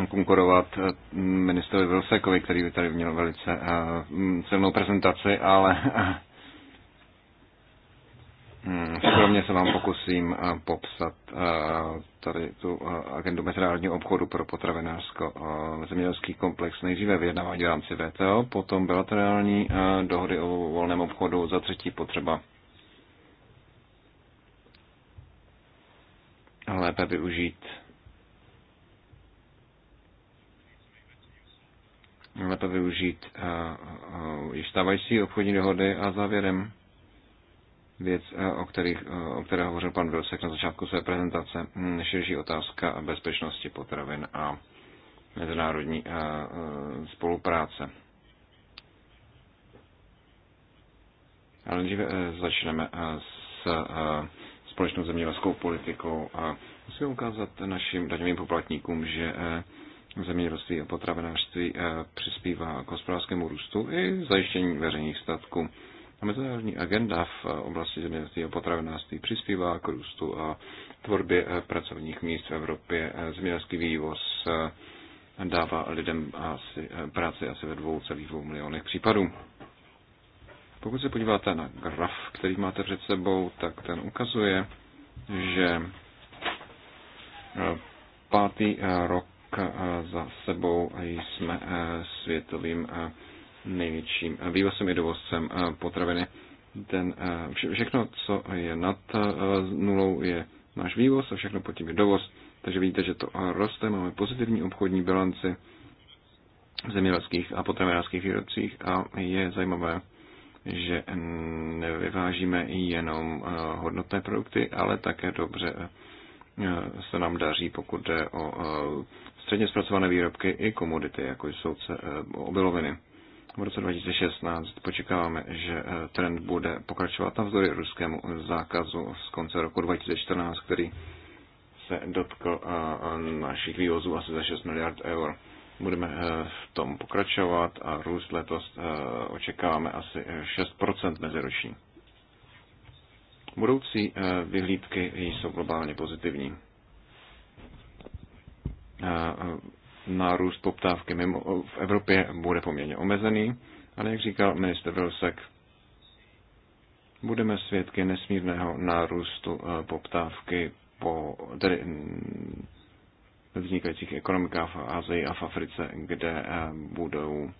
konkurovat eh, ministrovi Vilsekovi, který by tady měl velice eh, mm, silnou prezentaci, ale [LAUGHS] mm, skromně se vám pokusím eh, popsat tady tu agendu mezinárodního obchodu pro potravinářsko-zemědělský komplex. Nejdříve vyjednávání v rámci VTO, potom bilaterální dohody o volném obchodu, za třetí potřeba lépe využít lépe využít již eh, eh, stávající obchodní dohody a závěrem věc, eh, o, kterých, o které hovořil pan Vilsek na začátku své prezentace, mm, širší otázka bezpečnosti potravin a mezinárodní spolupráce. Ale nejdříve začneme s společnou zemědělskou politikou a musíme ukázat našim daňovým poplatníkům, že zemědělství a potravinářství eh, přispívá k hospodářskému růstu i zajištění veřejných statků. A mezinárodní agenda v eh, oblasti zemědělství a potravinářství přispívá k růstu a tvorbě eh, pracovních míst v Evropě. Zemědělský vývoz dává lidem asi, práci asi ve 2,2 milionech případů. Pokud se podíváte na graf, který máte před sebou, tak ten ukazuje, že pátý rok Eh, za sebou jsme eh, světovým eh, největším vývozem i dovozcem potraviny. Ten, všechno, co je nad nulou, je náš vývoz a všechno pod tím je dovoz. Takže vidíte, že to roste, máme pozitivní obchodní bilanci v zemědělských a potravinářských výrobcích a je zajímavé, že nevyvážíme jenom hodnotné produkty, ale také dobře se nám daří, pokud jde o středně zpracované výrobky i komodity, jako jsou eh, obiloviny. V roce 2016 počekáváme, že eh, trend bude pokračovat navzdory ruskému zákazu z konce roku 2014, který se dotkl eh, našich vývozů asi za 6 miliard eur. Budeme v tom pokračovat a růst letos očekáváme asi 6% meziroční. Budoucí vyhlídky jsou globálně pozitivní nárůst poptávky mimo, v Evropě bude poměrně omezený, ale jak říkal minister Vilsek, budeme svědky nesmírného nárůstu poptávky po tedy, vznikajících ekonomikách v Azii a v Africe, kde budou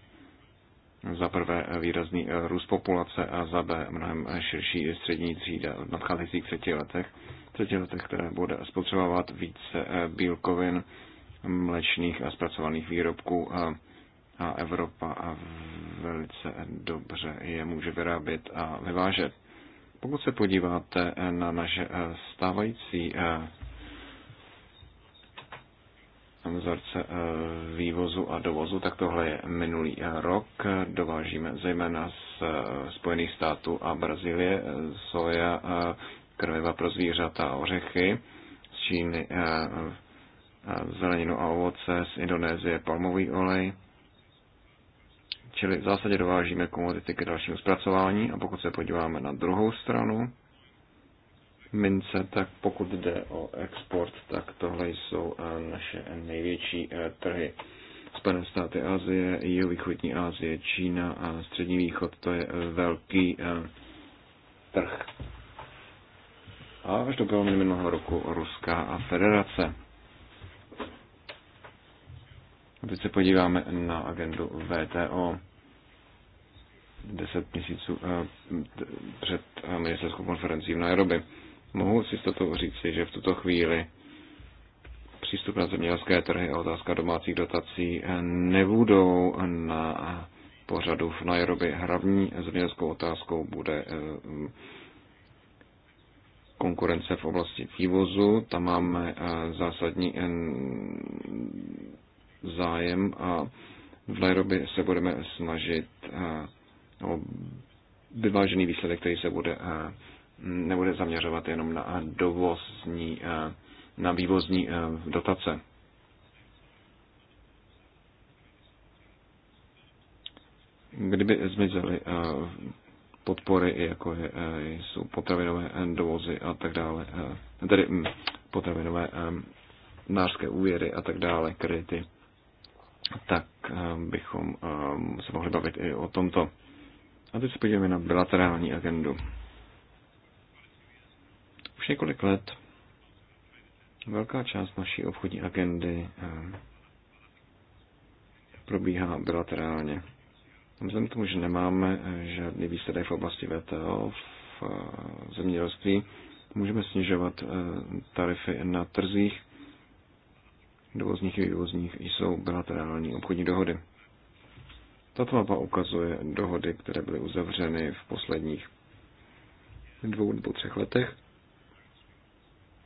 za prvé výrazný růst populace a za B mnohem širší střední třída v nadcházejících třetí letech, třetí letech, které bude spotřebovat více bílkovin mlečných a zpracovaných výrobků a Evropa a velice dobře je může vyrábět a vyvážet. Pokud se podíváte na naše e, stávající e, vzorce e, vývozu a dovozu, tak tohle je minulý rok. Dovážíme zejména z Spojených států a Brazílie soja, krveva pro zvířata a ořechy. Z Číny zeleninu a ovoce z Indonésie, palmový olej. Čili v zásadě dovážíme komodity k dalšímu zpracování a pokud se podíváme na druhou stranu mince, tak pokud jde o export, tak tohle jsou eh, naše největší eh, trhy. Spojené státy Asie, jihovýchodní Asie, Čína a střední východ, to je eh, velký trh. A až do minulého roku Ruská federace. Teď se podíváme na agendu VTO. 10 měsíců eh, před eh, ministerskou konferencí v Nairobi. Mohu si z toho říci, že v tuto chvíli přístup na zemědělské trhy a otázka domácích dotací eh, nebudou na pořadu v Nairobi. Hlavní zemědělskou otázkou bude konkurence v oblasti vývozu. Tam máme zásadní zájem a v Nairobi se budeme snažit eh, o vyvážený výsledek, který se bude, eh, nebude zaměřovat jenom na dovozní, eh, na vývozní dotace. Kdyby zmizely podpory, jako jsou potravinové dovozy a tak dále, tedy hm, potravinové nářské úvěry a tak dále, kredity, tak eh, bychom eh, se mohli bavit i o tomto. A teď se podíváme na bilaterální agendu. Už několik let velká část naší obchodní agendy eh, probíhá bilaterálně. Myslím tomu, že nemáme žádný výsledek v oblasti VTO, v zemědělství, můžeme snižovat tarify na trzích dovozních i vývozních jsou bilaterální obchodní dohody. Tato mapa ukazuje dohody, které byly uzavřeny v posledních dvou nebo třech letech,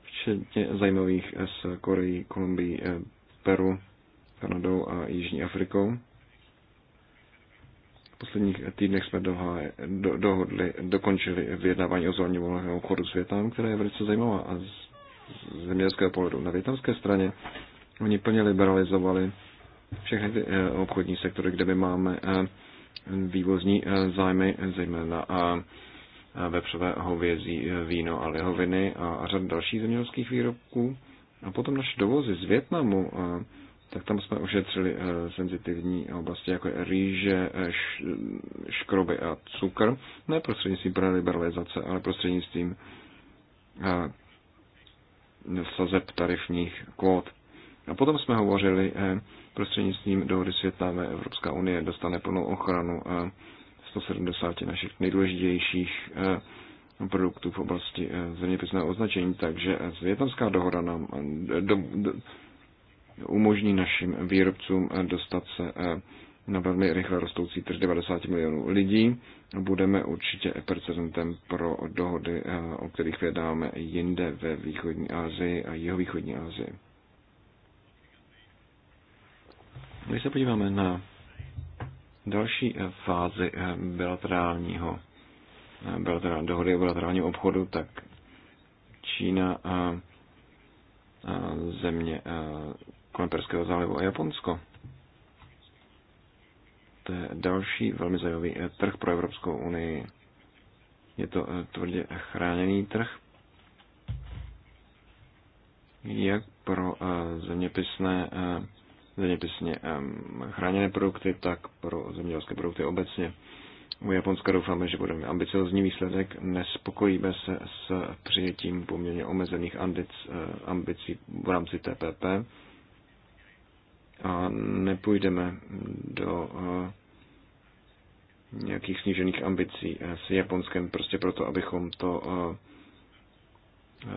včetně zajímavých s Koreí, Kolumbií, eh, Peru, Kanadou a Jižní Afrikou. V posledních týdnech jsme dohodli, dokončili vyjednávání o zóně volného obchodu s Větnamem, která je velice zajímavá a z zemědělského pohledu. Na větnamské straně Oni plně liberalizovali všechny ty eh, obchodní sektory, kde my máme eh, vývozní eh, zájmy, zejména vepřové hovězí, víno a lihoviny a řad dalších zemědělských výrobků. A potom naše dovozy z Větnamu, tak tam jsme ošetřili senzitivní oblasti, jako je rýže, škroby a cukr, ne prostřednictvím liberalizace, ale prostřednictvím sazeb tarifních kvót. A potom jsme hovořili eh, prostřednictvím dohody s ve Evropská unie dostane plnou ochranu 170 eh, našich nejdůležitějších eh, produktů v oblasti zeměpisného označení, takže větnamská dohoda nám do, do, umožní našim výrobcům dostat se na velmi rychle rostoucí trh 90 milionů lidí. Budeme určitě precedentem pro dohody, o kterých vědáme jinde ve východní Asii a jihovýchodní Asii. Když se podíváme na další eh, fázi eh, bilaterálního eh, bilaterální dohody o bilaterálním obchodu, tak Čína a země kolem Perského zálivu a Japonsko. To je další velmi zajímavý trh pro Evropskou unii. Je to tvrdě chráněný trh, jak pro zeměpisné zeměpisně chráněné produkty, tak pro zemědělské produkty obecně. U Japonska doufáme, že budeme ambiciozní výsledek. Nespokojíme se s přijetím poměrně omezených ambic, eh, ambicí v rámci TPP a nepůjdeme do eh, nějakých snížených ambicí eh, s Japonskem, prostě proto, abychom to Eh,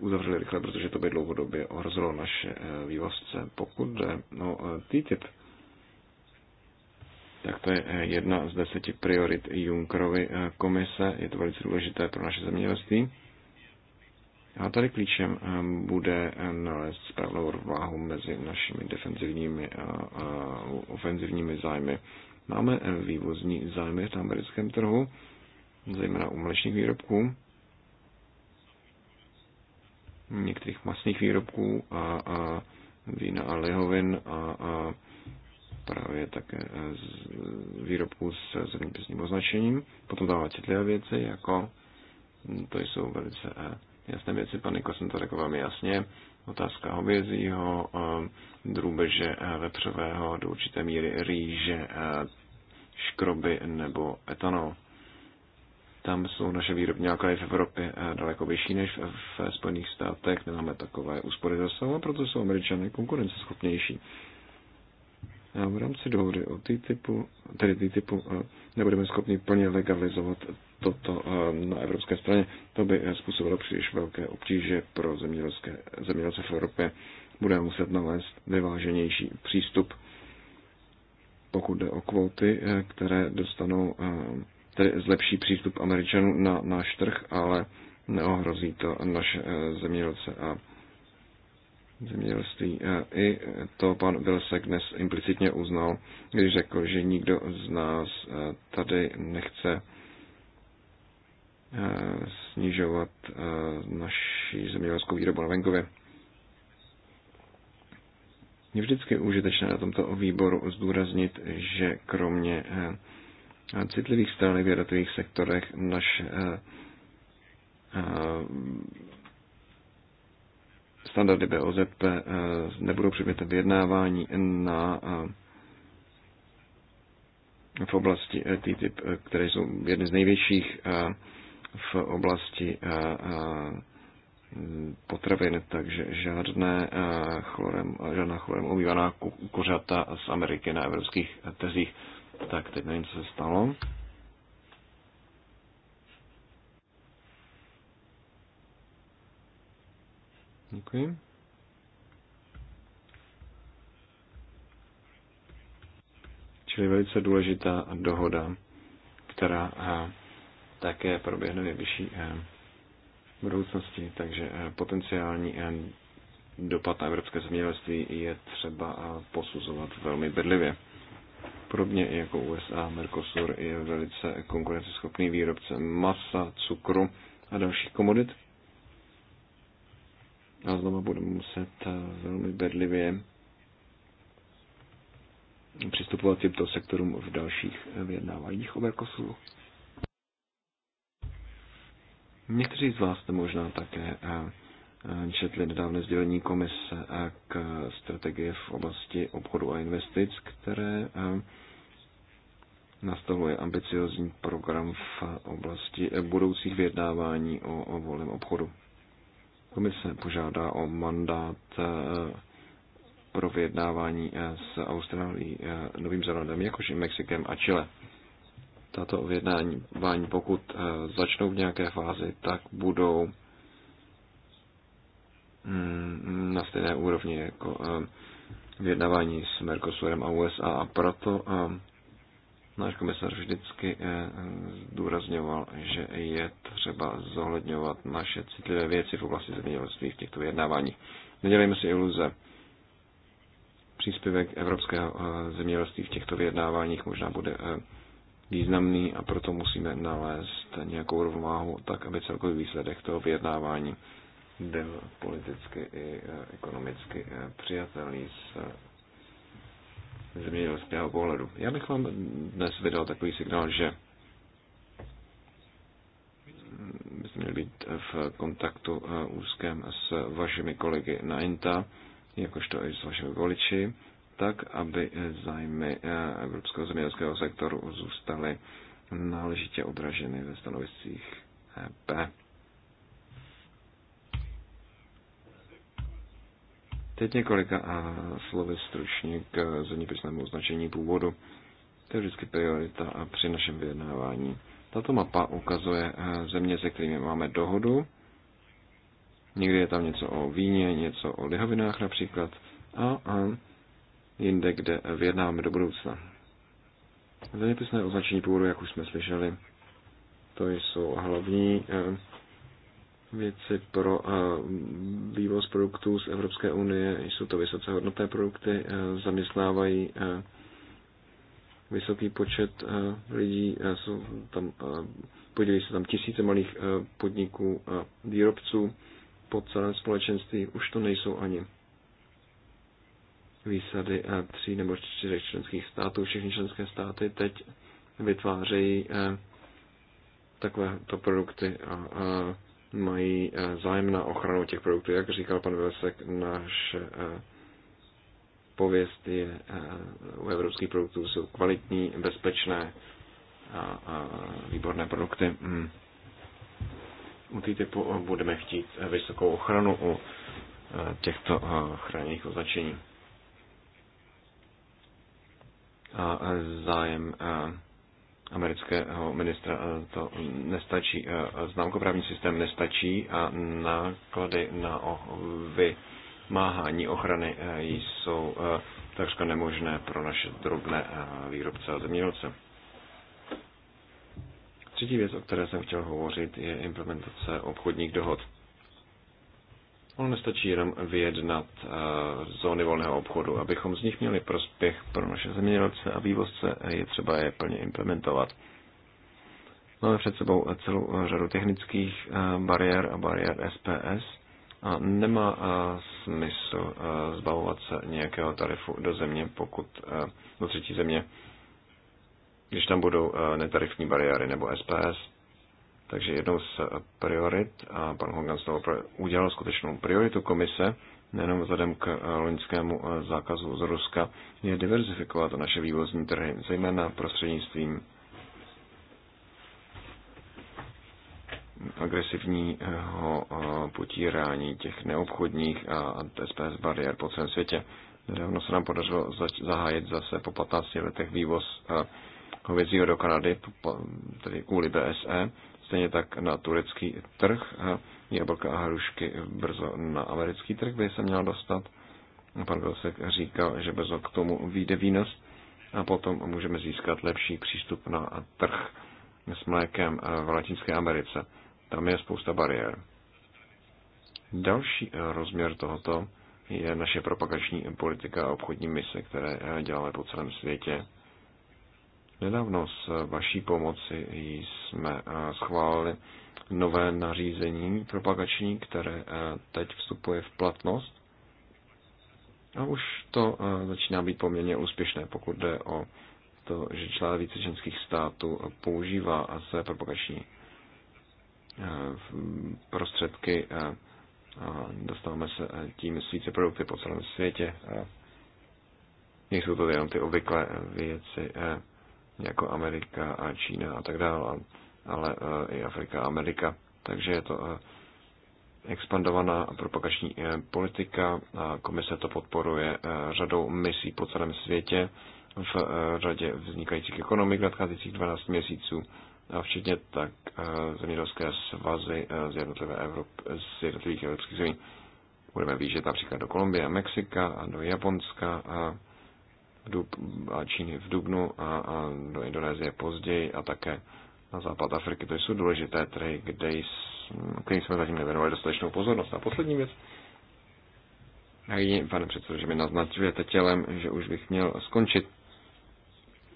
uzavřeli rychle, protože to by dlouhodobě ohrozilo naše eh, vývozce. Pokud jde no, TTIP, tak to je jedna z deseti priorit Junckerovy komise. Je to velice důležité pro naše zemědělství. A tady klíčem bude nalézt správnou rovnováhu mezi našimi defenzivními a ofenzivními zájmy. Máme vývozní zájmy na americkém trhu, zejména u mlečných výrobků některých masných výrobků a, a vína a lihovin a, a právě také z výrobků s zeměpisným označením. Potom dává citlivé věci, jako to jsou velice eh, jasné věci, pan Niko jsem to řekl velmi jasně, otázka hovězího, eh, drůbeže eh, vepřového, do určité míry rýže, škroby nebo etanol. Tam jsou naše výrobní náklady v Evropě eh, daleko vyšší než v Spojených státech. Nemáme takové úspory a proto jsou američané konkurenceschopnější. A v rámci dohody o TTIPu, tedy TTIPu, eh, nebudeme schopni plně legalizovat toto eh, na evropské straně. To by způsobilo příliš velké obtíže pro zemědělské, zemědělce v Evropě. Budeme muset nalézt vyváženější přístup, pokud jde o kvóty, které dostanou tedy zlepší přístup Američanů na náš trh, ale neohrozí to naše eh, zemědělce a zemědělství. Eh, I to pan Vilsek dnes implicitně uznal, když řekl, že nikdo z nás eh, tady nechce snižovat naši zemědělskou výrobu na venkově. Je vždycky užitečné na tomto výboru zdůraznit, že kromě citlivých stránek v jednotlivých sektorech naš eh, eh, standardy BOZP eh, nebudou předmětem vyjednávání na v oblasti TTIP, které jsou jedny z největších v oblasti potravin, takže žádné chlorem, žádná chlorem umývaná kuřata z Ameriky na evropských trzích tak, teď nevím, co se stalo. Děkuji. Čili velice důležitá dohoda, která eh, také proběhne ve vyšší eh, budoucnosti, takže eh, potenciální dopad na evropské zemědělství je třeba posuzovat velmi bedlivě. Podobně jako USA, Mercosur je velice konkurenceschopný výrobce masa, cukru a dalších komodit. A znovu budeme muset eh, velmi bedlivě přistupovat k těmto sektorům v dalších eh, vyjednáváních o Mercosuru. Někteří z vás jste možná také eh, Eh, četli nedávné sdělení komise eh, k strategii v oblasti obchodu a investic, které eh, nastavuje ambiciozní program v oblasti budoucích vyjednávání o, o volném obchodu. Komise požádá o mandát pro vyjednávání s Austrálií, Novým Zelandem, jakož i Mexikem a Chile. Tato vyjednávání, pokud začnou v nějaké fázi, tak budou Mm, na stejné úrovni jako eh, vyjednávání s Mercosurem a USA a proto eh, náš komisař vždycky eh, zdůrazňoval, že je třeba zohledňovat naše citlivé věci v oblasti zemědělství v těchto vyjednáváních. Nedělejme si iluze. Příspěvek evropského zemědělství v těchto vyjednáváních možná bude významný a proto musíme nalézt nějakou rovnováhu tak, aby celkový výsledek toho vyjednávání byl politicky i e, ekonomicky e, přijatelný z e, zemědělského pohledu. Já bych vám dnes vydal takový signál, že byste měli být v kontaktu úzkém s vašimi kolegy na INTA, jakožto i s vašimi voliči, tak, aby zájmy evropského zemědělského sektoru zůstaly náležitě odraženy ve stanoviscích EP. Teď několika slovy stručně k e, zeměpisnému označení původu. To je vždycky priorita a při našem vyjednávání. Tato mapa ukazuje e, země, se kterými máme dohodu. Někdy je tam něco o víně, něco o lihovinách například a, a jinde, kde vyjednáváme do budoucna. Zeměpisné označení původu, jak už jsme slyšeli, to jsou hlavní eh, věci pro eh, vývoz produktů z Evropské unie. Jsou to vysoce hodnoté produkty, eh, zaměstnávají eh, vysoký počet lidí, jsou tam, podílí se tam tisíce malých podniků a výrobců po celém společenství. Už to nejsou ani výsady tří nebo čtyřech členských států. Všechny členské státy teď vytvářejí takovéto produkty a mají eh, zájem na ochranu těch produktů. Jak říkal pan Vesek, náš eh, pověst je eh, u evropských produktů jsou kvalitní, bezpečné a, a výborné produkty. Hmm. U té typu budeme chtít vysokou ochranu u těchto chráněných označení. A zájem a amerického ministra eh, to nestačí, eh, známkoprávní systém nestačí a náklady na vymáhání ochrany eh, jsou takřka nemožné pro naše drobné výrobce a zemědělce. Třetí věc, o které jsem chtěl hovořit, je implementace obchodních dohod. Ono nestačí jenom vyjednat eh, zóny volného obchodu. Abychom z nich měli prospěch pro naše zemědělce a vývozce, je třeba je plně implementovat. Máme před sebou celou řadu technických eh, bariér a bariér SPS a nemá eh, smysl zbavovat se nějakého tarifu do země, pokud do třetí země, když tam budou netarifní bariéry nebo SPS. Takže jednou z priorit, a pan Hongan z toho udělal skutečnou prioritu komise, nejenom vzhledem k eh, loňskému eh, zákazu z Ruska, je diverzifikovat naše vývozní trhy, zejména prostřednictvím agresivního eh, potírání těch neobchodních a SPS bariér po celém světě. Nedávno se nám podařilo zahájit zase po 15 letech vývoz hovězího do Kanady, tedy kvůli BSE, stejně tak na turecký trh. Jablka a hrušky brzo na americký trh by se měla dostat. Pan Vilsek říkal, že brzo k tomu vyjde výnos a potom můžeme získat lepší přístup na trh s mlékem v Latinské Americe. Tam je spousta bariér. Další rozměr tohoto je naše propagační politika a obchodní mise, které děláme po celém světě Nedávno s vaší pomoci jsme eh, schválili nové nařízení propagační, které eh, teď vstupuje v platnost. A už to eh, začíná být poměrně úspěšné, pokud jde o to, že čláda více ženských států používá a se propagační prostředky a dostáváme se tím s více produkty po celém světě. Nejsou to jenom ty obvyklé věci, jako Amerika a Čína a tak dále, ale e, i Afrika a Amerika. Takže je to e, expandovaná propagační e, politika. A komise to podporuje řadou misí po celém světě v řadě vznikajících ekonomik nadcházejících 12 měsíců, a včetně tak zemědělské svazy z, jednotlivé Evrop, z jednotlivých evropských zemí. Budeme výjíždět například do Kolumbie a Mexika a do Japonska a dub, a Číny v Dubnu a, a do Indonésie později a také na západ Afriky. To jsou důležité trhy, kde kterým jsme zatím nevěnovali dostatečnou pozornost. A poslední věc, je, pane předsedo, že mi naznačujete tělem, že už bych měl skončit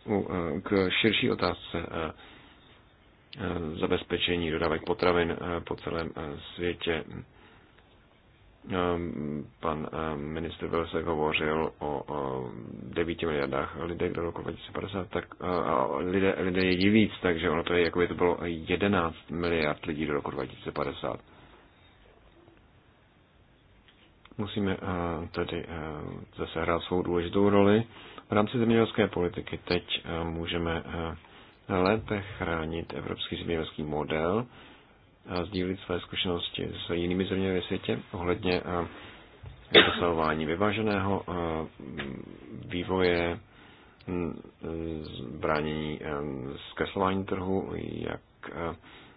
u, e, k širší otázce e, e, zabezpečení dodávek potravin po celém světě Ehm, pan ehm, minister Velsek hovořil o 9 miliardách lidé do roku 2050, tak a lidé, lidé je víc, takže ono to je, jako by to bylo 11 miliard lidí do roku 2050. Musíme eh, tedy eh, zase hrát svou důležitou roli. V rámci zemědělské politiky teď eh, můžeme lépe chránit evropský zemědělský model, sdílit své zkušenosti s jinými zeměmi ve světě ohledně dosahování vyváženého vývoje, bránění zkreslování trhu, jak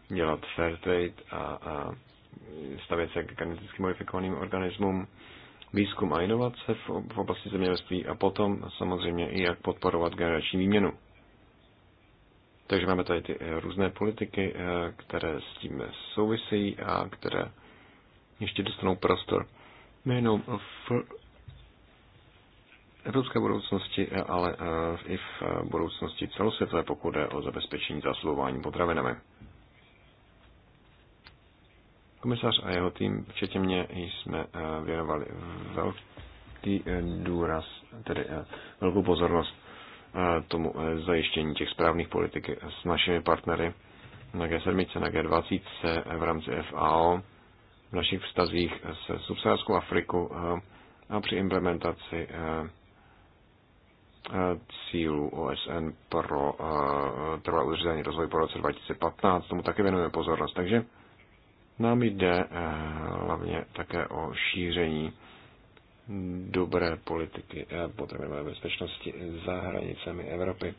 dělat fair trade a stavět se k geneticky modifikovaným organismům, výzkum a inovace v oblasti zemědělství a potom samozřejmě i jak podporovat generační výměnu. Takže máme tady ty eh, různé politiky, eh, které s tím souvisejí a které ještě dostanou prostor nejenom v evropské budoucnosti, eh, ale i v budoucnosti celosvětové, pokud jde o zabezpečení zásobování potravinami. Komisař a jeho tým, včetně mě, jsme věnovali velký důraz, tedy velkou pozornost Eh, tomu eh, zajištění těch správných politik s našimi partnery na G7, na G20 eh, v rámci FAO, v našich vztazích se subsaharskou Afriku a při implementaci cílů OSN pro trvalé udržení rozvoj po roce 2015. Tomu také věnujeme pozornost. Takže nám jde hlavně také o šíření dobré politiky eh, potřebujeme bezpečnosti za hranicemi Evropy.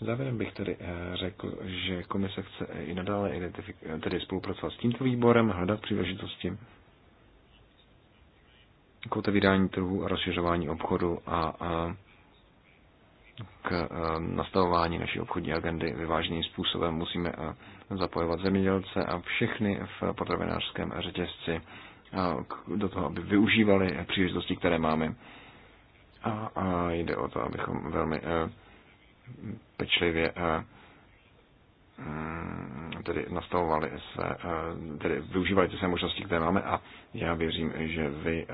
Závěrem bych tedy eh, řekl, že komise chce i nadále identifik- eh, tedy spolupracovat s tímto výborem, hledat příležitosti k otevírání trhu a rozšiřování obchodu a, a k nastavování naší obchodní agendy vyváženým způsobem musíme zapojovat zemědělce a všechny v potravinářském řetězci do toho, aby využívali příležitosti, které máme. A, a jde o to, abychom velmi eh, pečlivě eh, mm, tedy nastavovali se, eh, tedy využívali ty své možnosti, které máme a já věřím, že vy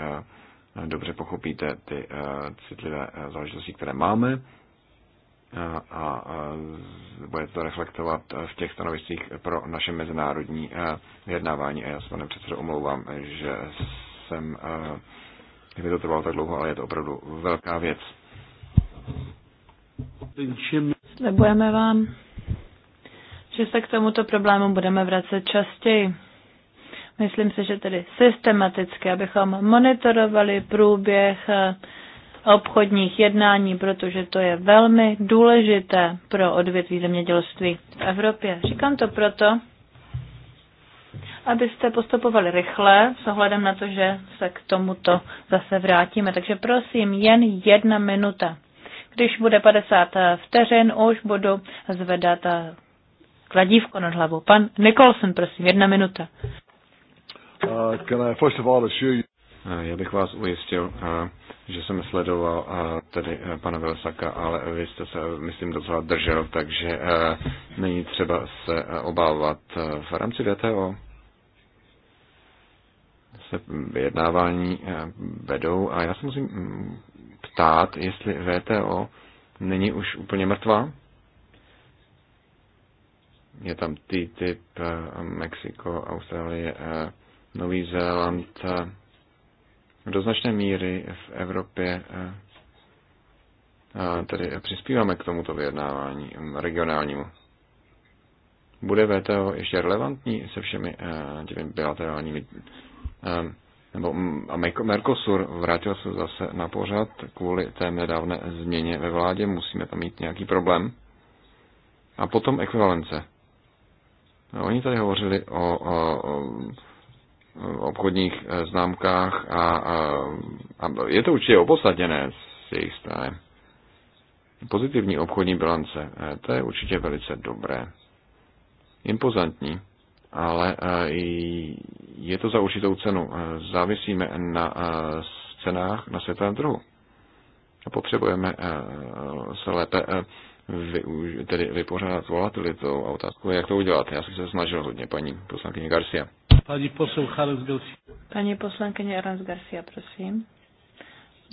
dobře pochopíte ty citlivé záležitosti, které máme a, a bude to reflektovat v těch stanoviscích pro naše mezinárodní vyjednávání. A já s panem předsedou omlouvám, že jsem, že to trvalo tak dlouho, ale je to opravdu velká věc. Slibujeme vám, že se k tomuto problému budeme vracet častěji. Myslím si, že tedy systematicky, abychom monitorovali průběh obchodních jednání, protože to je velmi důležité pro odvětví zemědělství v Evropě. Říkám to proto, abyste postupovali rychle, s ohledem na to, že se k tomuto zase vrátíme. Takže prosím, jen jedna minuta. Když bude 50 vteřin, už budu zvedat eh, kladívko nad hlavou. Pan Nicholson, prosím, jedna minuta. Uh, can I first of all assure you... Eh, já bych vás ujistil, uh, že jsem sledoval tedy eh, pana Velsaka, ale vy jste se, myslím, docela držel, takže eh, není třeba se eh, obávat v rámci VTO. Se vyjednávání vedou a já se musím mm, ptát, jestli VTO není už úplně mrtvá. Je tam TTIP, Mexiko, Austrálie, Nový Zéland, do značné míry v Evropě eh, eh, tedy přispíváme k tomuto vyjednávání mm, regionálnímu. Bude VTO ještě relevantní se všemi eh, těmi bilaterálními nebo mm, a Mercosur vrátil se zase na pořad kvůli té nedávné změně ve vládě, musíme tam mít nějaký problém. A potom ekvivalence. Oni tady hovořili o, o, o obchodních eh, známkách a, a, a je to určitě opodstatněné z jejich strany. Pozitivní obchodní bilance, eh, to je určitě velice dobré. Impozantní, ale eh, je to za určitou cenu. Závisíme na cenách na světovém trhu. Potřebujeme se lépe tedy vypořádat s volatilitou a otázkou jak to udělat. Já jsem se snažil hodně, paní poslankyně Garcia. Pani posel Charles Garcia. Paní poslankyně Arans Garcia, prosím.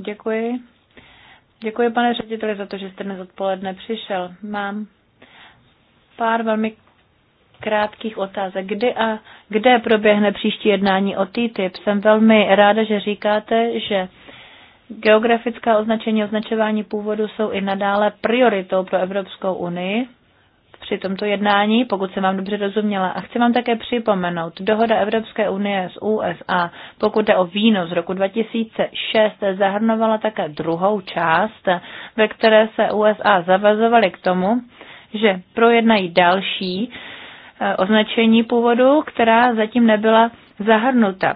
Děkuji. Děkuji, pane řediteli, za to, že jste dnes odpoledne přišel. Mám pár velmi krátkých otázek. Kdy a kde proběhne příští jednání o TTIP? Jsem velmi ráda, že říkáte, že geografická označení označování původu jsou i nadále prioritou pro Evropskou unii při tomto jednání, pokud jsem vám dobře rozuměla. A chci vám také připomenout, dohoda Evropské unie s USA, pokud je o víno z roku 2006, zahrnovala také druhou část, ve které se USA zavazovaly k tomu, že projednají další eh, označení původu, která zatím nebyla zahrnuta.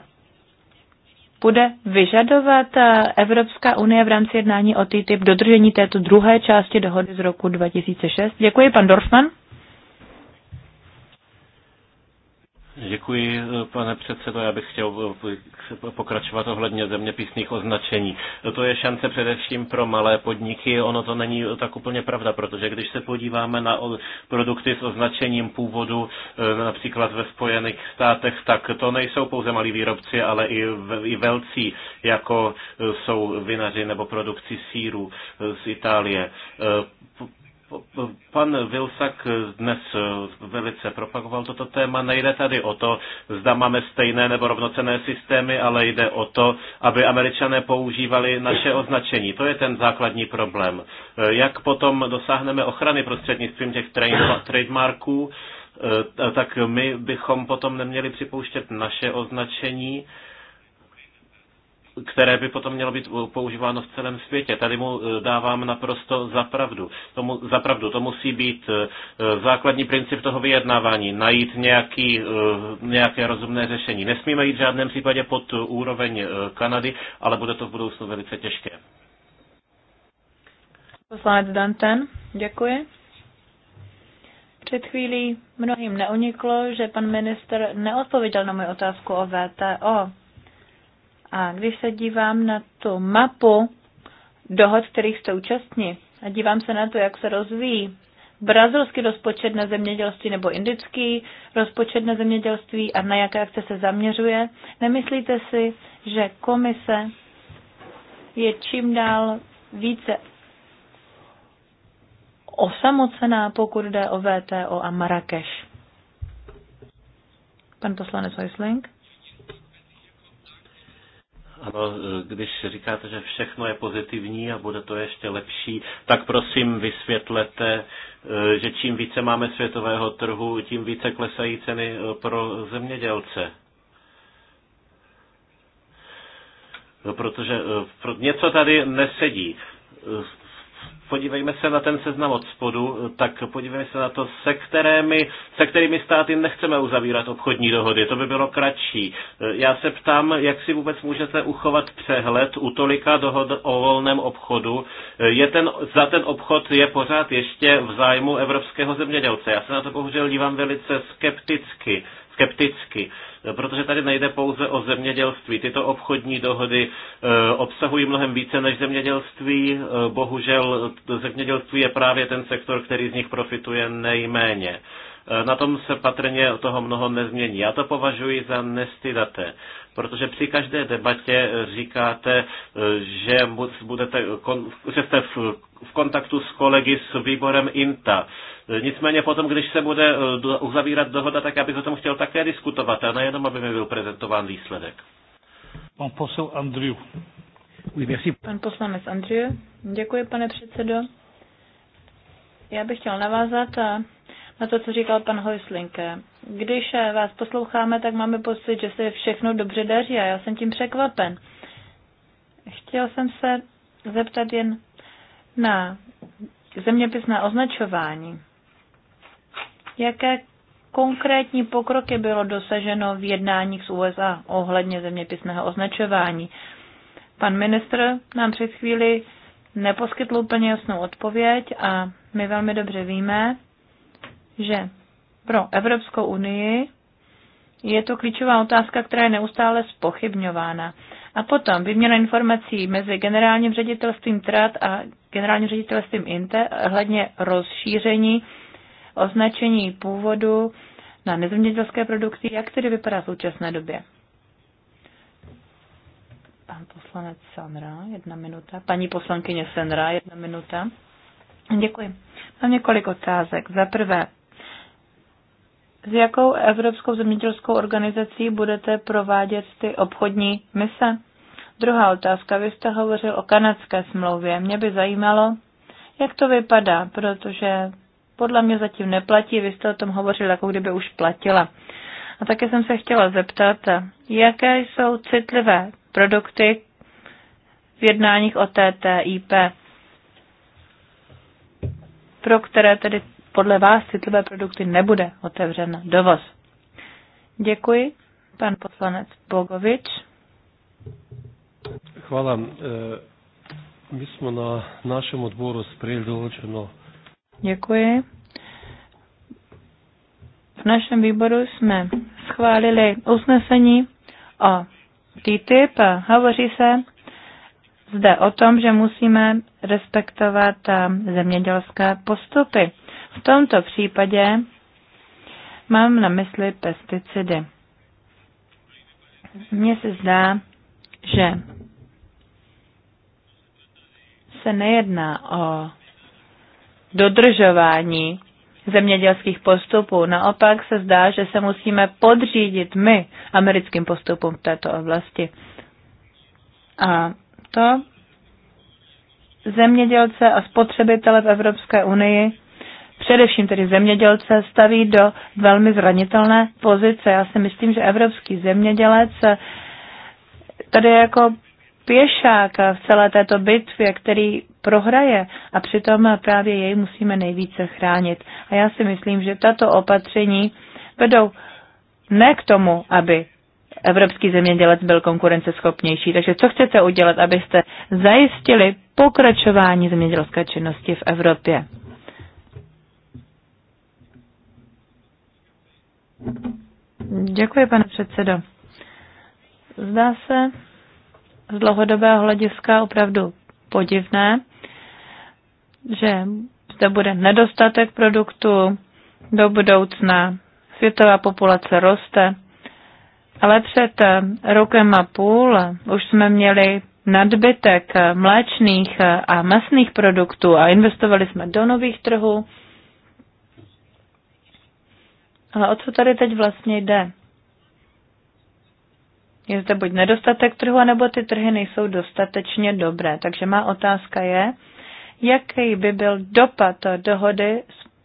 Bude vyžadovat eh, Evropská unie v rámci jednání o TTIP dodržení této druhé části dohody z roku 2006? Děkuji, pan Dorfman. Děkuji, pane předsedo. Já bych chtěl eh, pokračovat ohledně zeměpisných označení. To je šance především pro malé podniky. Ono to není tak úplně pravda, protože když se podíváme na produkty s označením původu, eh, například ve Spojených státech, tak to nejsou pouze malí výrobci, ale i, i velcí, jako eh, jsou vinaři nebo produkci síru z Itálie Pan Vilsak dnes velice propagoval toto téma. Nejde tady o to, zda máme stejné nebo rovnocené systémy, ale jde o to, aby američané používali naše označení. To je ten základní problém. Jak potom dosáhneme ochrany prostřednictvím těch trademarků, eh, tak my bychom potom neměli připouštět naše označení, které by potom mělo být používáno v celém světě. Tady mu e, dávám naprosto zapravdu. Tomu, zapravdu. To musí být e, základní princip toho vyjednávání. Najít nějaký, e, nějaké rozumné řešení. Nesmíme jít v žádném případě pod úroveň Kanady, ale bude to v budoucnu velice těžké. Poslanec Danten, děkuji. Před chvílí mnohým neuniklo, že pan minister neodpověděl na moji otázku o VTO. A když se dívám na tu mapu dohod, kterých jste účastní, a dívám se na to, jak se rozvíjí brazilský rozpočet na zemědělství nebo indický rozpočet na zemědělství a na jaké akce se zaměřuje, nemyslíte si, že komise je čím dál více osamocená, pokud jde o VTO a Marrakeš? Pan poslanec Heusling? Ano, když říkáte, že všechno je pozitivní a bude to ještě lepší, tak prosím vysvětlete, že čím více máme světového trhu, tím více klesají ceny eh, pro zemědělce. No, protože eh, něco tady nesedí eh, podívejme se na ten seznam od spodu, tak podívejme se na to, se kterými, se kterými státy nechceme uzavírat obchodní dohody. To by bylo kratší. Já se ptám, jak si vůbec můžete uchovat přehled u tolika dohod o volném obchodu. Je ten, za ten obchod je pořád ještě v zájmu evropského zemědělce. Já se na to bohužel dívám velice skepticky skepticky, protože tady nejde pouze o zemědělství. Tyto obchodní dohody eh, obsahují mnohem více než zemědělství. Eh, bohužel zemědělství je právě ten sektor, který z nich profituje nejméně. Eh, na tom se patrně toho mnoho nezmění. Já to považuji za nestydaté, protože při každé debatě říkáte, že, budete, že jste v kontaktu s kolegy s výborem INTA, Nicméně potom, když se bude eh, uzavírat dohoda, tak já bych o tom chtěl také diskutovat a nejenom, aby mi byl prezentován výsledek. Pan posel Andriu. Pan poslanec Andriu, děkuji pane předsedo. Já bych chtěl navázat na to, co říkal pan Hojslink. Když vás posloucháme, tak máme pocit, že se všechno dobře daří a já jsem tím překvapen. Chtěl jsem se zeptat jen na zeměpisné označování. Jaké konkrétní pokroky bylo dosaženo v jednáních s USA ohledně zeměpisného označování? Pan ministr nám před chvíli neposkytl úplně jasnou odpověď a my velmi dobře víme, že pro Evropskou unii je to klíčová otázka, která je neustále spochybňována. A potom vyměna informací mezi generálním ředitelstvím TRAT a generálním ředitelstvím INTE hledně rozšíření označení původu na nezemědělské produkty, jak tedy vypadá v současné době? Pan poslanec Senra, jedna minuta. Paní poslankyně Senra, jedna minuta. Děkuji. Mám několik otázek. Za prvé, s jakou Evropskou zemědělskou organizací budete provádět ty obchodní mise? Druhá otázka. Vy jste hovořil o kanadské smlouvě. Mě by zajímalo, jak to vypadá, protože podle mě zatím neplatí, vy jste o tom hovořil, jako kdyby už platila. A také jsem se chtěla zeptat, jaké jsou citlivé produkty v jednáních o TTIP, pro které tedy podle vás citlivé produkty nebude otevřen dovoz. Děkuji, pan poslanec Bogovič. Chvala. E, My jsme na našem odboru sprejeli določeno Děkuji. V našem výboru jsme schválili usnesení o TTIP. Hovoří se zde o tom, že musíme respektovat um, zemědělské postupy. V tomto případě mám na mysli pesticidy. Mně se zdá, že se nejedná o dodržování zemědělských postupů. Naopak se zdá, že se musíme podřídit my americkým postupům v této oblasti. A to zemědělce a spotřebitele v Evropské unii, především tedy zemědělce, staví do velmi zranitelné pozice. Já si myslím, že evropský zemědělec tady je jako pěšák v celé této bitvě, který prohraje a přitom právě jej musíme nejvíce chránit. A já si myslím, že tato opatření vedou ne k tomu, aby evropský zemědělec byl konkurenceschopnější. Takže co chcete udělat, abyste zajistili pokračování zemědělské činnosti v Evropě? Děkuji, pane předsedo. Zdá se z dlouhodobého hlediska opravdu podivné, že zde bude nedostatek produktů do budoucna, světová populace roste, ale před eh, rokem a půl už jsme měli nadbytek eh, mléčných eh, a masných produktů a investovali jsme do nových trhů. Ale o co tady teď vlastně jde? Je zde buď nedostatek trhu, anebo ty trhy nejsou dostatečně dobré. Takže má otázka je, jaký by byl dopad dohody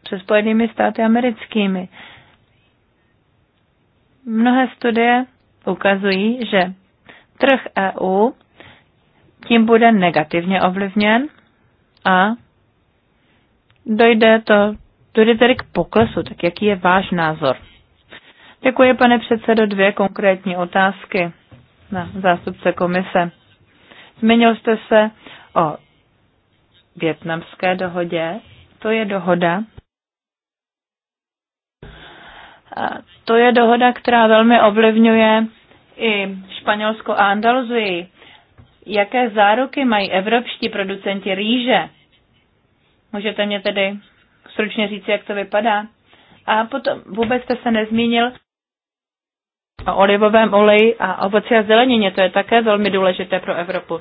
se Spojenými státy americkými. Mnohé studie ukazují, že trh EU tím bude negativně ovlivněn a dojde to tudy tedy k poklesu. Tak jaký je váš názor? Děkuji, pane předsedo, dvě konkrétní otázky na zástupce komise. Zmínil jste se o větnamské dohodě. To je dohoda. A to je dohoda, která velmi ovlivňuje i Španělsko a Andaluzii. Jaké záruky mají evropští producenti rýže? Můžete mě tedy stručně říct, jak to vypadá? A potom vůbec jste se nezmínil o olivovém oleji a ovoci a zelenině. To je také velmi důležité pro Evropu.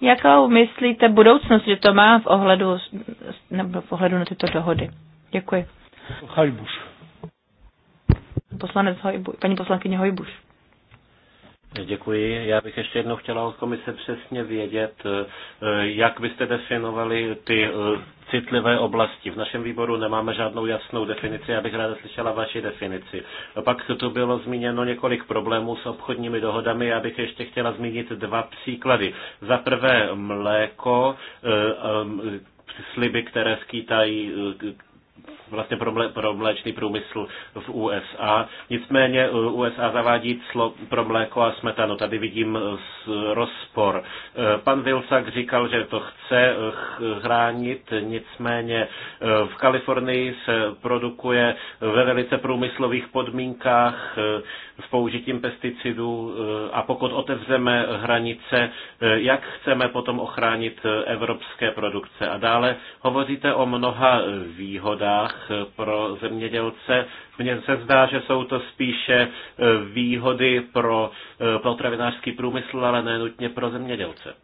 Jakou myslíte budoucnost, že to má v ohledu, nebo v ohledu na tyto dohody? Děkuji. Hojbuš. Poslanec Hojbuš, paní poslankyně Hojbuš. Děkuji. Já bych ještě jednou chtěla od komise přesně vědět, eh, jak byste definovali ty eh, citlivé oblasti. V našem výboru nemáme žádnou jasnou definici, já bych ráda slyšela vaši definici. Pak tu bylo zmíněno několik problémů s obchodními dohodami, já bych ještě chtěla zmínit dva příklady. Za prvé mléko, eh, eh, sliby, které skýtají eh, vlastně pro, mle, pro mléčný průmysl v USA. Nicméně eh, USA zavádí clo pro mléko a smetanu. Tady vidím eh, rozpor. Eh, pan Vilsak říkal, že to chce chránit, nicméně v Kalifornii se produkuje ve velice průmyslových podmínkách s použitím pesticidů eh, a pokud otevřeme hranice, eh, jak chceme potom ochránit eh, evropské produkce. A dále hovoříte o mnoha výhodách pro zemědělce. Mně se zdá, že jsou to spíše výhody pro potravinářský průmysl, ale nenutně pro zemědělce.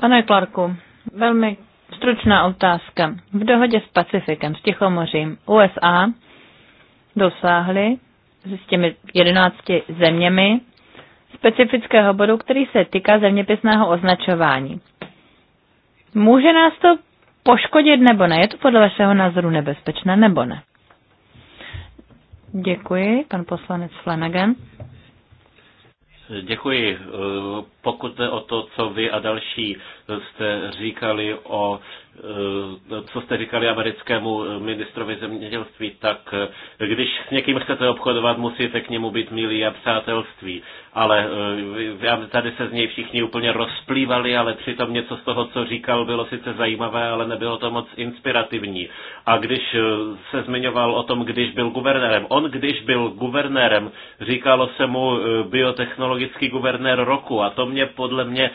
Pane Klarku, velmi Stručná otázka. V dohodě s Pacifikem, s Tichomořím, USA dosáhly s těmi 11 zeměmi specifického bodu, který se týká zeměpisného označování. Může nás to poškodit nebo ne? Je to podle vašeho názoru nebezpečné nebo ne? Děkuji, pan poslanec Flanagan. Děkuji. Eh, pokud jde o to, co vy a další jste říkali o Eh, co jste říkali americkému ministrovi zemědělství, tak eh, když s někým chcete obchodovat, musíte k němu být milí a přátelství. Ale eh, tady se z něj všichni úplně rozplývali, ale přitom něco z toho, co říkal, bylo sice zajímavé, ale nebylo to moc inspirativní. A když se zmiňoval o tom, když byl guvernérem, on když byl guvernérem, říkalo se mu biotechnologický guvernér roku a to mě podle mě,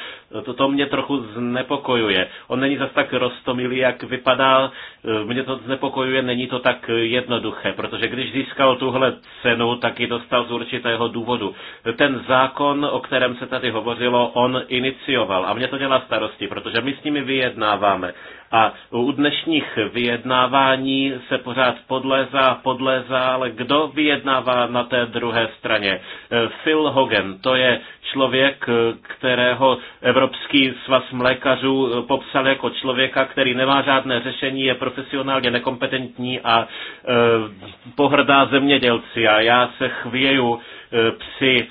to, to mě trochu znepokojuje. On není zas tak roz Tomili, jak vypadá, eh, mě to znepokojuje, není to tak jednoduché, protože když získal tuhle cenu, tak ji dostal z určitého důvodu. Ten zákon, o kterém se tady hovořilo, on inicioval a mě to dělá starosti, protože my s nimi vyjednáváme. A u dnešních vyjednávání se pořád podlézá, podlézá, ale kdo vyjednává na té druhé straně? Eh, Phil Hogan, to je člověk, eh, kterého Evropský svaz mlékařů popsal jako člověka, který nemá žádné řešení, je profesionálně nekompetentní a e, pohrdá zemědělci. A já se chvěju e, při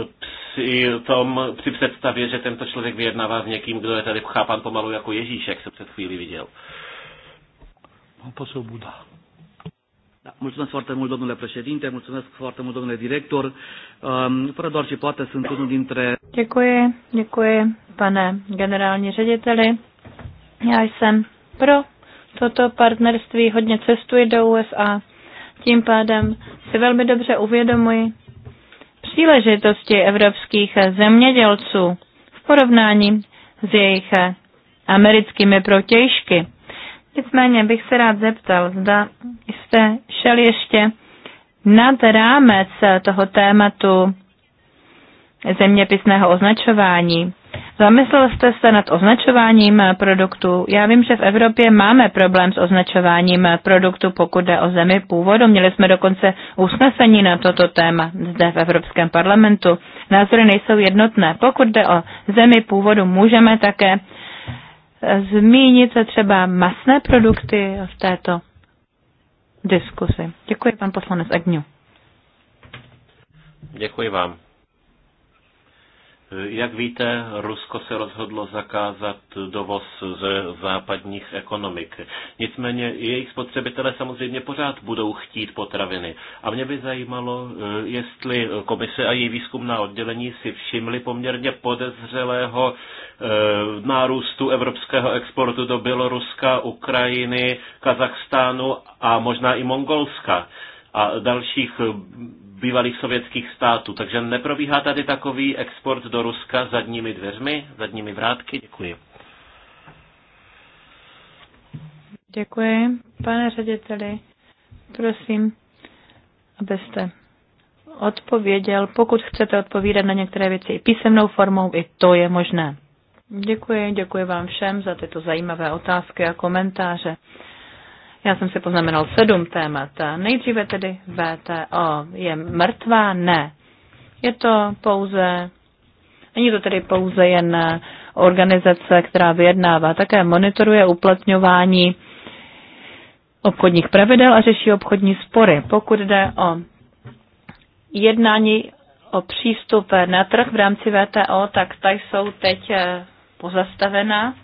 e, při, tom, při představě, že tento člověk vyjednává s někým, kdo je tady chápan pomalu jako Ježíšek, se před chvíli viděl. Pan posel Buda. Da, mulțumesc foarte mult, domnule președinte, mulțumesc foarte mult, domnule director. Um, Fără doar și poate sunt unul dintre... Děkuji, děkuji, pane generální řediteli. Já jsem pro toto partnerství, hodně cestuji do USA, tím pádem si velmi dobře uvědomuji příležitosti evropských zemědělců v porovnání s jejich americkými protějšky. Nicméně bych se rád zeptal, zda jste šel ještě nad rámec toho tématu zeměpisného označování. Zamyslel jste se nad označováním produktů? Já vím, že v Evropě máme problém s označováním produktů, pokud jde o zemi původu. Měli jsme dokonce usnesení na toto téma zde v Evropském parlamentu. Názory nejsou jednotné. Pokud jde o zemi původu, můžeme také zmínit třeba masné produkty v této diskusi. Děkuji, pan poslanec Agňu. Děkuji vám. Jak víte, Rusko se rozhodlo zakázat dovoz z západních ekonomik. Nicméně jejich spotřebitelé samozřejmě pořád budou chtít potraviny. A mě by zajímalo, eh, jestli komise a její výzkumná oddělení si všimli poměrně podezřelého eh, nárůstu evropského exportu do Běloruska, Ukrajiny, Kazachstánu a možná i Mongolska a dalších eh, bývalých sovětských států. Takže neprobíhá tady takový export do Ruska zadními dveřmi, zadními vrátky? Děkuji. Děkuji. Pane řediteli, prosím, abyste odpověděl, pokud chcete odpovídat na některé věci i písemnou formou, i to je možné. Děkuji, děkuji vám všem za tyto zajímavé otázky a komentáře. Já jsem si poznamenal sedm témat. Nejdříve tedy VTO. Je mrtvá? Ne. Je to pouze, není to tedy pouze jen organizace, která vyjednává, také monitoruje uplatňování obchodních pravidel a řeší obchodní spory. Pokud jde o jednání o přístup na trh v rámci VTO, tak ta jsou teď eh, pozastavená.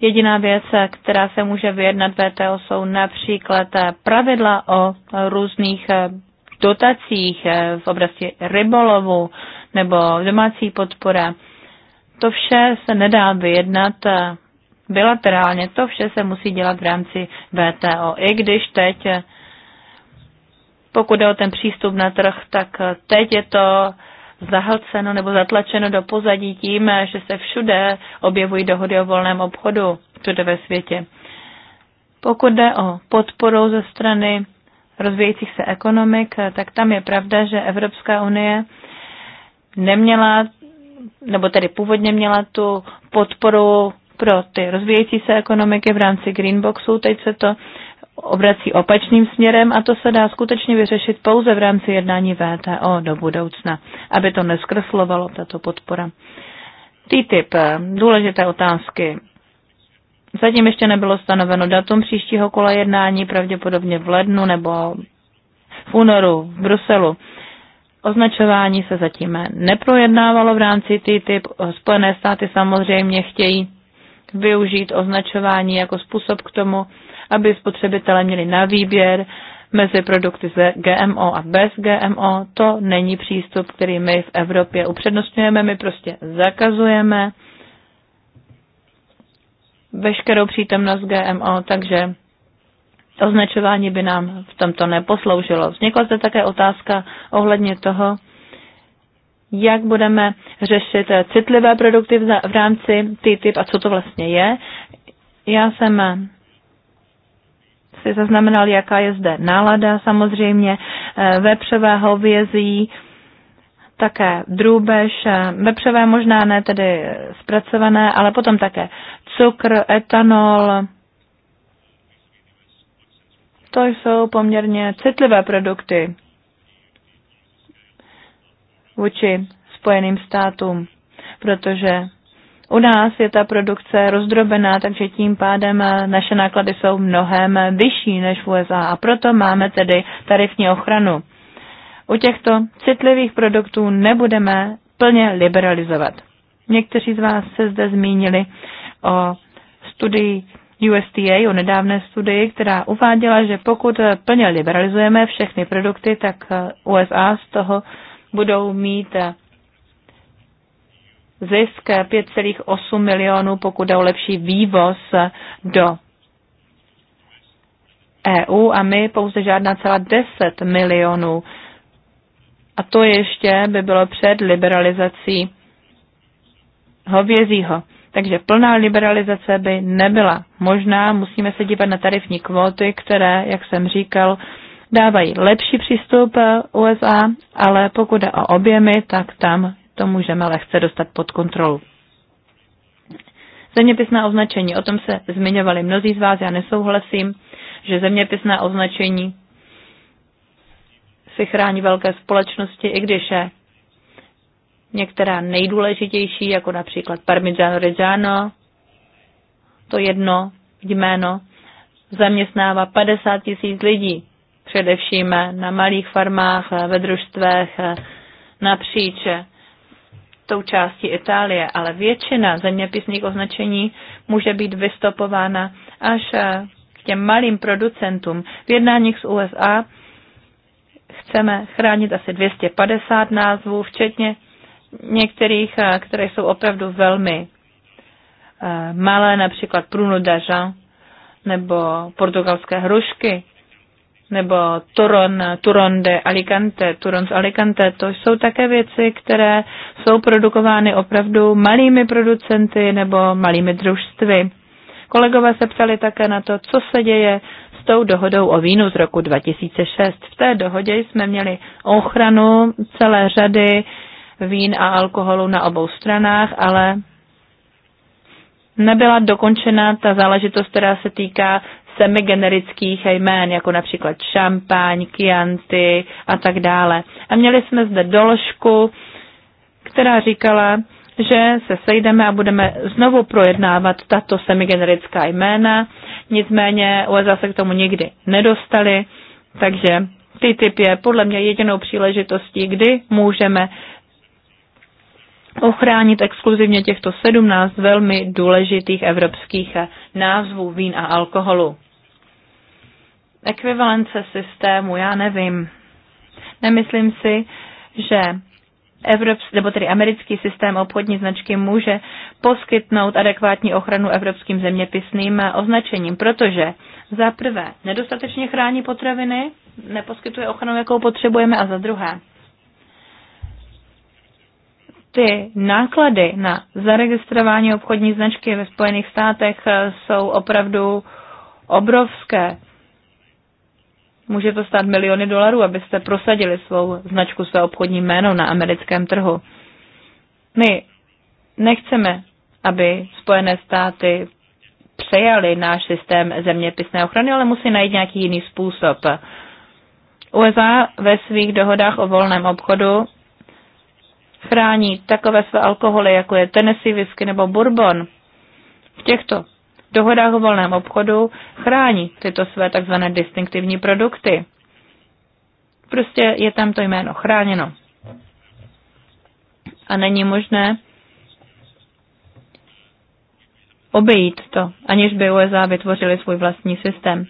Jediná věc, která se může vyjednat VTO, jsou například pravidla o různých dotacích v oblasti rybolovu nebo domácí podpora. To vše se nedá vyjednat bilaterálně, to vše se musí dělat v rámci VTO. I když teď, pokud je o ten přístup na trh, tak teď je to zahlceno nebo zatlačeno do pozadí tím, že se všude objevují dohody o volném obchodu, všude ve světě. Pokud jde o podporu ze strany rozvíjejících se ekonomik, tak tam je pravda, že Evropská unie neměla, nebo tedy původně měla tu podporu pro ty rozvíjející se ekonomiky v rámci Greenboxu, teď se to obrací opačným směrem a to se dá skutečně vyřešit pouze v rámci jednání VTO do budoucna, aby to neskreslovalo tato podpora. TTIP, důležité otázky. Zatím ještě nebylo stanoveno datum příštího kola jednání, pravděpodobně v lednu nebo v únoru v Bruselu. Označování se zatím neprojednávalo v rámci TTIP. Spojené státy samozřejmě chtějí využít označování jako způsob k tomu, aby spotřebitelé měli na výběr mezi produkty z GMO a bez GMO. To není přístup, který my v Evropě upřednostňujeme, my prostě zakazujeme veškerou přítomnost GMO, takže označování by nám v tomto neposloužilo. Vznikla zde také otázka ohledně toho, jak budeme řešit citlivé produkty v rámci TTIP a co to vlastně je. Já jsem si zaznamenal, jaká je zde nálada samozřejmě, eh, vepřové hovězí, také drůbež, eh, vepřové možná ne tedy zpracované, ale potom také cukr, etanol. To jsou poměrně citlivé produkty vůči Spojeným státům, protože u nás je ta produkce rozdrobená, takže tím pádem eh, naše náklady jsou mnohem vyšší než v USA a proto máme tedy tarifní ochranu. U těchto citlivých produktů nebudeme plně liberalizovat. Někteří z vás se zde zmínili o studii USDA, o nedávné studii, která uváděla, že pokud eh, plně liberalizujeme všechny produkty, tak eh, USA z toho budou mít zisk 5,8 milionů, pokud jde o lepší vývoz do EU a my pouze žádná celá 10 milionů. A to ještě by bylo před liberalizací hovězího. Takže plná liberalizace by nebyla možná. Musíme se dívat na tarifní kvóty, které, jak jsem říkal, dávají lepší přístup USA, ale pokud jde o objemy, tak tam to můžeme lehce dostat pod kontrolu. Zeměpisná označení, o tom se zmiňovali mnozí z vás, já nesouhlasím, že zeměpisná označení si chrání velké společnosti, i když je některá nejdůležitější, jako například Parmigiano Reggiano, to jedno jméno, zaměstnává 50 tisíc lidí, především na malých farmách, ve družstvech, napříč tou částí Itálie, ale většina zeměpisných označení může být vystopována až eh, k těm malým producentům. V jednáních z USA chceme chránit asi 250 názvů, včetně některých, eh, které jsou opravdu velmi eh, malé, například pruno d'Agen nebo portugalské hrušky nebo Turon, Turon de Alicante, Turon z Alicante, to jsou také věci, které jsou produkovány opravdu malými producenty nebo malými družstvy. Kolegové se ptali také na to, co se děje s tou dohodou o vínu z roku 2006. V té dohodě jsme měli ochranu celé řady vín a alkoholu na obou stranách, ale nebyla dokončena ta záležitost, která se týká semigenerických jmén, jako například šampaň, kianty a tak dále. A měli jsme zde doložku, která říkala, že se sejdeme a budeme znovu projednávat tato semigenerická jména. Nicméně USA se k tomu nikdy nedostali, takže TTIP je podle mě jedinou příležitostí, kdy můžeme ochránit exkluzivně těchto 17 velmi důležitých evropských názvů vín a alkoholu ekvivalence systému, já nevím. Nemyslím si, že evropský, nebo tedy americký systém obchodní značky může poskytnout adekvátní ochranu evropským zeměpisným eh, označením, protože za prvé nedostatečně chrání potraviny, neposkytuje ochranu, jakou potřebujeme, a za druhé ty náklady na zaregistrování obchodní značky ve Spojených státech eh, jsou opravdu obrovské. Může to stát miliony dolarů, abyste prosadili svou značku, své obchodní jméno na americkém trhu. My nechceme, aby Spojené státy přejali náš systém zeměpisné ochrany, ale musí najít nějaký jiný způsob. USA ve svých dohodách o volném obchodu chrání takové své alkoholy, jako je Tennessee whisky nebo bourbon. V těchto dohodách o volném obchodu chrání tyto své takzvané distinktivní produkty. Prostě je tam to jméno chráněno. A není možné obejít to, aniž by USA vytvořili svůj vlastní systém.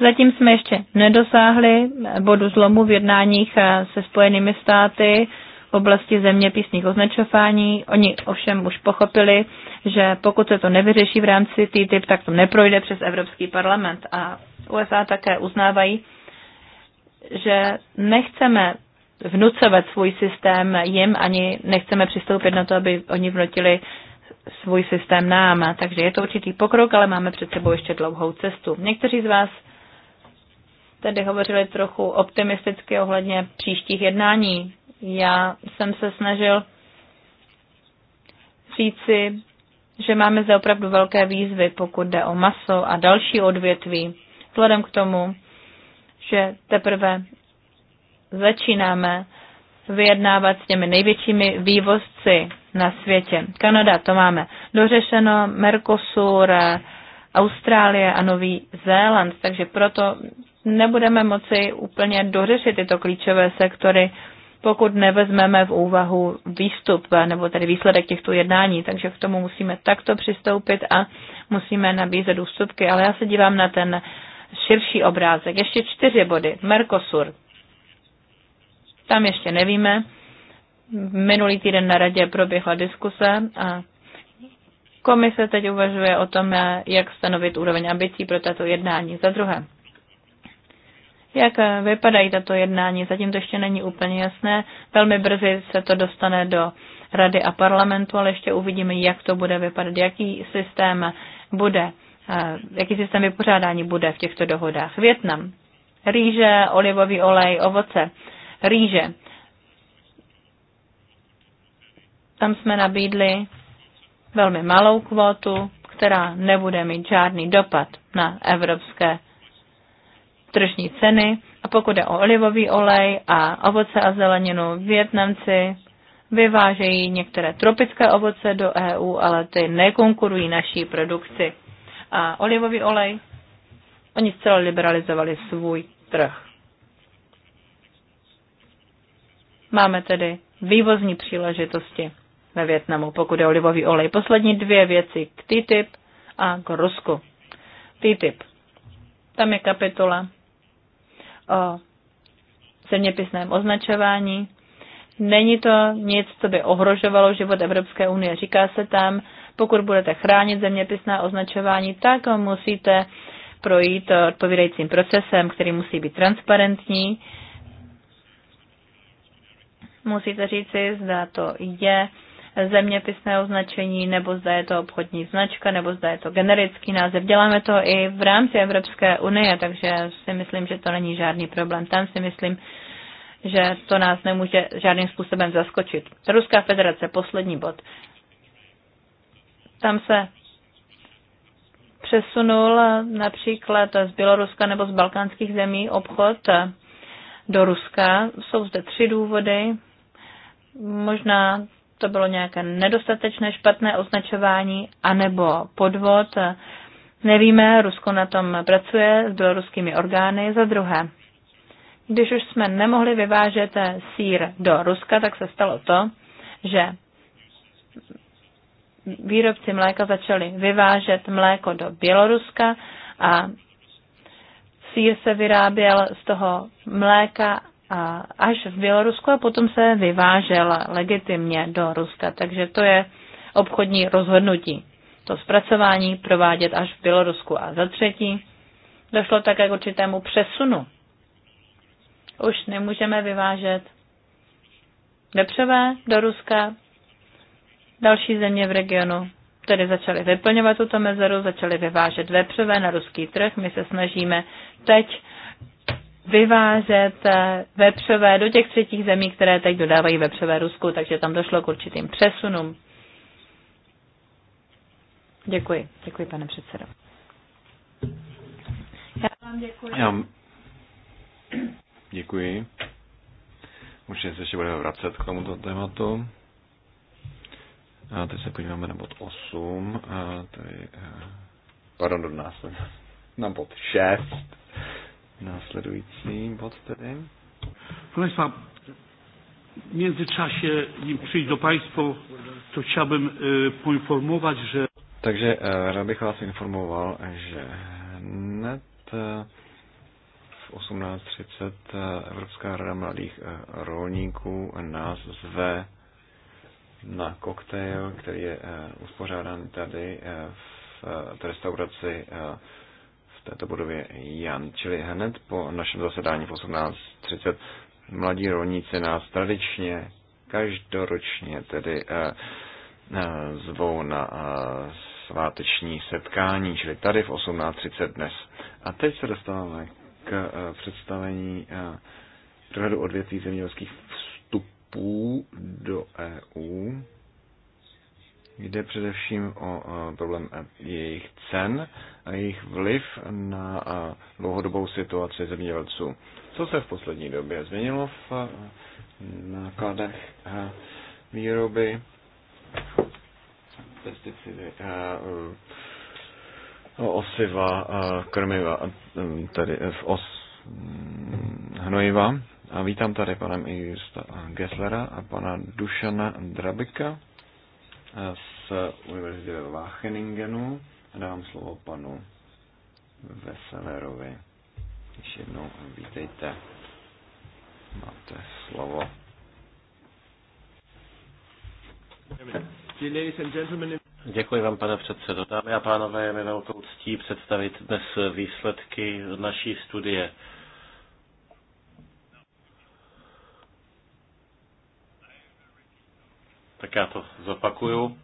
Zatím jsme ještě nedosáhli bodu zlomu v jednáních eh, se Spojenými státy v oblasti zeměpisných označování. Oni ovšem už pochopili, že pokud se to nevyřeší v rámci TTIP, tak to neprojde přes Evropský parlament. A USA také uznávají, že nechceme vnucovat svůj systém jim, ani nechceme přistoupit na to, aby oni vnutili svůj systém nám. Takže je to určitý pokrok, ale máme před sebou ještě dlouhou cestu. Někteří z vás tady hovořili trochu optimisticky ohledně příštích jednání. Já jsem se snažil říci, že máme zde opravdu velké výzvy, pokud jde o maso a další odvětví, vzhledem k tomu, že teprve začínáme vyjednávat s těmi největšími vývozci na světě. Kanada, to máme dořešeno, Mercosur, Austrálie a Nový Zéland, takže proto nebudeme moci úplně dořešit tyto klíčové sektory pokud nevezmeme v úvahu výstup nebo tedy výsledek těchto jednání. Takže k tomu musíme takto přistoupit a musíme nabízet ústupky. Ale já se dívám na ten širší obrázek. Ještě čtyři body. Mercosur. Tam ještě nevíme. Minulý týden na radě proběhla diskuse a komise teď uvažuje o tom, jak stanovit úroveň ambicí pro tato jednání. Za druhé, jak eh, vypadají tato jednání? Zatím to ještě není úplně jasné. Velmi brzy se to dostane do rady a parlamentu, ale ještě uvidíme, jak to bude vypadat, jaký systém bude, eh, jaký systém vypořádání bude v těchto dohodách. Větnam. Rýže, olivový olej, ovoce. Rýže. Tam jsme nabídli velmi malou kvotu, která nebude mít žádný dopad na evropské tržní ceny. A pokud je o olivový olej a ovoce a zeleninu, Větnamci vyvážejí některé tropické ovoce do EU, ale ty nekonkurují naší produkci. A olivový olej, oni zcela liberalizovali svůj trh. Máme tedy vývozní příležitosti ve Větnamu, pokud je olivový olej. Poslední dvě věci k TTIP a k Rusku. TTIP. Tam je kapitola o zeměpisném označování. Není to nic, co by ohrožovalo život Evropské unie. Říká se tam, pokud budete chránit zeměpisná označování, tak musíte projít odpovídajícím procesem, který musí být transparentní. Musíte říci, zda to je zeměpisné označení, nebo zda je to obchodní značka, nebo zda je to generický název. Děláme to i v rámci Evropské unie, takže si myslím, že to není žádný problém. Tam si myslím, že to nás nemůže žádným způsobem zaskočit. Ruská federace, poslední bod. Tam se přesunul například z Běloruska nebo z balkánských zemí obchod do Ruska. Jsou zde tři důvody. Možná to bylo nějaké nedostatečné špatné označování anebo podvod. Nevíme, Rusko na tom pracuje s běloruskými orgány. Za druhé, když už jsme nemohli vyvážet sír do Ruska, tak se stalo to, že výrobci mléka začali vyvážet mléko do Běloruska a sír se vyráběl z toho mléka až v Bělorusku a potom se vyvážel legitimně do Ruska. Takže to je obchodní rozhodnutí. To zpracování provádět až v Bělorusku. A za třetí, došlo také k určitému přesunu. Už nemůžeme vyvážet vepřové do Ruska. Další země v regionu tedy začaly vyplňovat tuto mezeru, začaly vyvážet vepřové na ruský trh. My se snažíme teď vyvážet eh, vepřové do těch třetích zemí, které teď dodávají vepřové Rusku, takže tam došlo k určitým přesunům. Děkuji. Děkuji, pane předsedo. Já vám děkuji. Já. Děkuji. Určitě se ještě budeme vracet k tomuto tématu. A teď se podíváme na bod 8, a tady, eh, pardon, do nás, na bod 6 Následující bod tedy. Proszę Państwa, w międzyczasie, nim do Państwo, to chciałbym e, poinformować, że... Takže e, rád bych vás informoval, že hned e, v 18.30 Evropská rada mladých rolníků nás zve na koktejl, který je uspořádán tady v restauraci této budově Jan, čili hned po našem zasedání v 18.30. Mladí rolníci nás tradičně, každoročně tedy eh, eh, zvou na eh, sváteční setkání, čili tady v 18.30 dnes. A teď se dostáváme k představení přehledu odvětví zemědělských vstupů do EU. Jde především o problém jejich cen a jejich vliv na dlouhodobou situaci zemědělců. Co se v poslední době změnilo v nákladech výroby pesticidy, e, osiva, krmiva, tedy os, hnojiva. A vítám tady pana Jista Gesslera a pana Dušana Drabika z Univerzity ve Wacheningenu a dávám slovo panu Veselerovi. Ještě jednou vítejte. Máte slovo. Děkuji vám, pane předsedo. Dámy a pánové, je mi velkou ctí představit dnes výsledky naší studie. Tak já to zopakuju.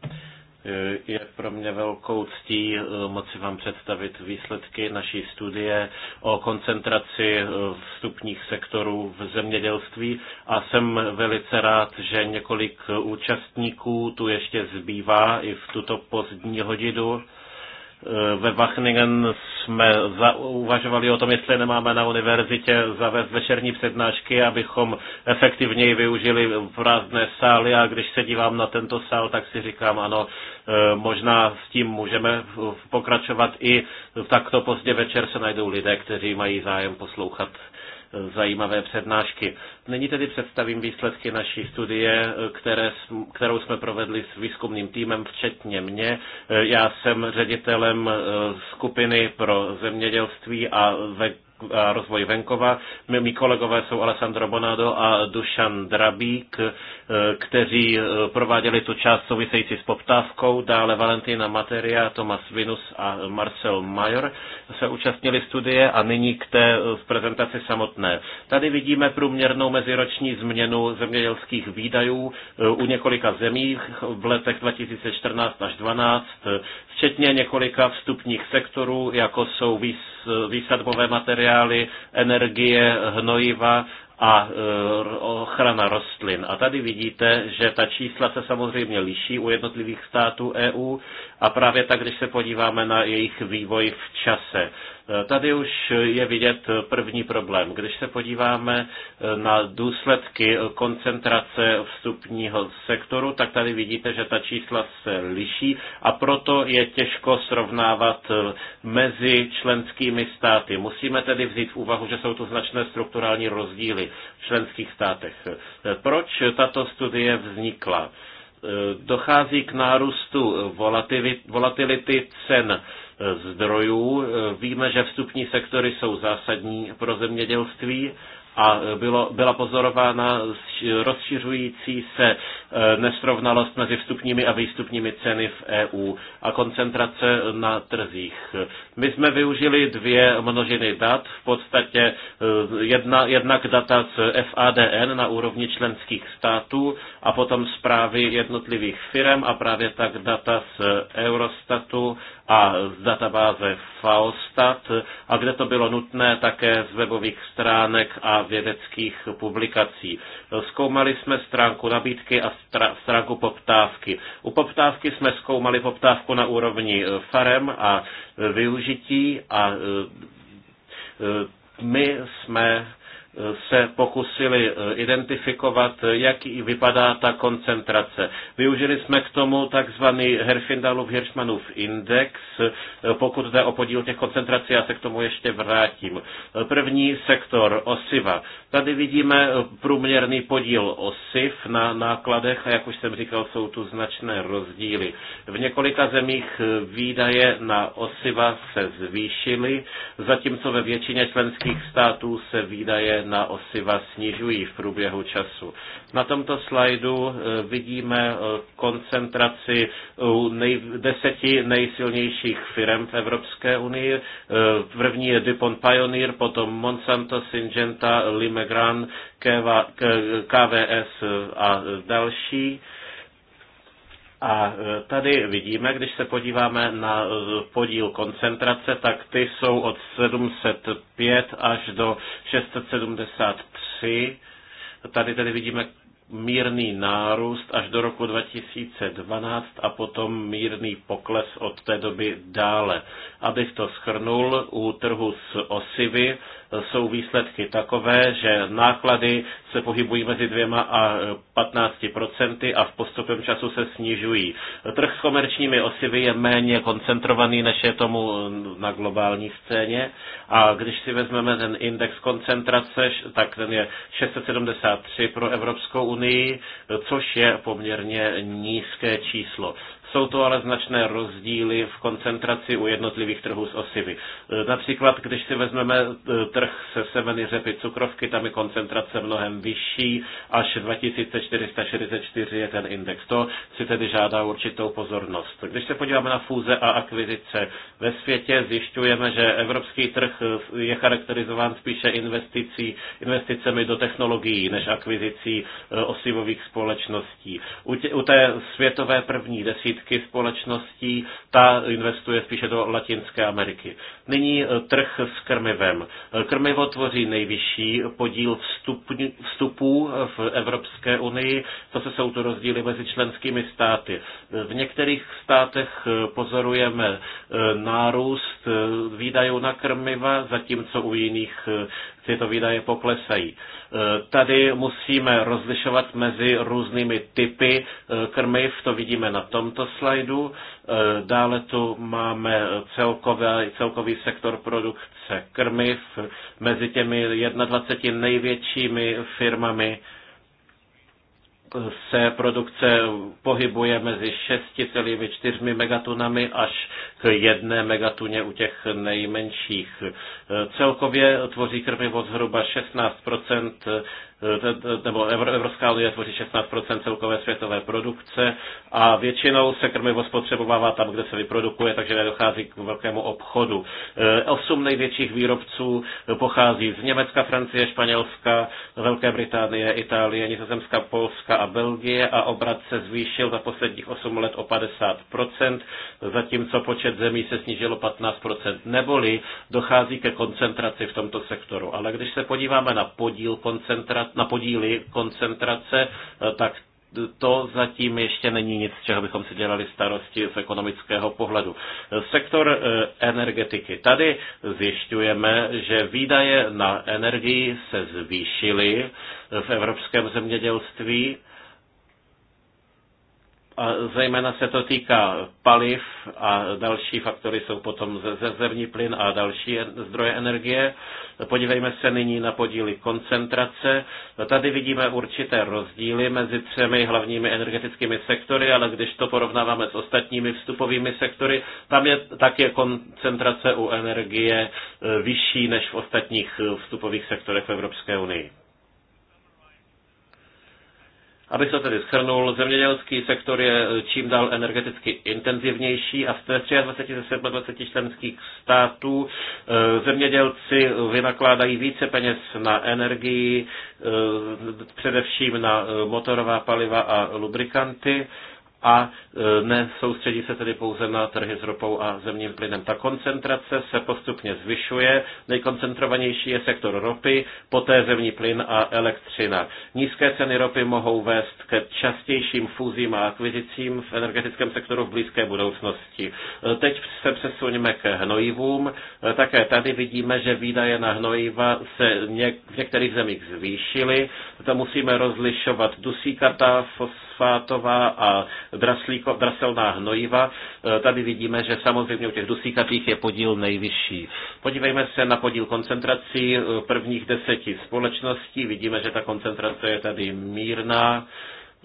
Je pro mě velkou ctí eh, moci vám představit výsledky naší studie o koncentraci eh, vstupních sektorů v zemědělství a jsem velice rád, že několik účastníků tu ještě zbývá i v tuto pozdní hodinu Eh, ve Wachningen jsme za, uvažovali o tom, jestli nemáme na univerzitě zavést večerní přednášky, abychom efektivněji využili prázdné sály a když se dívám na tento sál, tak si říkám, ano, eh, možná s tím můžeme pokračovat i takto pozdě večer se najdou lidé, kteří mají zájem poslouchat zajímavé přednášky. Nyní tedy představím výsledky naší studie, které, kterou jsme provedli s výzkumným týmem, včetně mě. Já jsem ředitelem eh, skupiny pro zemědělství a a rozvoj venkova. My, mý kolegové jsou Alessandro Bonado a Dušan Drabík, e, kteří e, prováděli tu část související s poptávkou. Dále Valentina Materia, Tomas Vinus a Marcel Major se účastnili studie a nyní k té e, prezentaci samotné. Tady vidíme průměrnou meziroční změnu zemědělských výdajů u několika zemí v letech 2014 až 2012 včetně několika vstupních sektorů, jako jsou výsadbové materiály, energie, hnojiva a e, ochrana rostlin. A tady vidíte, že ta čísla se samozřejmě liší u jednotlivých států EU a právě tak, když se podíváme na jejich vývoj v čase. Tady už je vidět první problém. Když se podíváme eh, na důsledky koncentrace vstupního sektoru, tak tady vidíte, že ta čísla se liší a proto je těžko srovnávat eh, mezi členskými státy. Musíme tedy vzít v úvahu, že jsou tu značné strukturální rozdíly v členských státech. Eh, proč tato studie vznikla? Dochází k nárůstu volatility cen zdrojů. Víme, že vstupní sektory jsou zásadní pro zemědělství a bylo, byla pozorována rozšiřující se eh, nesrovnalost mezi vstupními a výstupními ceny v EU a koncentrace na trzích. My jsme využili dvě množiny dat, v podstatě eh, jedna, jednak data z FADN na úrovni členských států a potom zprávy jednotlivých firm a právě tak data z Eurostatu a z databáze Faustat a kde to bylo nutné také z webových stránek a vědeckých publikací. Zkoumali jsme stránku nabídky a stránku poptávky. U poptávky jsme zkoumali poptávku na úrovni e, farem a e, využití a e, my jsme se pokusili eh, identifikovat, jak vypadá ta koncentrace. Využili jsme k tomu takzvaný Herfindalův Hirschmanův index, eh, pokud jde o podíl těch koncentrací, já se k tomu ještě vrátím. Eh, První sektor, osiva. Tady vidíme průměrný podíl osiv na nákladech a jak už jsem říkal, jsou tu značné rozdíly. V několika zemích výdaje na osiva se zvýšily, zatímco ve většině členských států se výdaje na osiva snižují v průběhu času. Na tomto slajdu e, vidíme e, koncentraci nej, deseti nejsilnějších firm v Evropské unii. E, první je DuPont Pioneer, potom Monsanto, Syngenta, Limegran, KVS a další. A e, tady vidíme, když se podíváme na e, podíl koncentrace, tak ty jsou od 705 až do 673. Tady tedy vidíme mírný nárůst až do roku 2012 a potom mírný pokles od té doby dále. Abych to schrnul, u trhu s osivy jsou výsledky takové, že náklady se pohybují mezi dvěma a 15 procenty a v postupem času se snižují. Trh s komerčními osivy je méně koncentrovaný, než je tomu na globální scéně a když si vezmeme ten index koncentrace, tak ten je 673 pro Evropskou unii, což je poměrně nízké číslo. Jsou to ale značné rozdíly v koncentraci u jednotlivých trhů s osivy. E, například, když si vezmeme e, trh se semeny řepy cukrovky, tam je koncentrace mnohem vyšší, až 2444 je ten index. To si tedy žádá určitou pozornost. Když se podíváme na fúze a akvizice ve světě, zjišťujeme, že evropský trh e, je charakterizován spíše investicí, investicemi do technologií než akvizicí osivových společností. U, tě, u té světové první desítky zbytky společností, ta investuje spíše do Latinské Ameriky. Nyní eh, trh s krmivem. Eh, krmivo tvoří nejvyšší podíl vstupň, vstupů eh, v Evropské unii, to se jsou to rozdíly mezi členskými státy. V některých státech pozorujeme nárůst výdajů na krmiva, zatímco u jiných tyto výdaje poklesají. E, tady musíme rozlišovat mezi různými typy e, krmiv, to vidíme na tomto slajdu. E, dále tu máme celkové, celkový sektor produkce krmiv mezi těmi 21 největšími firmami se produkce pohybuje mezi 6,4 megatunami až k jedné megatuně u těch nejmenších. Celkově tvoří krmivo zhruba 16 Eh, nebo Evropská unie tvoří 16% celkové světové produkce a většinou se krmivo spotřebovává tam, kde se vyprodukuje, takže nedochází k velkému obchodu. Eh, osm největších výrobců pochází z Německa, Francie, Španělska, Velké Británie, Itálie, Nizozemska, Polska a Belgie a obrat se zvýšil za posledních 8 let o 50%, zatímco počet zemí se snížilo 15%, neboli dochází ke koncentraci v tomto sektoru. Ale když se podíváme na podíl koncentrace, na, podíly koncentrace, eh, tak to zatím ještě není nic, čeho bychom si dělali starosti z ekonomického pohledu. Sektor eh, energetiky. Tady zjišťujeme, že výdaje na energii se zvýšily v evropském zemědělství a zejména se to týká paliv a další faktory jsou potom zemní plyn a další zdroje energie. Podívejme se nyní na podíly koncentrace. No, tady vidíme určité rozdíly mezi třemi hlavními energetickými sektory, ale když to porovnáváme s ostatními vstupovými sektory, tam je také koncentrace u energie e, vyšší než v ostatních e, vstupových sektorech v Evropské unii. Abych to tedy schrnul, zemědělský sektor je eh, čím dál energeticky intenzivnější a v 23 ze 27 členských států eh, zemědělci vynakládají více peněz na energii, eh, především na motorová paliva a lubrikanty a e, nesoustředí se tedy pouze na trhy s ropou a zemním plynem. Ta koncentrace se postupně zvyšuje, nejkoncentrovanější je sektor ropy, poté zemní plyn a elektřina. Nízké ceny ropy mohou vést ke častějším fúzím a akvizicím v energetickém sektoru v blízké budoucnosti. E, teď se přesuneme k hnojivům. E, také tady vidíme, že výdaje na hnojiva se v některých zemích zvýšily. To musíme rozlišovat dusíkata, fos fosfátová a draslíko, draselná hnojiva. E, tady vidíme, že samozřejmě u těch dusíkatých je podíl nejvyšší. Podívejme se na podíl koncentrací e, prvních deseti společností. Vidíme, že ta koncentrace je tady mírná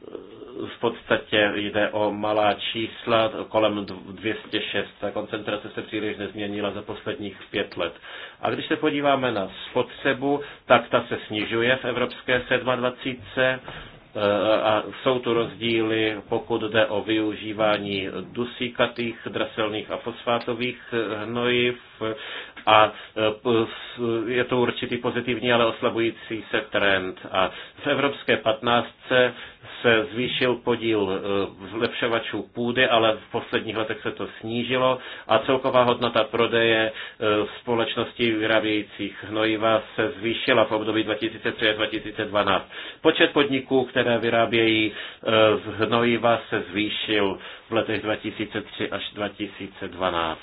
e, v podstatě jde o malá čísla, kolem 206. Ta koncentrace se příliš nezměnila za posledních pět let. A když se podíváme na spotřebu, tak ta se snižuje v Evropské 27. Eh, a jsou tu rozdíly, pokud jde o využívání dusíkatých, draselných a fosfátových eh, hnojiv a eh, je to určitý pozitivní, ale oslabující se trend. A v Evropské 15 se zvýšil podíl zlepšovačů půdy, ale v posledních letech se to snížilo a celková hodnota prodeje společností vyrábějících hnojiva se zvýšila v období 2003 2012. Počet podniků, které které vyrábějí e, v hnojiva, se zvýšil v letech 2003 až 2012.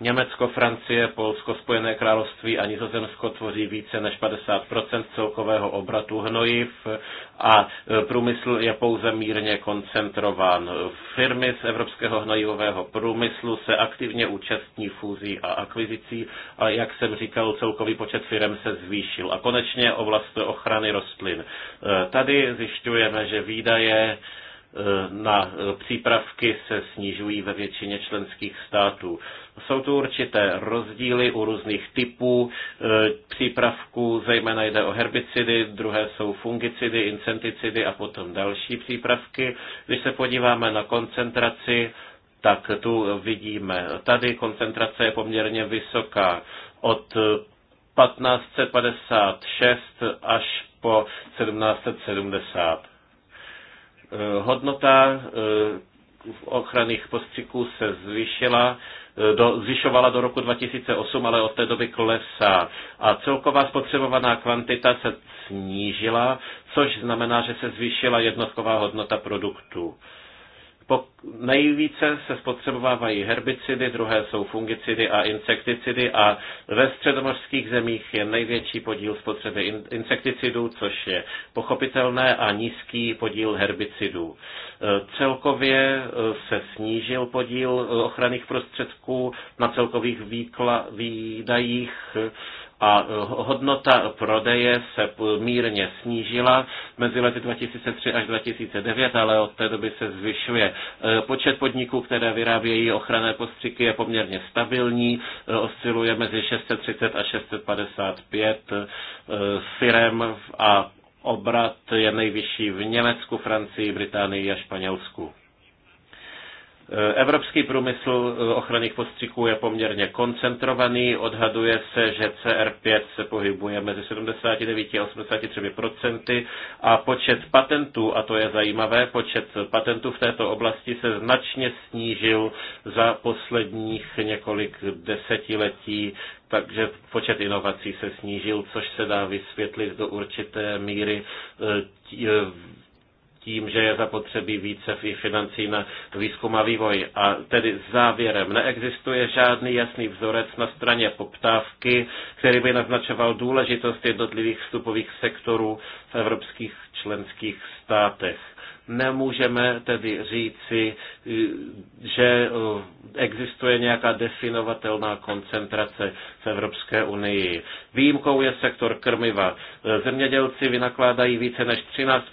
Německo, Francie, Polsko, Spojené království a Nizozemsko tvoří více než 50 celkového obratu hnojiv a e, průmysl je pouze mírně koncentrován. Firmy z evropského hnojivového průmyslu se aktivně účastní fúzí a akvizicí a jak jsem říkal, celkový počet firm se zvýšil. A konečně oblast ochrany rostlin. E, tady zjišťujeme, že výdaje e, na přípravky se snižují ve většině členských států. Jsou tu určité rozdíly u různých typů e, přípravků, zejména jde o herbicidy, druhé jsou fungicidy, incenticidy a potom další přípravky. Když se podíváme na koncentraci, tak tu vidíme. Tady koncentrace je poměrně vysoká. Od 1556 až po 1770. E, hodnota e, ochranných postřiků se zvýšila do, zvyšovala do roku 2008, ale od té doby klesá. A celková spotřebovaná kvantita se snížila, což znamená, že se zvýšila jednotková hodnota produktů nejvíce se spotřebovávají herbicidy, druhé jsou fungicidy a insekticidy a ve středomořských zemích je největší podíl spotřeby insekticidů, což je pochopitelné, a nízký podíl herbicidů. E, celkově e, se snížil podíl e, ochranných prostředků na celkových výdajích a eh, hodnota prodeje se mírně snížila mezi lety 2003 až 2009, ale od té doby se zvyšuje. Eh, počet podniků, které vyrábějí ochranné postřiky, je poměrně stabilní, eh, osciluje mezi 630 a 655 firem a obrat je nejvyšší v Německu, Francii, Británii a Španělsku. Eh, evropský průmysl eh, ochranných postřiků je poměrně koncentrovaný. Odhaduje se, že CR5 se pohybuje mezi 79 a 83 procenty a počet patentů, a to je zajímavé, počet patentů v této oblasti se značně snížil za posledních několik desetiletí, takže počet inovací se snížil, což se dá vysvětlit do určité míry eh, tím, že je zapotřebí více financí na výzkum a vývoj. A tedy závěrem, neexistuje žádný jasný vzorec na straně poptávky, který by naznačoval důležitost jednotlivých vstupových sektorů v evropských členských státech. Nemůžeme tedy říci, že eh, existuje nějaká definovatelná koncentrace v Evropské unii. Výjimkou je sektor krmiva. Eh, zemědělci vynakládají více než 13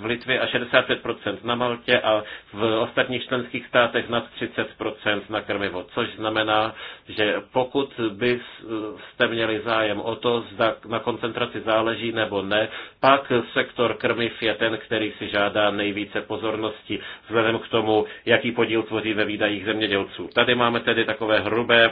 v Litvě a 65 na Maltě a v ostatních členských státech nad 30 na krmivo, což znamená, že pokud byste eh, měli zájem o to, zda na koncentraci záleží nebo ne, pak sektor krmiv je ten, který si žádá nejvíce více pozornosti vzhledem k tomu, jaký podíl tvoří ve výdajích zemědělců. Tady máme tedy takové hrubé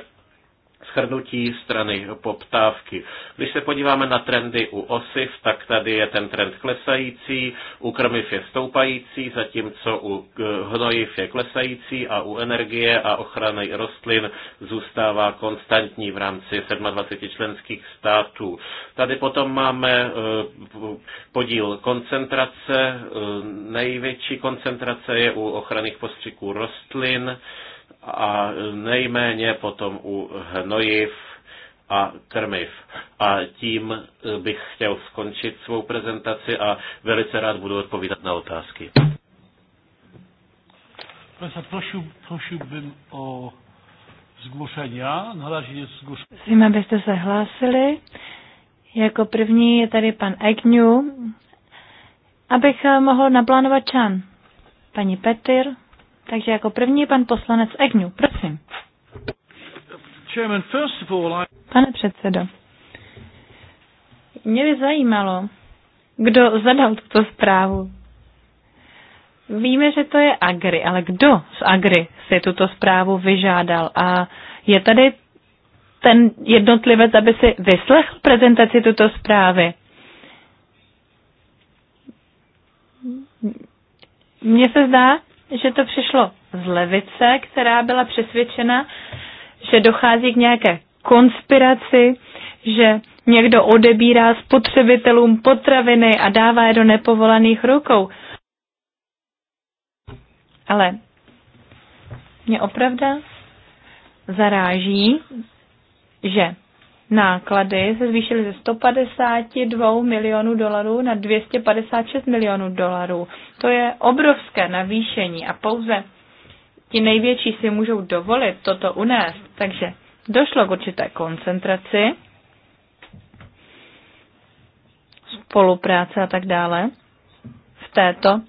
shrnutí strany poptávky. Když se podíváme na trendy u osiv, tak tady je ten trend klesající, u krmiv je stoupající, zatímco u eh, hnojiv je klesající a u energie a ochrany rostlin zůstává konstantní v rámci 27 členských států. Tady potom máme eh, podíl koncentrace, eh, největší koncentrace je u ochranných postřiků rostlin, a nejméně potom u hnojiv a krmiv. A tím bych chtěl skončit svou prezentaci a velice rád budu odpovídat na otázky. Profesor, prosím, bym o zgłoszenia. Na razie jest zgłoszenie. Prosím, abyste se hlásili. Jako první je tady pan Agnew. Abych eh, mohl naplánovat čan. Paní Petr. Takže jako první pan poslanec Egnu, prosím. Pane předsedo, mě by zajímalo, kdo zadal tuto zprávu. Víme, že to je Agri, ale kdo z Agri si tuto zprávu vyžádal? A je tady ten jednotlivec, aby si vyslechl prezentaci tuto zprávy? Mně se zdá, že to přišlo z levice, která byla přesvědčena, že dochází k nějaké konspiraci, že někdo odebírá spotřebitelům potraviny a dává je do nepovolaných rukou. Ale mě opravdu zaráží, že náklady se zvýšily ze 152 milionů dolarů na 256 milionů dolarů. To je obrovské navýšení a pouze ti největší si můžou dovolit toto unést. Takže došlo k určité koncentraci, spolupráce a tak dále v této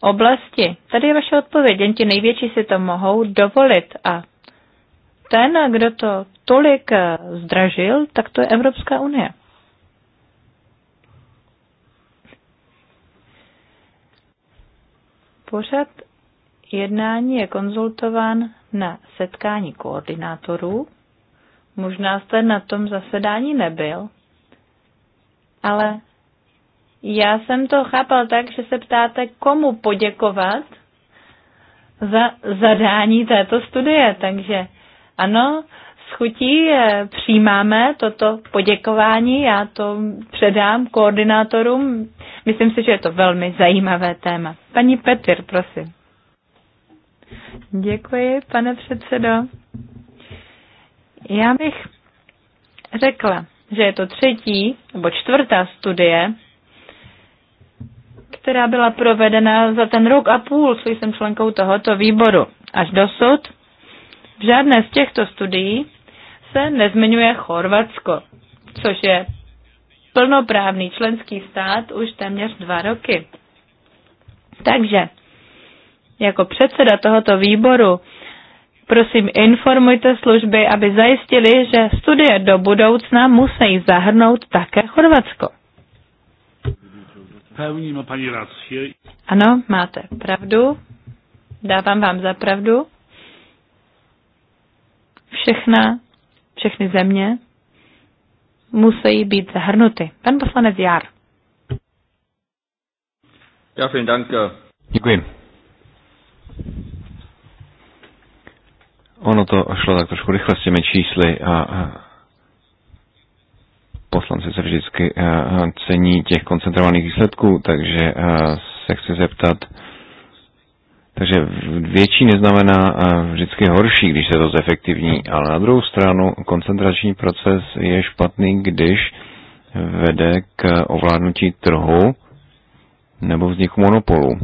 oblasti. Tady je vaše odpověď, jen ti největší si to mohou dovolit a ten, kdo to tolik eh, zdražil, tak to je Evropská unie. Pořad jednání je konzultován na setkání koordinátorů. Možná jste na tom zasedání nebyl, ale já jsem to chápal tak, že se ptáte, komu poděkovat za zadání této studie, takže ano, s chutí eh, přijímáme toto poděkování, já to předám koordinátorům. Myslím si, že je to velmi zajímavé téma. Paní Petr, prosím. Děkuji, pane předsedo. Já bych řekla, že je to třetí nebo čtvrtá studie, která byla provedena za ten rok a půl, co jsem členkou tohoto výboru. Až dosud v žádné z těchto studií se nezmiňuje Chorvatsko, což je plnoprávný členský stát už téměř dva roky. Takže jako předseda tohoto výboru prosím informujte služby, aby zajistili, že studie do budoucna musí zahrnout také Chorvatsko. No, ano, máte pravdu. Dávám vám za pravdu všechna, všechny země musí být zahrnuty. Pan poslanec Jár. Já vielen eh. Děkuji. Ono to šlo tak trošku rychle s těmi čísly a poslanci se vždycky eh, cení těch koncentrovaných výsledků, takže eh, se chci zeptat, takže větší neznamená eh, vždycky horší, když se to zefektivní, ale na druhou stranu koncentrační proces je špatný, když vede k ovládnutí trhu nebo vzniku monopolu.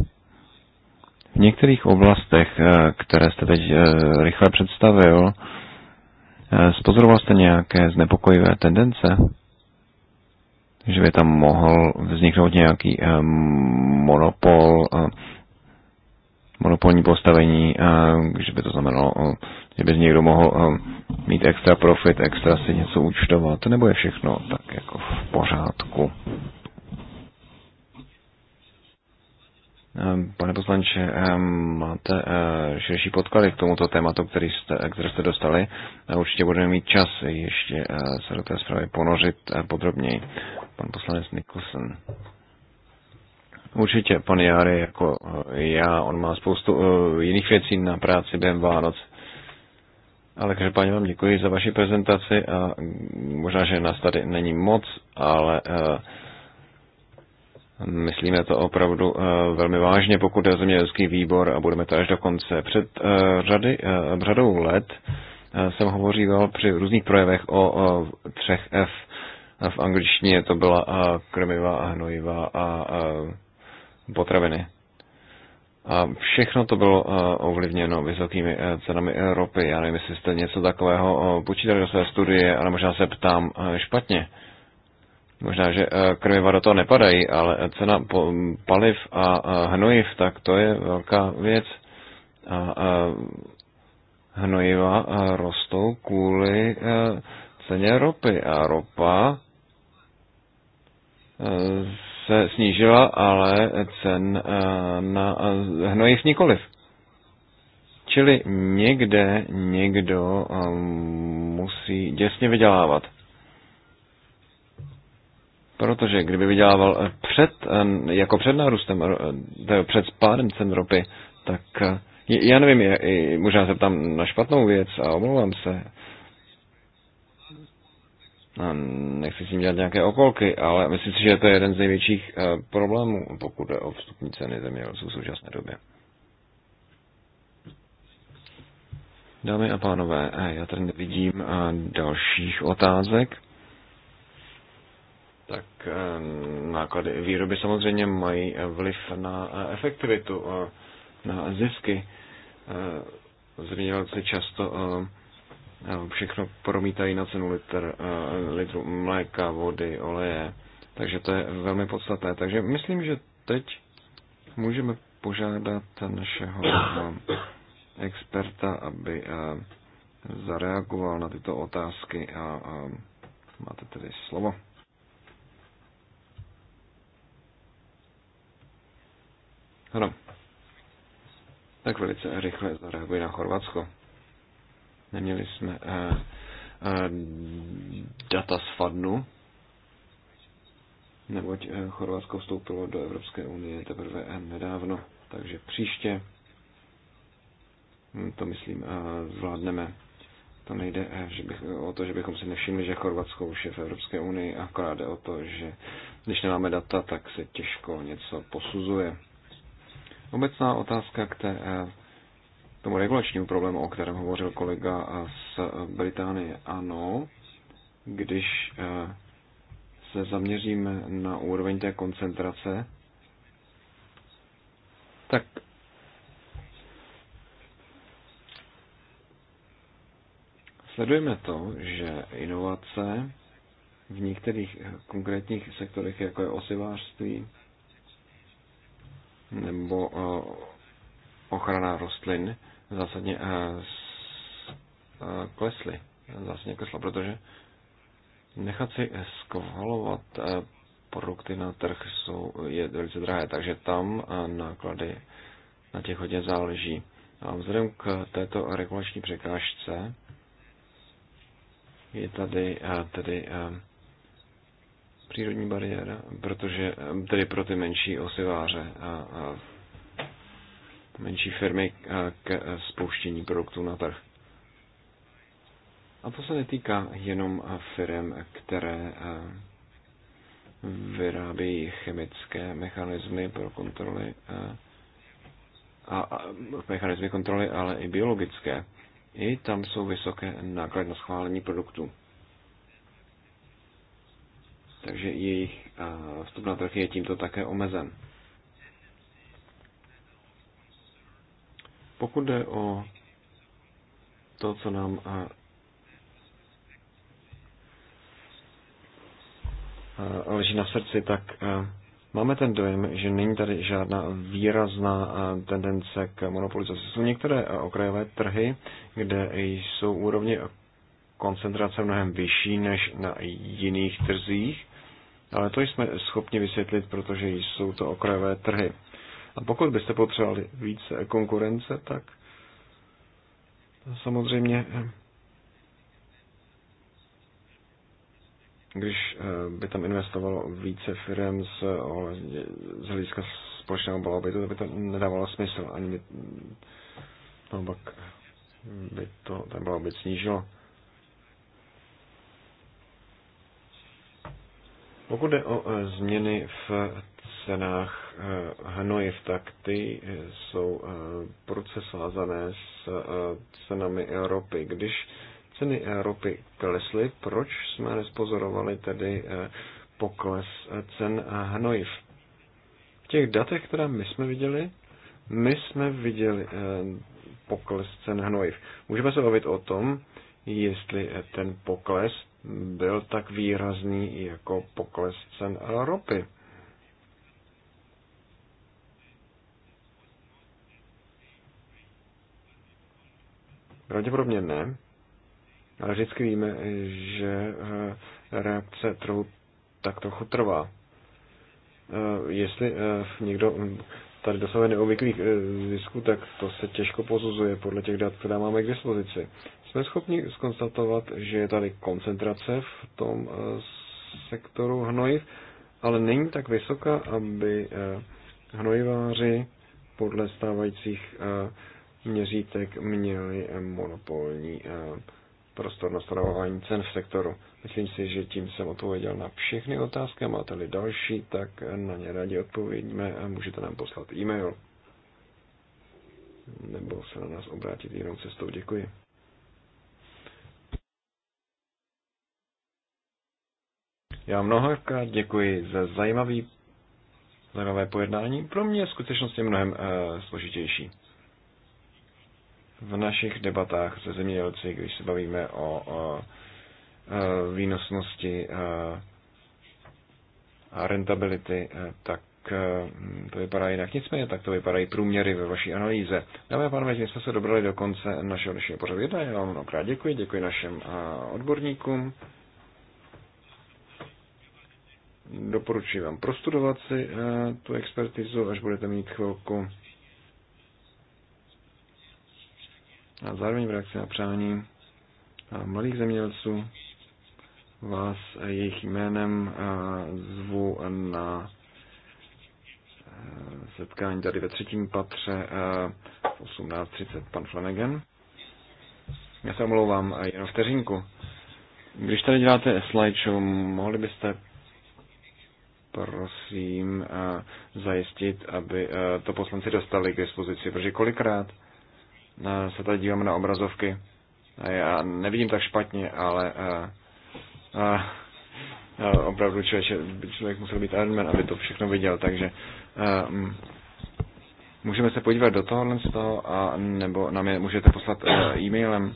V některých oblastech, eh, které jste teď eh, rychle představil, spozoroval jste nějaké znepokojivé tendence? Že by tam mohl vzniknout nějaký monopol monopolní postavení, eh, že by to znamenalo, eh, že by někdo mohl eh, mít extra profit, extra si něco účtovat, nebo je všechno tak jako v pořádku. Ehm, pane poslanče, ehm, máte širší podklady k tomuto tématu, který jste, které jste dostali. Určitě budeme mít čas ještě se do té zprávy ponořit podrobněji. Pan poslanec Nicholson. Určitě, pan Jary, jako eh, já, on má spoustu uh, jiných věcí na práci během Vánoc. Ale každopádně vám děkuji za vaši prezentaci a možná, že nás tady není moc, ale uh, myslíme to opravdu uh, velmi vážně, pokud je zemědělský výbor a budeme to až do konce. Před uh, řady, uh, řadou let uh, jsem hovoříval při různých projevech o, uh, třech F. V angličtině to byla uh, krmiva a hnojiva a uh, potraviny. A všechno to bylo eh, ovlivněno vysokými eh, cenami ropy. Já nevím, jestli jste něco takového eh, počítali do své studie, ale možná se ptám špatně. Možná, že krmiva do toho nepadají, ale cena paliv a hnojiv, tak to je velká věc. A hnojiva rostou kvůli ceně ropy a ropa se snížila, ale cen eh, na eh, hnojiv nikoliv. Čili někde někdo eh, musí děsně vydělávat. Protože kdyby vydělával před, jako před nárůstem, před spádem cen ropy, tak já nevím, možná se ptám na špatnou věc a omlouvám se, Nechci si dělat nějaké okolky, ale myslím si, že to je jeden z největších eh, problémů, pokud jde o vstupní ceny zemědělců v současné době. Dámy a pánové, eh, já tady nevidím eh, dalších otázek. Tak náklady výroby samozřejmě mají vliv na efektivitu, na zisky. Zemědělci často všechno promítají na cenu litr, litru mléka, vody, oleje. Takže to je velmi podstatné. Takže myslím, že teď můžeme požádat našeho experta, aby zareagoval na tyto otázky a máte tedy slovo. Ano. Tak velice rychle zareaguje na Chorvatsko. Neměli jsme eh, eh, data z FADNu, neboť eh, Chorvatsko vstoupilo do Evropské unie teprve nedávno. Takže příště hm, to, myslím, zvládneme. To nejde že bych, o to, že bychom si nevšimli, že Chorvatsko už je v Evropské unii, akorát jde o to, že když nemáme data, tak se těžko něco posuzuje. Obecná otázka k té tomu regulačnímu problému, o kterém hovořil kolega z Británie. Ano, když eh, se zaměříme na úroveň té koncentrace, tak sledujeme to, že inovace v některých konkrétních sektorech, jako je osivářství nebo eh, ochrana rostlin zásadně eh, eh, klesly. Zásadně klesla, protože nechat si skvalovat eh, produkty na trh jsou, je velice drahé, takže tam náklady na těch hodně záleží. A vzhledem k této regulační překážce je tady tedy přírodní bariéra, protože tedy pro ty menší osiváře a, a menší firmy k spouštění produktů na trh. A to se netýká jenom firm, které eh, vyrábějí chemické mechanismy pro kontroly eh, a, a mechanismy kontroly, ale i biologické. I tam jsou vysoké náklady na schválení produktů. Takže jejich eh, vstup na trh je tímto také omezen. Pokud jde o to, co nám a, a leží na srdci, tak a, máme ten dojem, že není tady žádná výrazná tendence k monopolizaci. Jsou některé okrajové trhy, kde jsou úrovně koncentrace mnohem vyšší než na jiných trzích, ale to jsme schopni vysvětlit, protože jsou to okrajové trhy. A pokud byste potřebovali více konkurence, tak samozřejmě, když eh, by tam investovalo více firm z, z hlediska společného balobitu, to by to nedávalo smysl. Ani by, no, pak by to ten balobit snížilo. Pokud jde o eh, změny v cenách hnojiv, eh, ty eh, jsou eh, proces vázané s cenami Evropy. Když ceny Evropy klesly, proč jsme nespozorovali tedy pokles cen hnojiv? V těch datech, která my jsme viděli, my jsme viděli pokles cen hnojiv. Můžeme se bavit o tom, jestli ten pokles byl tak výrazný jako pokles cen ropy. Pravděpodobně ne, ale vždycky víme, že eh, reakce trhu tak trochu trvá. Eh, jestli eh, někdo hm, tady dosahuje neobvyklých zisků, tak to se těžko pozuzuje podle těch dat, která máme k dispozici. Jsme schopni skonstatovat, že je tady koncentrace v tom sektoru hnojiv, ale není tak vysoká, aby hnojiváři podle stávajících měřítek měli eh, monopolní eh, prostor na stanovování cen v sektoru. Myslím si, že tím jsem odpověděl na všechny otázky. Máte-li další, tak eh, na ně rádi odpovědíme a můžete nám poslat e-mail nebo se na nás obrátit jinou cestou. Děkuji. Já mnohokrát děkuji za zajímavý, zajímavé pojednání. Pro mě je skutečnost je mnohem e, složitější v našich debatách se zemědělci, když se bavíme o, o e, výnosnosti e, a rentability, e, tak to vypadá jinak. Nicméně tak to vypadají průměry ve vaší analýze. Dámy a pánové, že jsme se dobrali do konce našeho dnešního pořadu Já vám mnohokrát děkuji, děkuji našim odborníkům. Doporučuji vám prostudovat si tu expertizu, až budete mít chvilku. a zároveň v reakci na přání mladých zemědělců vás jejich jménem zvu na setkání tady ve třetím patře v 18.30 pan Flanagan. Já se omlouvám jenom vteřinku. Když tady děláte slideshow, mohli byste prosím zajistit, aby to poslanci dostali k dispozici, protože kolikrát Eh, se tady díváme na obrazovky. Eh, já nevidím tak špatně, ale uh, uh, uh, opravdu člověk, člověk musel být admin, aby to všechno viděl, takže uh, můžeme se podívat do tohohle z toho, a nebo nám je můžete poslat uh, e-mailem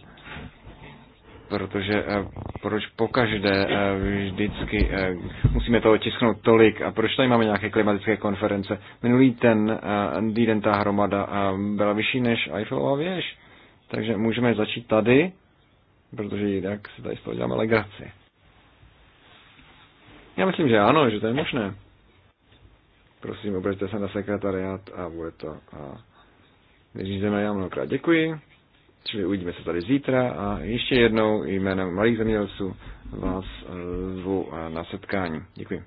protože eh, proč pokaždé eh, vždycky eh, musíme toho tisknout tolik a proč tady máme nějaké klimatické konference. Minulý ten týden ta hromada byla vyšší než Eiffelová věž, takže můžeme začít tady, protože jinak se tady z toho děláme legraci. Já myslím, že ano, že to je možné. Prosím, obraťte se na sekretariát a bude to a vyřízeme já mnohokrát. Děkuji. Čili uvidíme se tady zítra a ještě jednou jménem malých zemědělců vás zvu na setkání. Děkuji.